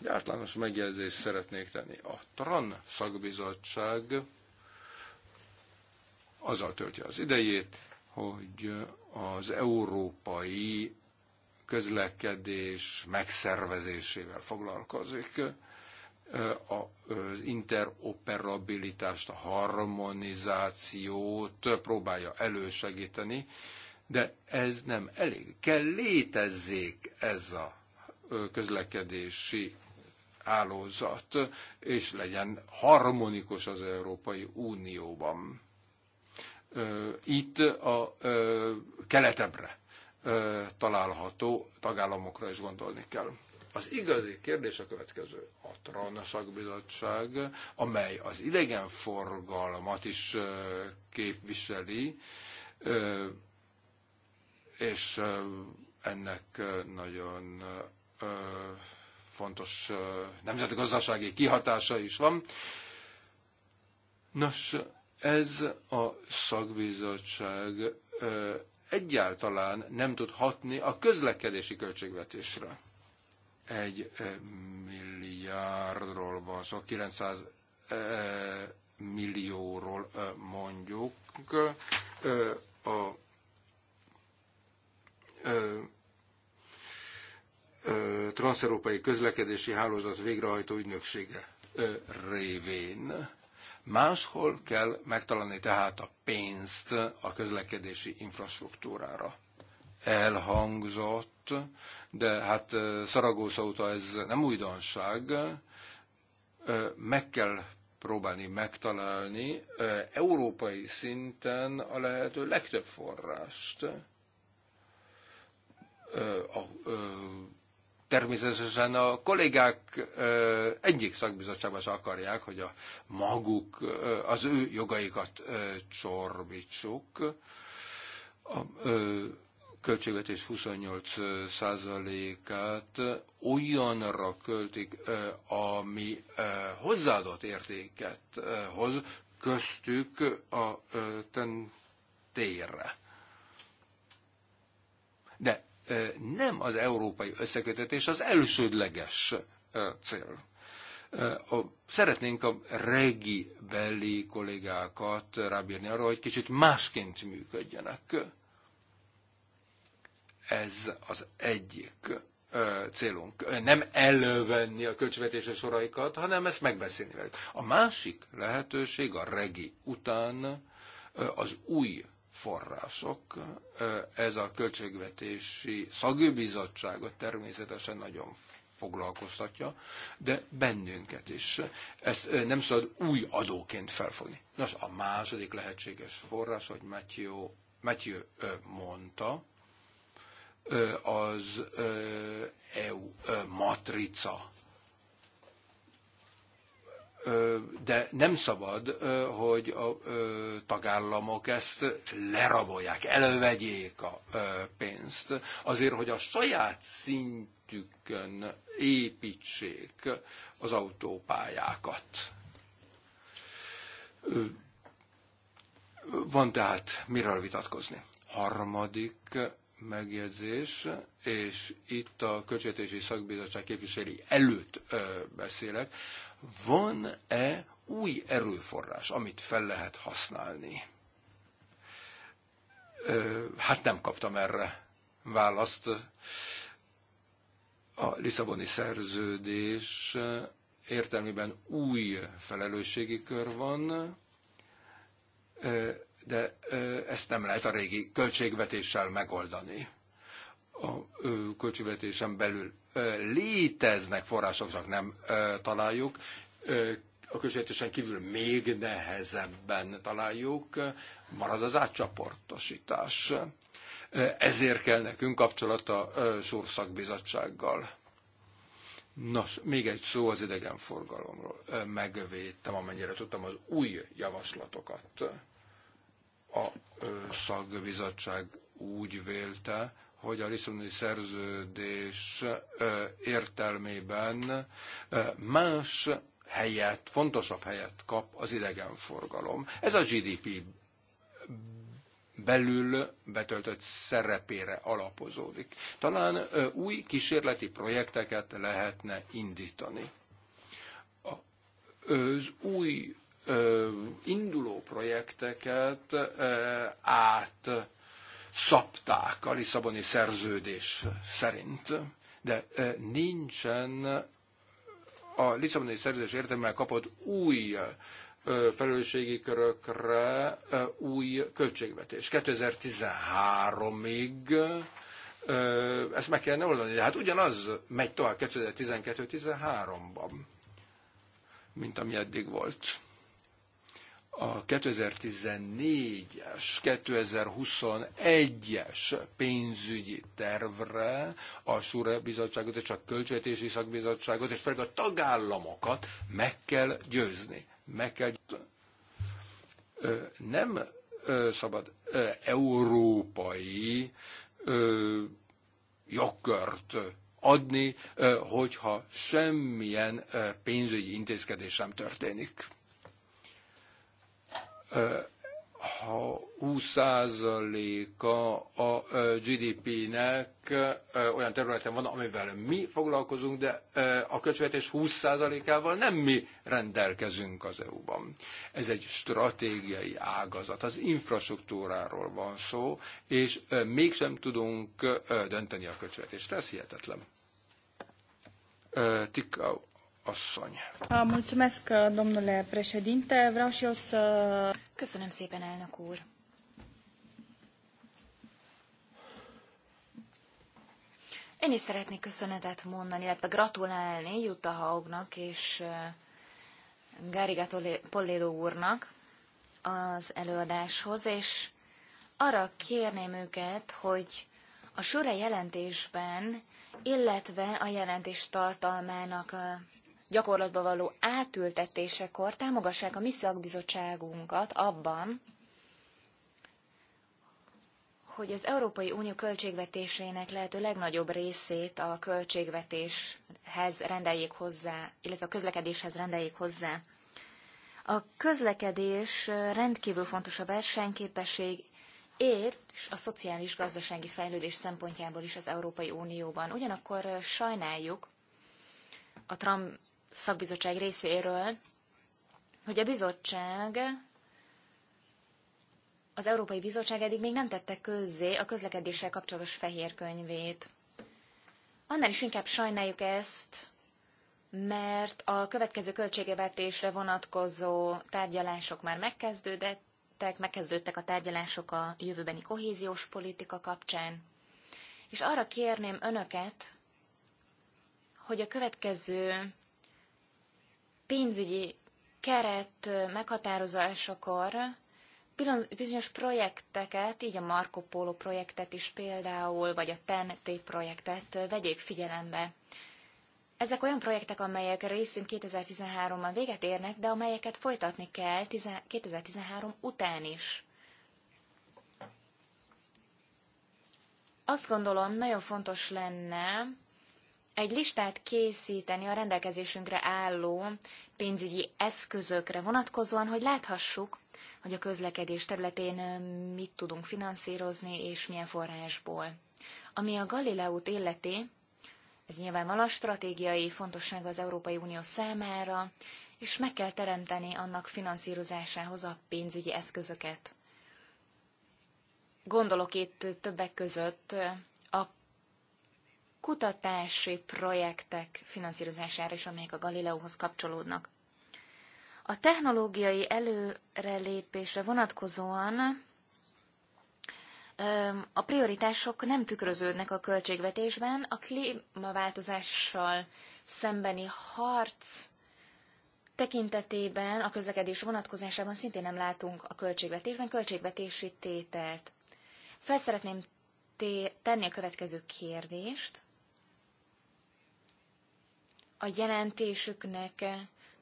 Egy általános megjegyzést szeretnék tenni. A TRAN szakbizottság azzal töltje az idejét, hogy az európai közlekedés megszervezésével foglalkozik az interoperabilitást, a harmonizációt próbálja elősegíteni, de ez nem elég. Kell létezzék ez a közlekedési állózat, és legyen harmonikus az Európai Unióban. Itt a keletebbre található tagállamokra is gondolni kell. Az igazi kérdés a következő. A TRAN szakbizottság, amely az idegenforgalmat is képviseli, és ennek nagyon fontos nemzetgazdasági kihatása is van. Nos, ez a szakbizottság egyáltalán nem tud hatni a közlekedési költségvetésre egy milliárdról van szó, 900 millióról mondjuk a transzeurópai közlekedési hálózat végrehajtó ügynöksége révén. Máshol kell megtalálni tehát a pénzt a közlekedési infrastruktúrára. Elhangzott de hát Szaragósza óta ez nem újdonság, meg kell próbálni megtalálni európai szinten a lehető legtöbb forrást. Természetesen a kollégák egyik szakbizottságban se akarják, hogy a maguk, az ő jogaikat csorbítsuk. A, költségvetés 28%-át olyanra költik, ami hozzáadott értéket hoz, köztük a térre. De nem az európai összekötetés az elsődleges cél. A, szeretnénk a regi beli kollégákat rábírni arra, hogy kicsit másként működjenek ez az egyik célunk. Nem elővenni a költségvetési soraikat, hanem ezt megbeszélni velük. A másik lehetőség a regi után az új források. Ez a költségvetési szagőbizottságot természetesen nagyon foglalkoztatja, de bennünket is. Ezt nem szabad új adóként felfogni. Nos, a második lehetséges forrás, hogy Matthew, Matthew mondta, az EU matrica. De nem szabad, hogy a tagállamok ezt lerabolják, elvegyék a pénzt, azért, hogy a saját szintükön építsék az autópályákat. Van tehát miről vitatkozni. Harmadik megjegyzés, és itt a Költségvetési Szakbizottság képviselői előtt beszélek, van-e új erőforrás, amit fel lehet használni? hát nem kaptam erre választ. A Lisszaboni szerződés értelmében új felelősségi kör van, de ezt nem lehet a régi költségvetéssel megoldani. A költségvetésen belül léteznek források, csak nem találjuk. A költségvetésen kívül még nehezebben találjuk. Marad az átcsoportosítás. Ezért kell nekünk kapcsolat a Sorszakbizottsággal. Nos, még egy szó az idegenforgalomról. Megvédtem, amennyire tudtam, az új javaslatokat a szakbizottság úgy vélte, hogy a Lisszaboni szerződés értelmében más helyet, fontosabb helyet kap az idegenforgalom. Ez a GDP belül betöltött szerepére alapozódik. Talán új kísérleti projekteket lehetne indítani. Az új induló projekteket át szabták a Lisszaboni szerződés szerint, de nincsen a Lisszaboni szerződés értelmében kapott új felelősségi körökre új költségvetés. 2013-ig ezt meg kellene oldani, de hát ugyanaz megy tovább 2012-13-ban, mint ami eddig volt a 2014-es, 2021-es pénzügyi tervre a Súra bizottságot és a Költségvetési Szakbizottságot és főleg a tagállamokat meg kell győzni. Meg kell győzni. Nem szabad európai jogkört adni, hogyha semmilyen pénzügyi intézkedés sem történik ha 20%-a a GDP-nek olyan területen van, amivel mi foglalkozunk, de a költségvetés 20%-ával nem mi rendelkezünk az EU-ban. Ez egy stratégiai ágazat, az infrastruktúráról van szó, és mégsem tudunk dönteni a költségvetést. Ez hihetetlen. Tikau asszony. Mulțumesc, domnule președinte. Vreau și eu să... Köszönöm szépen, elnök úr. Én is szeretnék köszönetet mondani, illetve gratulálni Jutta Haugnak és Gáriga Pollédo úrnak az előadáshoz, és arra kérném őket, hogy a Sure jelentésben, illetve a jelentés tartalmának gyakorlatba való átültetésekor támogassák a mi szakbizottságunkat abban, hogy az Európai Unió költségvetésének lehető legnagyobb részét a költségvetéshez rendeljék hozzá, illetve a közlekedéshez rendeljék hozzá. A közlekedés rendkívül fontos a versenyképesség és a szociális-gazdasági fejlődés szempontjából is az Európai Unióban. Ugyanakkor sajnáljuk a Trump szakbizottság részéről, hogy a bizottság, az Európai Bizottság eddig még nem tette közzé a közlekedéssel kapcsolatos fehér könyvét. Annál is inkább sajnáljuk ezt, mert a következő költségevetésre vonatkozó tárgyalások már megkezdődtek, megkezdődtek a tárgyalások a jövőbeni kohéziós politika kapcsán. És arra kérném önöket, hogy a következő pénzügyi keret meghatározásakor bizonyos projekteket, így a Marco Polo projektet is például, vagy a TEN-T projektet vegyék figyelembe. Ezek olyan projektek, amelyek részint 2013-ban véget érnek, de amelyeket folytatni kell 2013 után is. Azt gondolom, nagyon fontos lenne, egy listát készíteni a rendelkezésünkre álló pénzügyi eszközökre vonatkozóan, hogy láthassuk, hogy a közlekedés területén mit tudunk finanszírozni és milyen forrásból. Ami a Galileót illeti, ez nyilvánvalóan stratégiai fontosság az Európai Unió számára, és meg kell teremteni annak finanszírozásához a pénzügyi eszközöket. Gondolok itt többek között kutatási projektek finanszírozására is, amelyek a Galileóhoz kapcsolódnak. A technológiai előrelépésre vonatkozóan a prioritások nem tükröződnek a költségvetésben, a klímaváltozással szembeni harc tekintetében, a közlekedés vonatkozásában szintén nem látunk a költségvetésben költségvetési tételt. Felszeretném tenni a következő kérdést a jelentésüknek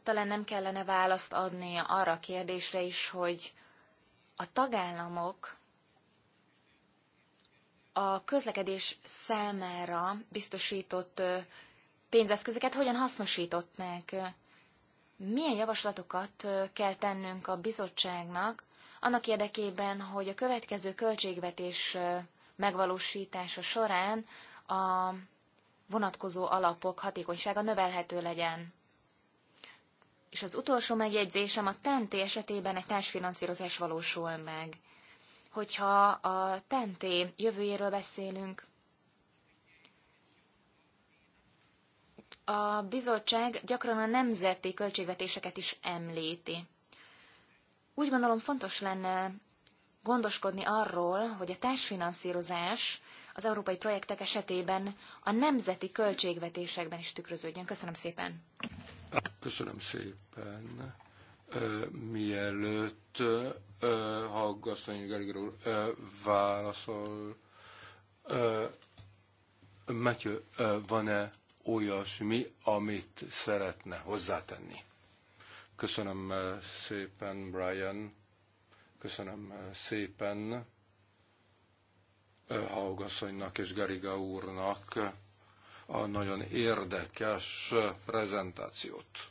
talán nem kellene választ adnia arra a kérdésre is, hogy a tagállamok a közlekedés számára biztosított pénzeszközöket hogyan hasznosították. Milyen javaslatokat kell tennünk a bizottságnak annak érdekében, hogy a következő költségvetés megvalósítása során a vonatkozó alapok hatékonysága növelhető legyen. És az utolsó megjegyzésem a TNT e esetében egy társfinanszírozás valósul meg. Hogyha a TNT e jövőjéről beszélünk, a bizottság gyakran a nemzeti költségvetéseket is említi. Úgy gondolom fontos lenne gondoskodni arról, hogy a társfinanszírozás az európai projektek esetében a nemzeti költségvetésekben is tükröződjön. Köszönöm szépen! Köszönöm szépen! Mielőtt Haggasszony Geriger úr válaszol, Matthew, van-e olyasmi, amit szeretne hozzátenni? Köszönöm szépen, Brian. Köszönöm szépen Haugasszonynak és Gariga úrnak a nagyon érdekes prezentációt.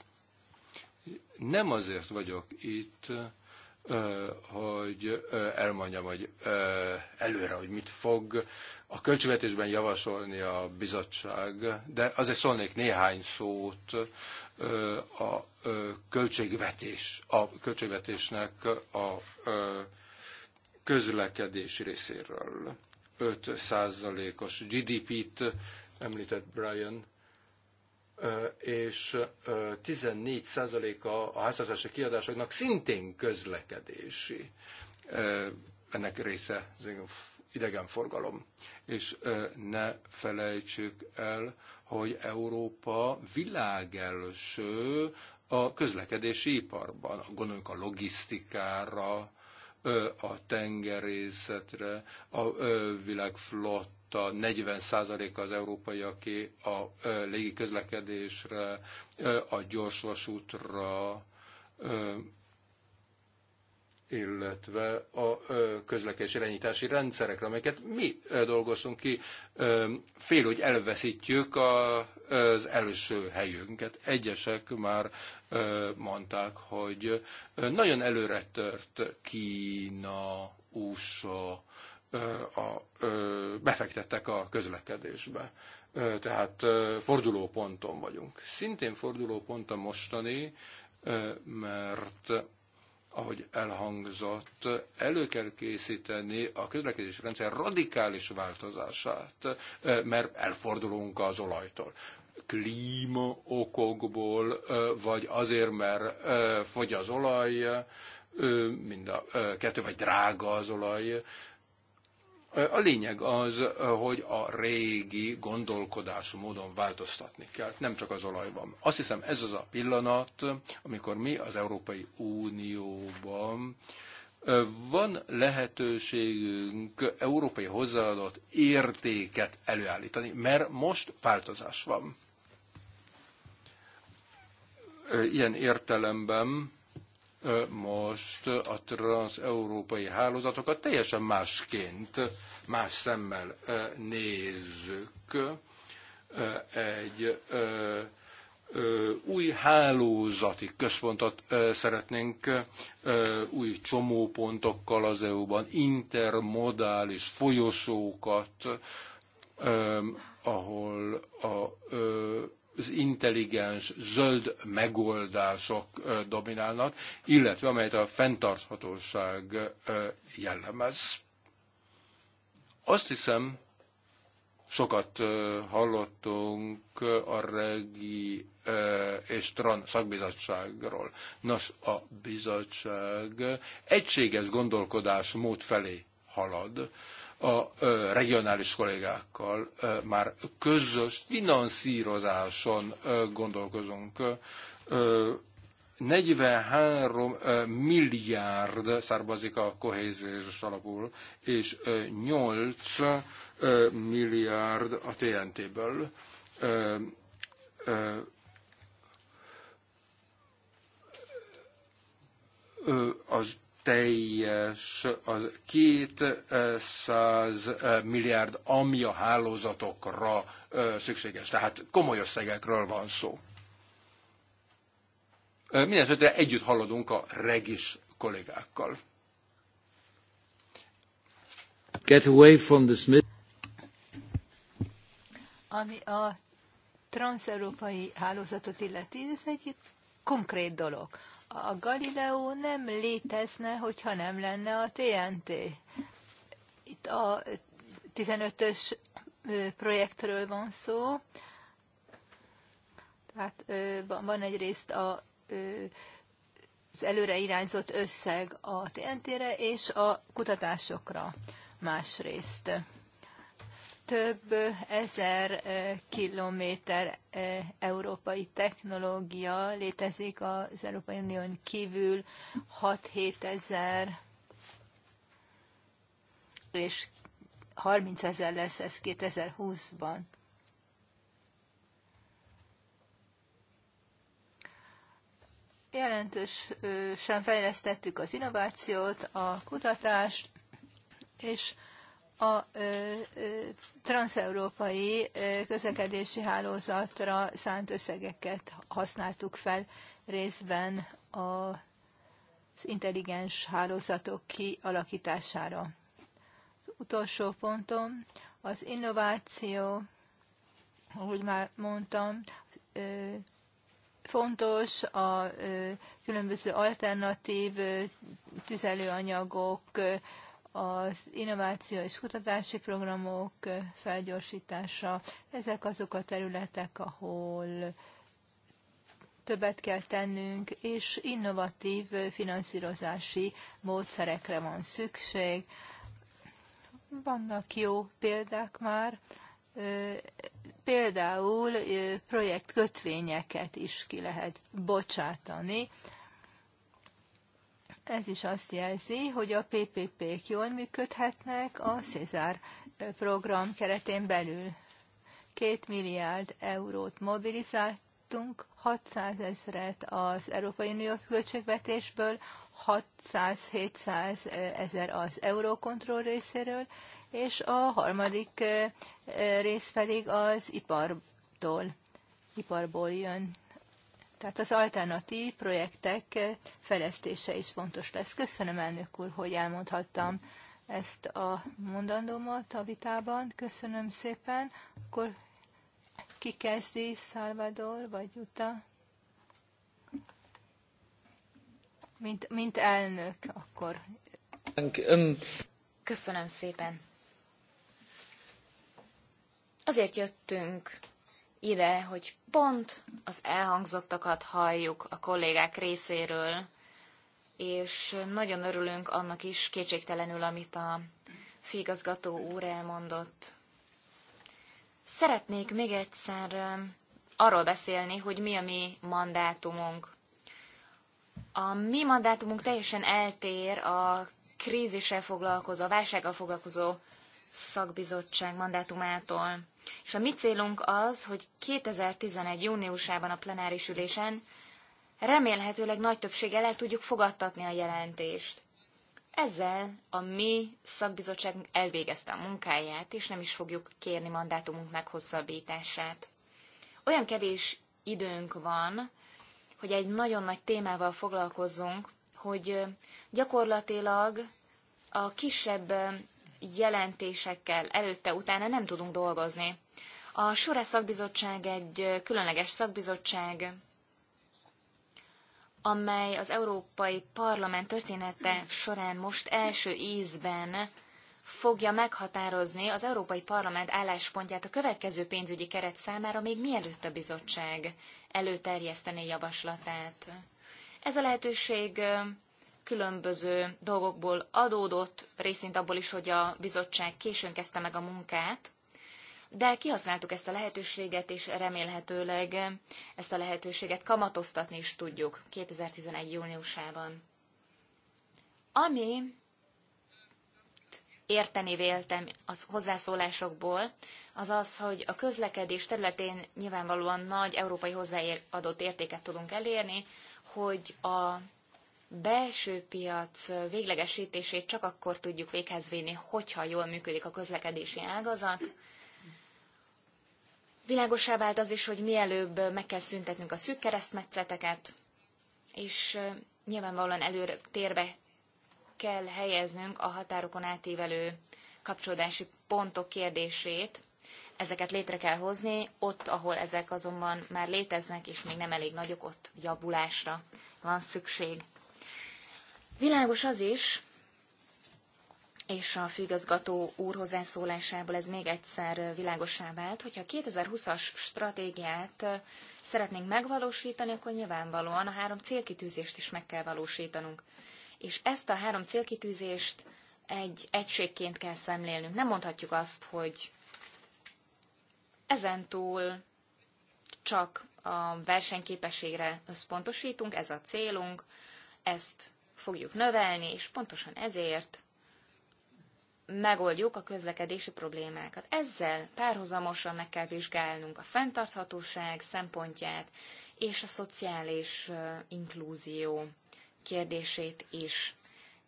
Nem azért vagyok itt, hogy elmondjam, hogy előre, hogy mit fog a költségvetésben javasolni a bizottság, de azért szólnék néhány szót a költségvetés, a költségvetésnek a közlekedés részéről. 5%-os GDP-t említett Brian, és 14%-a a háztartási kiadásoknak szintén közlekedési. Ennek része az idegenforgalom. És ne felejtsük el, hogy Európa világelső a közlekedési iparban. Gondoljunk a logisztikára, a tengerészetre, a világ a 40%-a az európaiaké a légiközlekedésre, a gyorsvasútra, illetve a közlekedési irányítási rendszerekre, amelyeket mi dolgozunk ki, fél, hogy elveszítjük az első helyünket. Egyesek már mondták, hogy nagyon előre tört Kína, USA, a, befektettek a közlekedésbe. Tehát fordulóponton vagyunk. Szintén fordulópont a mostani, mert ahogy elhangzott, elő kell készíteni a közlekedési rendszer radikális változását, eh, mert elfordulunk az olajtól klíma okokból, eh, vagy azért, mert eh, fogy az olaj, mind a kettő, vagy drága az olaj, a lényeg az, hogy a régi gondolkodású módon változtatni kell, nem csak az olajban. Azt hiszem ez az a pillanat, amikor mi az Európai Unióban van lehetőségünk európai hozzáadott értéket előállítani, mert most változás van. Ilyen értelemben most a transeurópai hálózatokat teljesen másként, más szemmel nézzük. Egy új hálózati központot szeretnénk, új csomópontokkal az EU-ban, intermodális folyosókat, ahol a az intelligens, zöld megoldások dominálnak, illetve amelyet a fenntarthatóság jellemez. Azt hiszem, sokat hallottunk a regi és TRAN szakbizottságról. Nos, a bizottság egységes mód felé halad a regionális kollégákkal már közös finanszírozáson gondolkozunk. 43 milliárd származik a kohéziós alapul, és 8 milliárd a TNT-ből. Az teljes az 200 milliárd, ami a hálózatokra szükséges. Tehát komoly összegekről van szó. Mindenesetre együtt haladunk a regis kollégákkal. Get away from the Smith. Ami a transeurópai hálózatot illeti, ez egy konkrét dolog. A Galileo nem létezne, hogyha nem lenne a TNT. Itt a 15-ös projektről van szó. Tehát van egyrészt a, az előre irányzott összeg a TNT-re és a kutatásokra másrészt több eh, ezer eh, kilométer eh, európai technológia létezik az Európai Unión kívül, 6-7 ezer és 30 ezer lesz ez 2020-ban. Jelentősen fejlesztettük az innovációt, a kutatást, és a transeurópai közlekedési hálózatra szánt összegeket használtuk fel részben az intelligens hálózatok kialakítására. Az utolsó pontom az innováció, ahogy már mondtam, fontos a különböző alternatív tüzelőanyagok, az innováció és kutatási programok felgyorsítása, ezek azok a területek, ahol többet kell tennünk, és innovatív finanszírozási módszerekre van szükség. Vannak jó példák már, például projektkötvényeket is ki lehet bocsátani ez is azt jelzi, hogy a PPP-k jól működhetnek a Cézár program keretén belül. Két milliárd eurót mobilizáltunk, 600 ezeret az Európai Unió költségvetésből, 600-700 ezer az Eurocontrol részéről, és a harmadik rész pedig az ipartól, iparból jön. Tehát az alternatív projektek eh, fejlesztése is fontos lesz. Köszönöm, elnök úr, hogy elmondhattam ezt a mondandómat a vitában. Köszönöm szépen. Akkor ki kezdi, Salvador vagy Juta? Mint, mint elnök, akkor. Köszönöm szépen. Azért jöttünk ide, hogy pont az elhangzottakat halljuk a kollégák részéről, és nagyon örülünk annak is kétségtelenül, amit a figazgató úr elmondott. Szeretnék még egyszer um, arról beszélni, hogy mi a mi mandátumunk. A mi mandátumunk teljesen eltér a krízissel foglalkozó, a válsággal foglalkozó szakbizottság mandátumától. És a mi célunk az, hogy 2011. júniusában a plenáris ülésen remélhetőleg nagy többséggel el tudjuk fogadtatni a jelentést. Ezzel a mi szakbizottság elvégezte a munkáját, és nem is fogjuk kérni mandátumunk meghosszabbítását. Olyan kevés időnk van, hogy egy nagyon nagy témával foglalkozzunk, hogy gyakorlatilag a kisebb jelentésekkel előtte, utána nem tudunk dolgozni. A Sure szakbizottság egy különleges szakbizottság, amely az Európai Parlament története során most első ízben fogja meghatározni az Európai Parlament álláspontját a következő pénzügyi keret számára, még mielőtt a bizottság előterjesztené javaslatát. Ez a lehetőség különböző dolgokból adódott, részint abból is, hogy a bizottság későn kezdte meg a munkát, de kihasználtuk ezt a lehetőséget, és remélhetőleg ezt a lehetőséget kamatoztatni is tudjuk 2011. júniusában. Ami érteni véltem az hozzászólásokból, az az, hogy a közlekedés területén nyilvánvalóan nagy európai hozzáadott értéket tudunk elérni, hogy a belső piac véglegesítését csak akkor tudjuk véghez vinni, hogyha jól működik a közlekedési ágazat. Világosá vált az is, hogy mielőbb meg kell szüntetnünk a szűk keresztmetszeteket, és nyilvánvalóan előre térbe kell helyeznünk a határokon átívelő kapcsolódási pontok kérdését. Ezeket létre kell hozni, ott, ahol ezek azonban már léteznek, és még nem elég nagyok, ott javulásra van szükség. Világos az is, és a főigazgató úr hozzászólásából ez még egyszer világosá vált, hogyha a 2020-as stratégiát szeretnénk megvalósítani, akkor nyilvánvalóan a három célkitűzést is meg kell valósítanunk. És ezt a három célkitűzést egy egységként kell szemlélnünk. Nem mondhatjuk azt, hogy ezentúl csak a versenyképességre összpontosítunk, ez a célunk, ezt fogjuk növelni, és pontosan ezért megoldjuk a közlekedési problémákat. Ezzel párhuzamosan meg kell vizsgálnunk a fenntarthatóság szempontját és a szociális inklúzió kérdését is.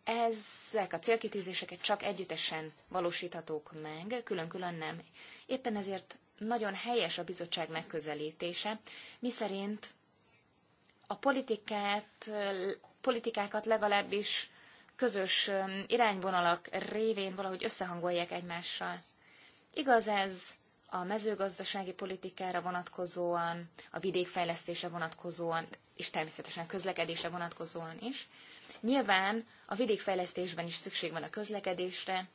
Ezek a célkitűzéseket csak együttesen valósíthatók meg, külön-külön nem. Éppen ezért nagyon helyes a bizottság megközelítése, miszerint a politikát politikákat legalábbis közös irányvonalak révén valahogy összehangolják egymással. Igaz ez a mezőgazdasági politikára vonatkozóan, a vidékfejlesztésre vonatkozóan, és természetesen közlekedésre vonatkozóan is. Nyilván a vidékfejlesztésben is szükség van a közlekedésre,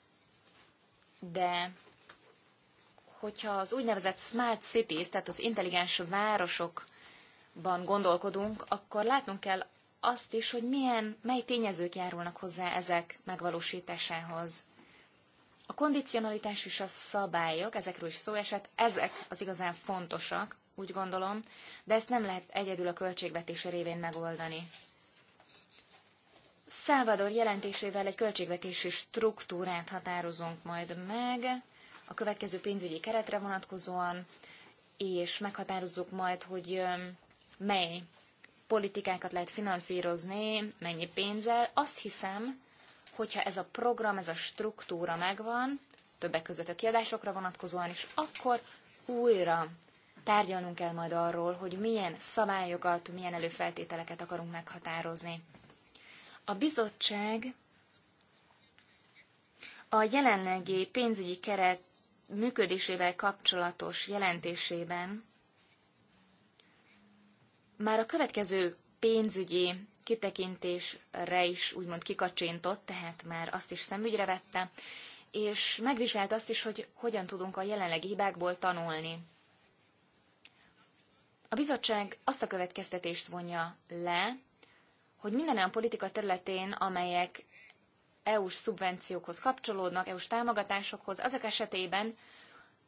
de hogyha az úgynevezett smart cities, tehát az intelligens városokban gondolkodunk, akkor látnunk kell azt is, hogy milyen, mely tényezők járulnak hozzá ezek megvalósításához. A kondicionalitás és a szabályok, ezekről is szó esett, ezek az igazán fontosak, úgy gondolom, de ezt nem lehet egyedül a költségvetés révén megoldani. Szávador jelentésével egy költségvetési struktúrát határozunk majd meg a következő pénzügyi keretre vonatkozóan, és meghatározzuk majd, hogy mely politikákat lehet finanszírozni, mennyi pénzzel. Azt hiszem, hogyha ez a program, ez a struktúra megvan, többek között a kiadásokra vonatkozóan is, akkor újra tárgyalnunk kell majd arról, hogy milyen szabályokat, milyen előfeltételeket akarunk meghatározni. A bizottság a jelenlegi pénzügyi keret működésével kapcsolatos jelentésében már a következő pénzügyi kitekintésre is úgymond kikacsintott, tehát már azt is szemügyre vette, és megvizsgált azt is, hogy hogyan tudunk a jelenlegi hibákból tanulni. A bizottság azt a következtetést vonja le, hogy minden olyan politika területén, amelyek EU-s szubvenciókhoz kapcsolódnak, EU-s támogatásokhoz, azok esetében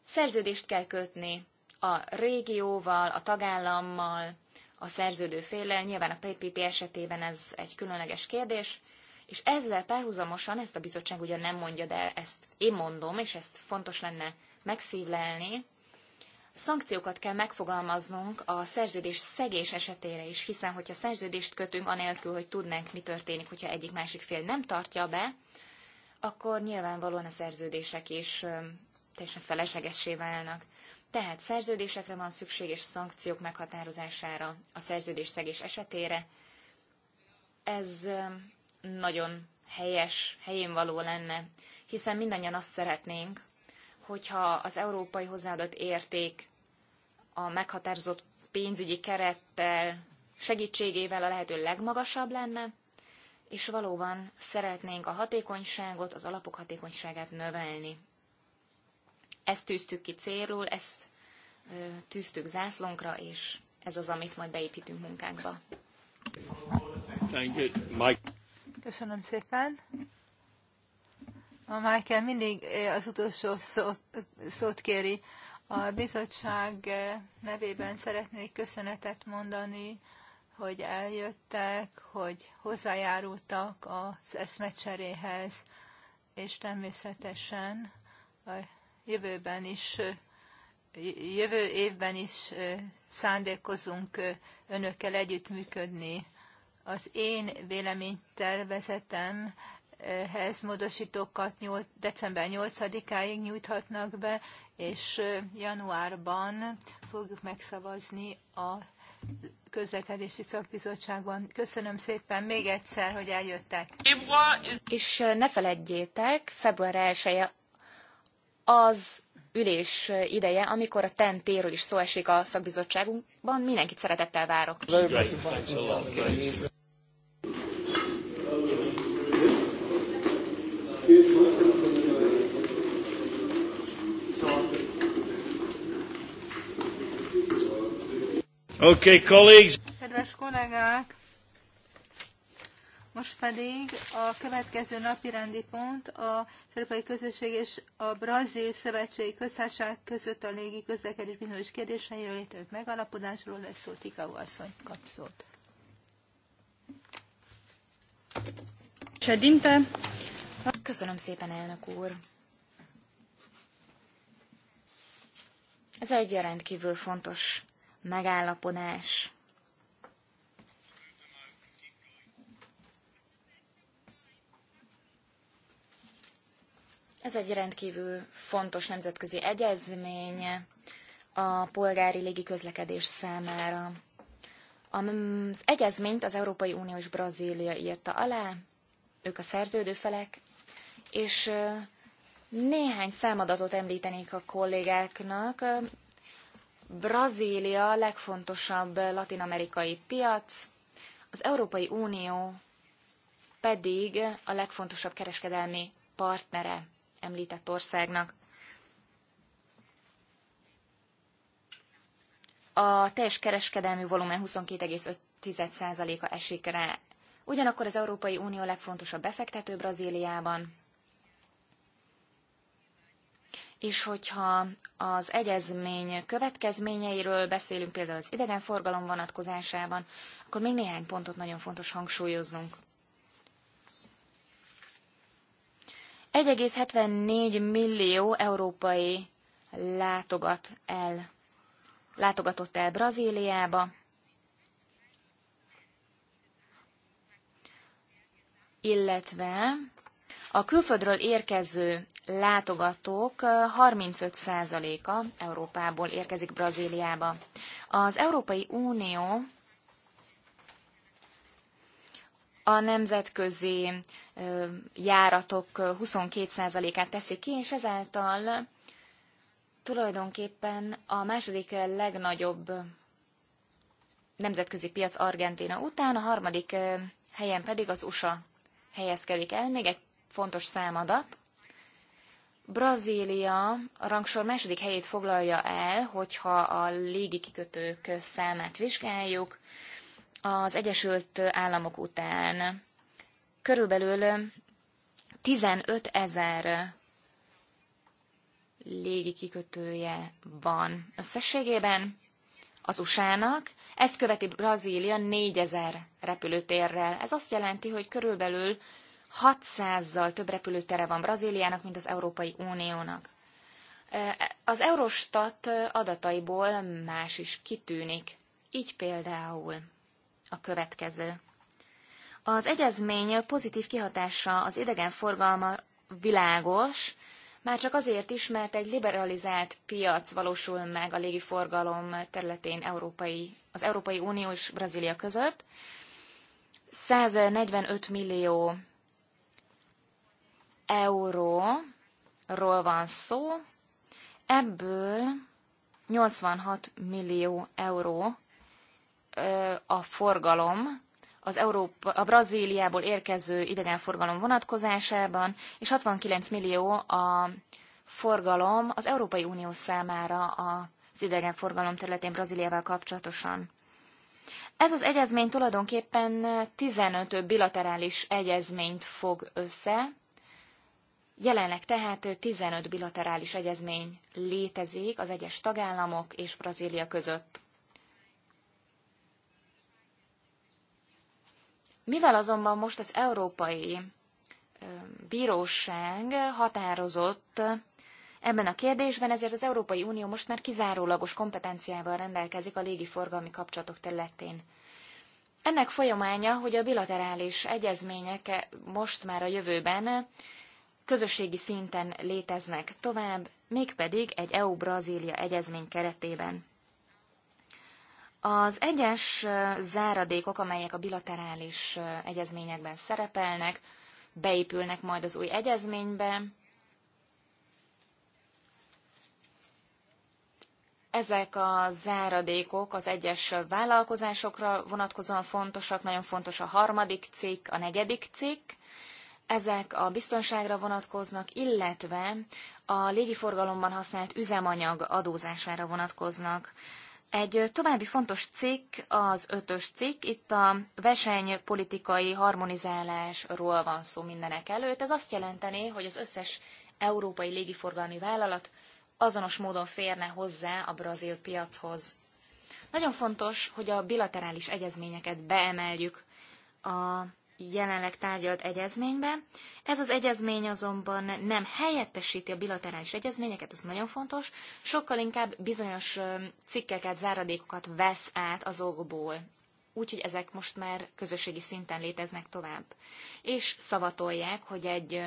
szerződést kell kötni a régióval, a tagállammal, a szerződő féllel. Nyilván a PPP esetében ez egy különleges kérdés, és ezzel párhuzamosan, ezt a bizottság ugyan nem mondja, de ezt én mondom, és ezt fontos lenne megszívlelni, Szankciókat kell megfogalmaznunk a szerződés szegés esetére is, hiszen hogyha szerződést kötünk, anélkül, hogy tudnánk, mi történik, hogyha egyik másik fél nem tartja be, akkor nyilvánvalóan a szerződések is teljesen feleslegessé válnak. Tehát szerződésekre van szükség és szankciók meghatározására a szegés esetére. Ez um, nagyon helyes, helyén való lenne, hiszen mindannyian azt szeretnénk, hogyha az európai hozzáadott érték a meghatározott pénzügyi kerettel segítségével a lehető legmagasabb lenne, és valóban szeretnénk a hatékonyságot, az alapok hatékonyságát növelni. Ezt tűztük ki célul, ezt tűztük zászlónkra, és ez az, amit majd beépítünk munkánkba. Köszönöm szépen. A Michael mindig az utolsó szót, szót kéri. A bizottság nevében szeretnék köszönetet mondani, hogy eljöttek, hogy hozzájárultak az eszmecseréhez, és természetesen a jövőben is, jövő évben is szándékozunk önökkel együttműködni. Az én véleménytervezetem ehhez módosítókat december 8-áig nyújthatnak be, és januárban fogjuk megszavazni a közlekedési szakbizottságban. Köszönöm szépen még egyszer, hogy eljöttek. És ne feledjétek, február 1 -e az ülés ideje, amikor a TEN-téről is szó esik a szakbizottságunkban. Mindenkit szeretettel várok. Okay, colleagues. Kedves kollégák, most pedig a következő napi rendi pont a Európai Közösség és a Brazil Szövetségi Köztársaság között a légi közlekedés bizonyos kérdéseiről létrejött megalapodásról lesz szó Tikau asszony kapszót. Köszönöm szépen, elnök úr! Ez egy rendkívül fontos megállapodás Ez egy rendkívül fontos nemzetközi egyezmény a polgári légiközlekedés számára. Az egyezményt az Európai Unió és Brazília írta alá, ők a szerződő felek, és néhány számadatot említenék a kollégáknak. Brazília legfontosabb latinamerikai piac, az Európai Unió pedig a legfontosabb kereskedelmi partnere említett országnak. A teljes kereskedelmi volumen 22,5%-a esik rá. Ugyanakkor az Európai Unió legfontosabb befektető Brazíliában, és hogyha az egyezmény következményeiről beszélünk, például az idegenforgalom vonatkozásában, akkor még néhány pontot nagyon fontos hangsúlyoznunk. 1,74 millió európai látogat el, látogatott el Brazíliába, illetve a külföldről érkező látogatók 35%-a Európából érkezik Brazíliába. Az Európai Unió a nemzetközi járatok 22%-át teszik ki, és ezáltal tulajdonképpen a második legnagyobb nemzetközi piac Argentina után, a harmadik helyen pedig az USA helyezkedik el. Még egy fontos számadat. Brazília a rangsor második helyét foglalja el, hogyha a légi kikötők számát vizsgáljuk az Egyesült Államok után. Körülbelül 15 ezer légi kikötője van összességében az USA-nak, ezt követi Brazília 4 ezer repülőtérrel. Ez azt jelenti, hogy körülbelül 600-zal több repülőtere van Brazíliának, mint az Európai Uniónak. E, az Eurostat adataiból más is kitűnik. Így például a következő. Az egyezmény pozitív kihatása az idegenforgalma világos, már csak azért is, mert egy liberalizált piac valósul meg a légiforgalom területén európai, az Európai Unió és Brazília között. 145 millió euróról van szó, ebből 86 millió euró a forgalom, az Európa, a Brazíliából érkező idegenforgalom vonatkozásában, és 69 millió a forgalom az Európai Unió számára az idegenforgalom területén Brazíliával kapcsolatosan. Ez az egyezmény tulajdonképpen 15 bilaterális egyezményt fog össze, Jelenleg tehát 15 bilaterális egyezmény létezik az egyes tagállamok és Brazília között. Mivel azonban most az Európai Bíróság határozott ebben a kérdésben, ezért az Európai Unió most már kizárólagos kompetenciával rendelkezik a légiforgalmi kapcsolatok területén. Ennek folyamánya, hogy a bilaterális egyezmények most már a jövőben közösségi szinten léteznek tovább, mégpedig egy EU-Brazília egyezmény keretében. Az egyes záradékok, amelyek a bilaterális egyezményekben szerepelnek, beépülnek majd az új egyezménybe. Ezek a záradékok az egyes vállalkozásokra vonatkozóan fontosak, nagyon fontos a harmadik cikk, a negyedik cikk. Ezek a biztonságra vonatkoznak, illetve a légiforgalomban használt üzemanyag adózására vonatkoznak. Egy további fontos cikk az ötös cikk, itt a versenypolitikai harmonizálásról van szó mindenek előtt. Ez azt jelenteni, hogy az összes európai légiforgalmi vállalat azonos módon férne hozzá a brazil piachoz. Nagyon fontos, hogy a bilaterális egyezményeket beemeljük a jelenleg tárgyalt egyezménybe. Ez az egyezmény azonban nem helyettesíti a bilaterális egyezményeket, ez nagyon fontos, sokkal inkább bizonyos cikkeket, záradékokat vesz át az azokból. Úgyhogy ezek most már közösségi szinten léteznek tovább. És szavatolják, hogy egy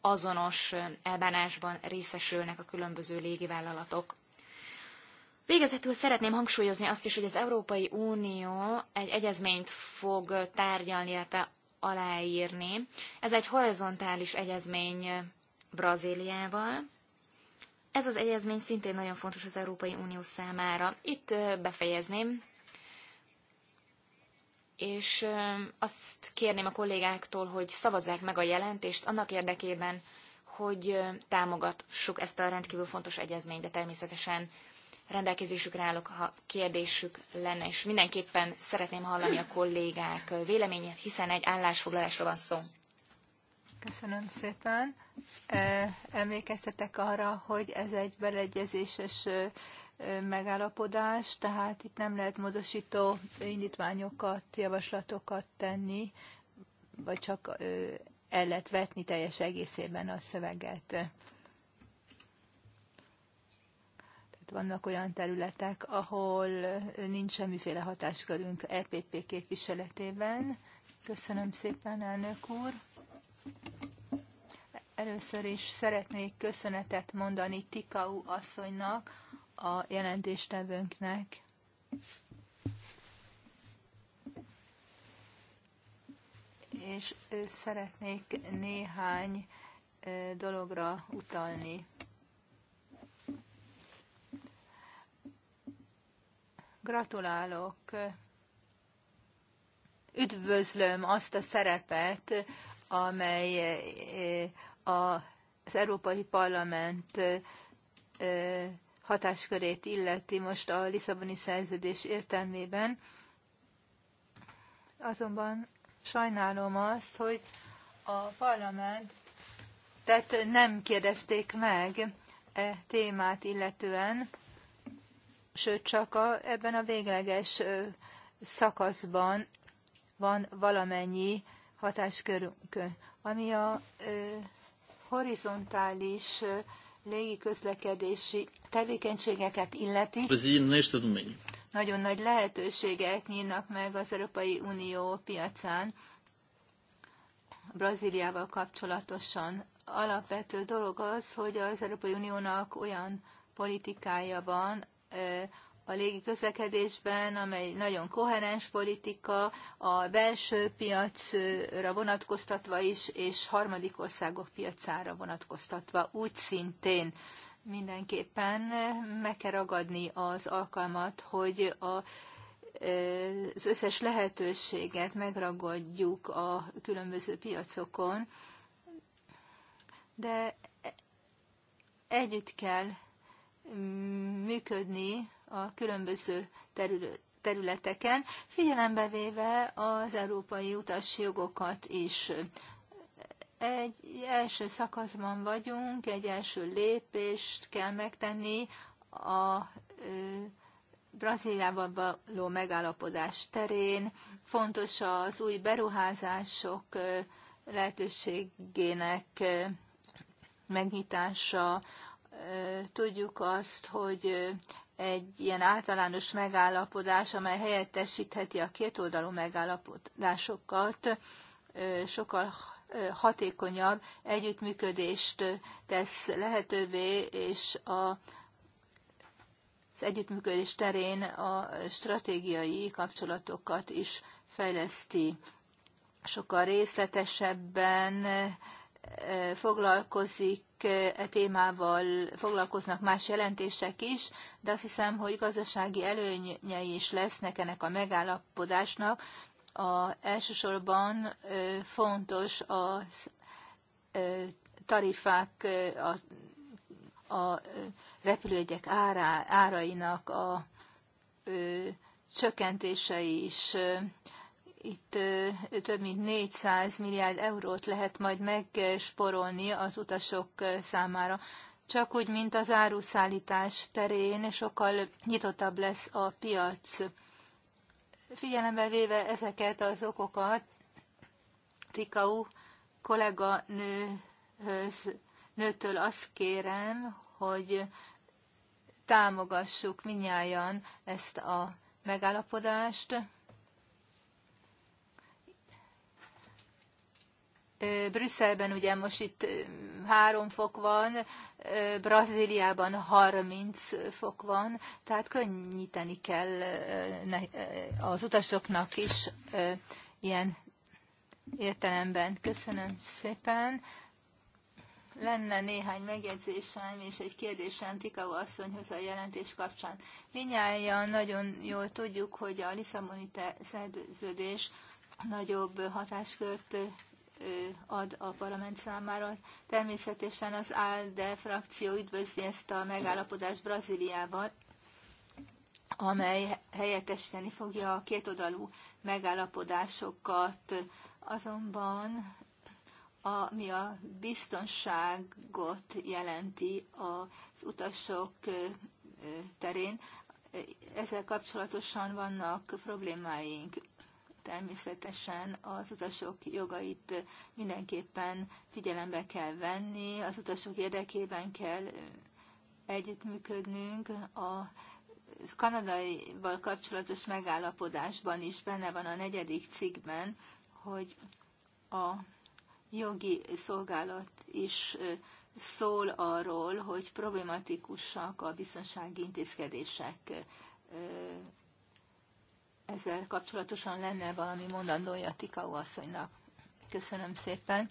azonos elbánásban részesülnek a különböző légivállalatok. Végezetül szeretném hangsúlyozni azt is, hogy az Európai Unió egy egyezményt fog tárgyalni, illetve aláírni. Ez egy horizontális egyezmény Brazíliával. Ez az egyezmény szintén nagyon fontos az Európai Unió számára. Itt befejezném, és azt kérném a kollégáktól, hogy szavazzák meg a jelentést annak érdekében, hogy támogassuk ezt a rendkívül fontos egyezményt, de természetesen rendelkezésükre állok, ha kérdésük lenne, és mindenképpen szeretném hallani a kollégák véleményét, hiszen egy állásfoglalásra van szó. Köszönöm szépen. Emlékeztetek arra, hogy ez egy beleegyezéses megállapodás, tehát itt nem lehet módosító indítványokat, javaslatokat tenni, vagy csak el lehet vetni teljes egészében a szöveget. vannak olyan területek, ahol nincs semmiféle hatáskörünk EPP képviseletében. Köszönöm szépen, elnök úr! Először is szeretnék köszönetet mondani Tikau asszonynak, a jelentéstevőnknek. És szeretnék néhány dologra utalni. Gratulálok! Üdvözlöm azt a szerepet, amely eh, az Európai Parlament eh, hatáskörét illeti most a Lisszaboni szerződés értelmében. Azonban sajnálom azt, hogy a parlament tehát nem kérdezték meg e témát illetően sőt csak a, ebben a végleges szakaszban van valamennyi hatáskörünk. Ami a ö, horizontális ö, légiközlekedési tevékenységeket illeti, nagyon nagy lehetőségek nyílnak meg az Európai Unió piacán Brazíliával kapcsolatosan. Alapvető dolog az, hogy az Európai Uniónak olyan politikája van, a légi közlekedésben, amely nagyon koherens politika, a belső piacra vonatkoztatva is, és harmadik országok piacára vonatkoztatva úgy szintén mindenképpen meg kell ragadni az alkalmat, hogy a, az összes lehetőséget megragadjuk a különböző piacokon, de együtt kell működni a különböző területeken, figyelembe véve az európai jogokat is. Egy első szakaszban vagyunk, egy első lépést kell megtenni a Brazíliában való megállapodás terén. Fontos az új beruházások lehetőségének megnyitása, tudjuk azt, hogy egy ilyen általános megállapodás, amely helyettesítheti a kétoldalú megállapodásokat, sokkal hatékonyabb együttműködést tesz lehetővé, és a az együttműködés terén a stratégiai kapcsolatokat is fejleszti. Sokkal részletesebben foglalkozik sok e témával foglalkoznak más jelentések is, de azt hiszem, hogy gazdasági előnyei is lesznek ennek a megállapodásnak. A, elsősorban fontos a tarifák, a, a repülőgyek árainak a csökkentése is itt több mint 400 milliárd eurót lehet majd megsporolni az utasok számára. Csak úgy, mint az áruszállítás terén, sokkal nyitottabb lesz a piac. Figyelembe véve ezeket az okokat, Tikau nőhöz, nőtől azt kérem, hogy támogassuk minnyáján ezt a megállapodást. Brüsszelben ugye most itt három fok van, Brazíliában 30 fok van, tehát könnyíteni kell az utasoknak is ilyen értelemben. Köszönöm szépen. Lenne néhány megjegyzésem és egy kérdésem Tikau asszonyhoz a jelentés kapcsán. Minnyáján nagyon jól tudjuk, hogy a Lisszaboni szerződés nagyobb hatáskört ad a parlament számára. Természetesen az ALDE frakció üdvözli ezt a megállapodást Brazíliával, amely helyettesíteni fogja a kétoldalú megállapodásokat. Azonban ami a biztonságot jelenti az utasok terén, ezzel kapcsolatosan vannak problémáink természetesen az utasok jogait mindenképpen figyelembe kell venni, az utasok érdekében kell együttműködnünk. A kanadaival kapcsolatos megállapodásban is benne van a negyedik cikkben, hogy a jogi szolgálat is szól arról, hogy problematikusak a biztonsági intézkedések ezzel kapcsolatosan lenne valami mondandója Tikau asszonynak. Köszönöm szépen.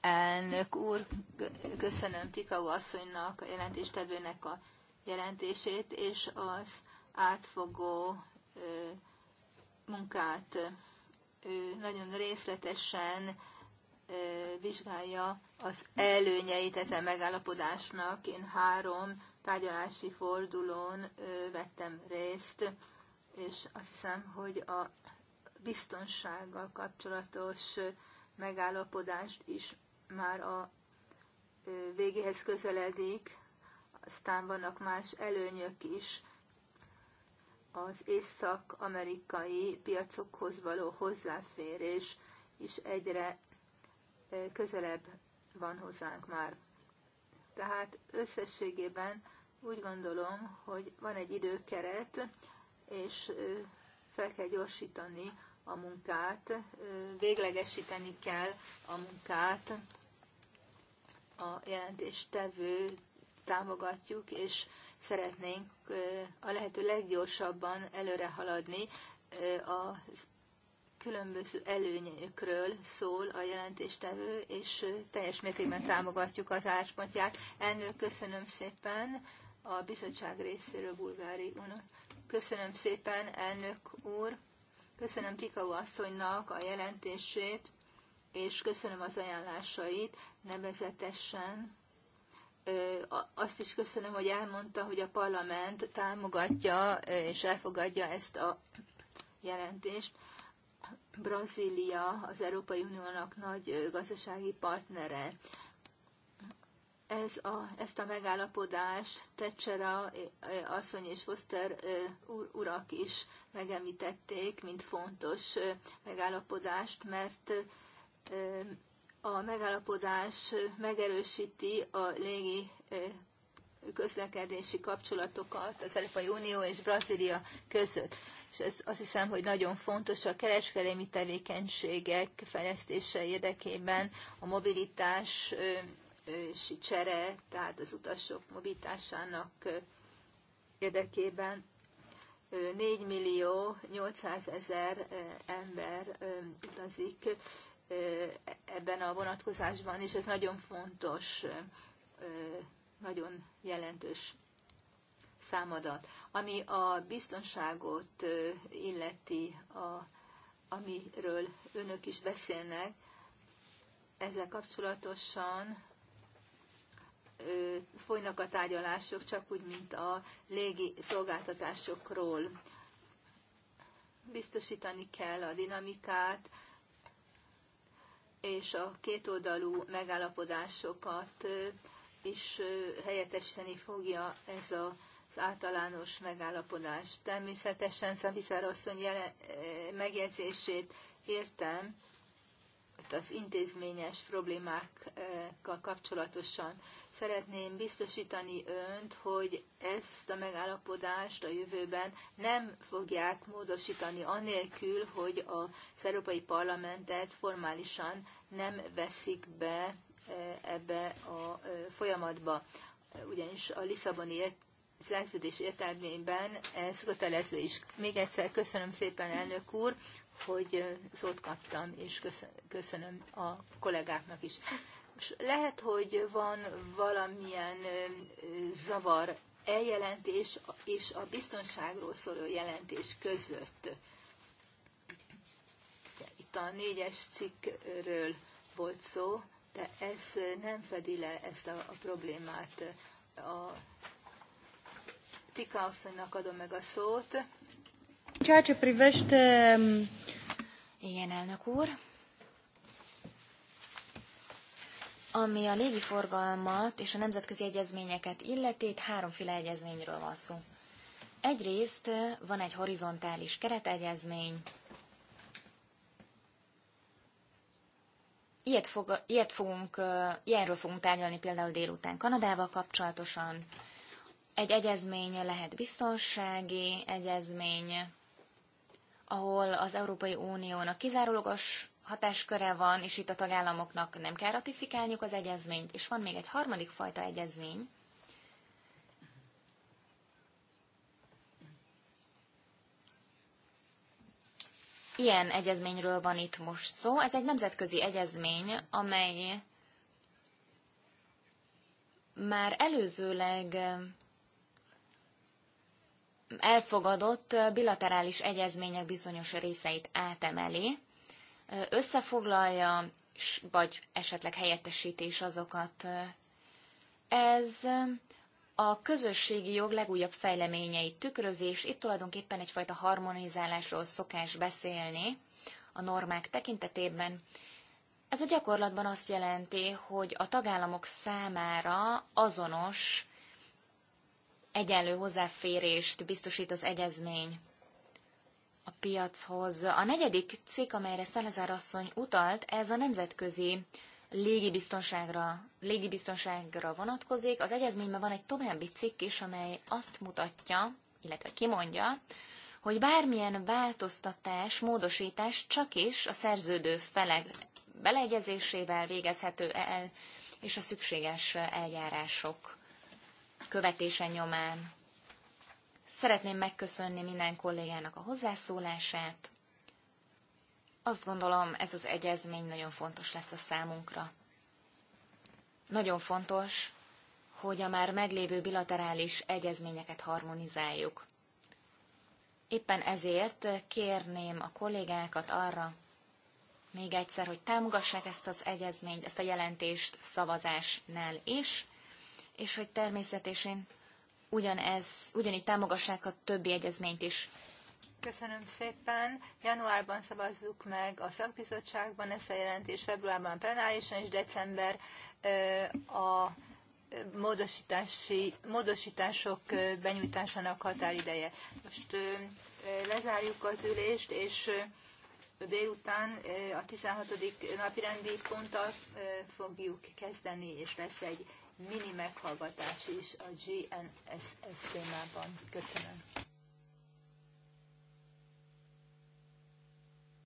Elnök úr, köszönöm Tikau asszonynak, a jelentéstevőnek a jelentését, és az átfogó munkát. Ő nagyon részletesen vizsgálja az előnyeit ezen megállapodásnak. Én három tárgyalási fordulón vettem részt és azt hiszem, hogy a biztonsággal kapcsolatos megállapodást is már a végéhez közeledik, aztán vannak más előnyök is az észak-amerikai piacokhoz való hozzáférés is egyre közelebb van hozzánk már. Tehát összességében úgy gondolom, hogy van egy időkeret, és fel kell gyorsítani a munkát, véglegesíteni kell a munkát, a jelentéstevő támogatjuk, és szeretnénk a lehető leggyorsabban előre haladni a különböző előnyökről szól a jelentéstevő, és teljes mértékben támogatjuk az álláspontját. Elnök, köszönöm szépen a bizottság részéről Bulgári Köszönöm szépen, elnök úr. Köszönöm Tikau asszonynak a jelentését, és köszönöm az ajánlásait, nevezetesen. Azt is köszönöm, hogy elmondta, hogy a parlament támogatja és elfogadja ezt a jelentést. Brazília az Európai Uniónak nagy gazdasági partnere ez a, ezt a megállapodást Tecsera eh, eh, asszony és Foster eh, urak is megemlítették, mint fontos megállapodást, mert a megállapodás megerősíti a légi közlekedési kapcsolatokat az Európai Unió és Brazília között. És ez azt hiszem, hogy nagyon fontos a kereskedelmi tevékenységek fejlesztése érdekében, a mobilitás csere, tehát az utasok mobilitásának érdekében 4 millió 800 ezer ember utazik ebben a vonatkozásban, és ez nagyon fontos, nagyon jelentős számadat. Ami a biztonságot illeti, a, amiről önök is beszélnek, ezzel kapcsolatosan folynak a tárgyalások, csak úgy, mint a légi szolgáltatásokról. Biztosítani kell a dinamikát és a kétoldalú megállapodásokat is helyettesíteni fogja ez a az általános megállapodás. Természetesen Szaviszár asszony jele, megjegyzését értem, az intézményes problémákkal kapcsolatosan. Szeretném biztosítani önt, hogy ezt a megállapodást a jövőben nem fogják módosítani anélkül, hogy az Európai Parlamentet formálisan nem veszik be e, ebbe a e, folyamatba. Ugyanis a Lisszaboni szerződés értelmében ez kötelező is. Még egyszer köszönöm szépen, elnök úr, hogy szót kaptam, és köszönöm a kollégáknak is. Lehet, hogy van valamilyen zavar eljelentés jelentés és a biztonságról szóló jelentés között. Itt a négyes cikkről volt szó, de ez nem fedi le ezt a, a problémát. A Tika asszonynak adom meg a szót. Ceea ce um, Igen, elnök úr. Ami a légiforgalmat és a nemzetközi egyezményeket illeti, itt háromféle egyezményről van szó. Egyrészt van egy horizontális keretegyezmény, Ilyet, fog, ilyet fogunk, ilyenről fogunk tárgyalni például délután Kanadával kapcsolatosan. Egy egyezmény lehet biztonsági egyezmény, ahol az Európai Uniónak kizárólagos hatásköre van, és itt a tagállamoknak nem kell ratifikálniuk az egyezményt, és van még egy harmadik fajta egyezmény, Ilyen egyezményről van itt most szó. Ez egy nemzetközi egyezmény, amely már előzőleg elfogadott bilaterális egyezmények bizonyos részeit átemeli, összefoglalja, vagy esetleg helyettesítés azokat. Ez a közösségi jog legújabb fejleményeit tükrözés. itt tulajdonképpen egyfajta harmonizálásról szokás beszélni a normák tekintetében. Ez a gyakorlatban azt jelenti, hogy a tagállamok számára azonos, egyenlő hozzáférést biztosít az egyezmény a piachoz. A negyedik cikk, amelyre Szelezár asszony utalt, ez a nemzetközi légibiztonságra, légibiztonságra vonatkozik. Az egyezményben van egy további cikk is, amely azt mutatja, illetve kimondja, hogy bármilyen változtatás, módosítás csak is a szerződő felek beleegyezésével végezhető el, és a szükséges eljárások követése nyomán. Szeretném megköszönni minden kollégának a hozzászólását. Azt gondolom, ez az egyezmény nagyon fontos lesz a számunkra. Nagyon fontos, hogy a már meglévő bilaterális egyezményeket harmonizáljuk. Éppen ezért kérném a kollégákat arra, még egyszer, hogy támogassák ezt az egyezményt, ezt a jelentést szavazásnál is, és hogy természetesen ugyanez, ugyanígy támogassák a többi egyezményt is. Köszönöm szépen. Januárban szavazzuk meg a szakbizottságban ezt a jelentést, februárban plenárisan, és december a módosítási, módosítások benyújtásának határideje. Most lezárjuk az ülést, és délután a 16. napirendi ponttal fogjuk kezdeni, és lesz egy mini meghallgatás is a GNSS témában. Köszönöm.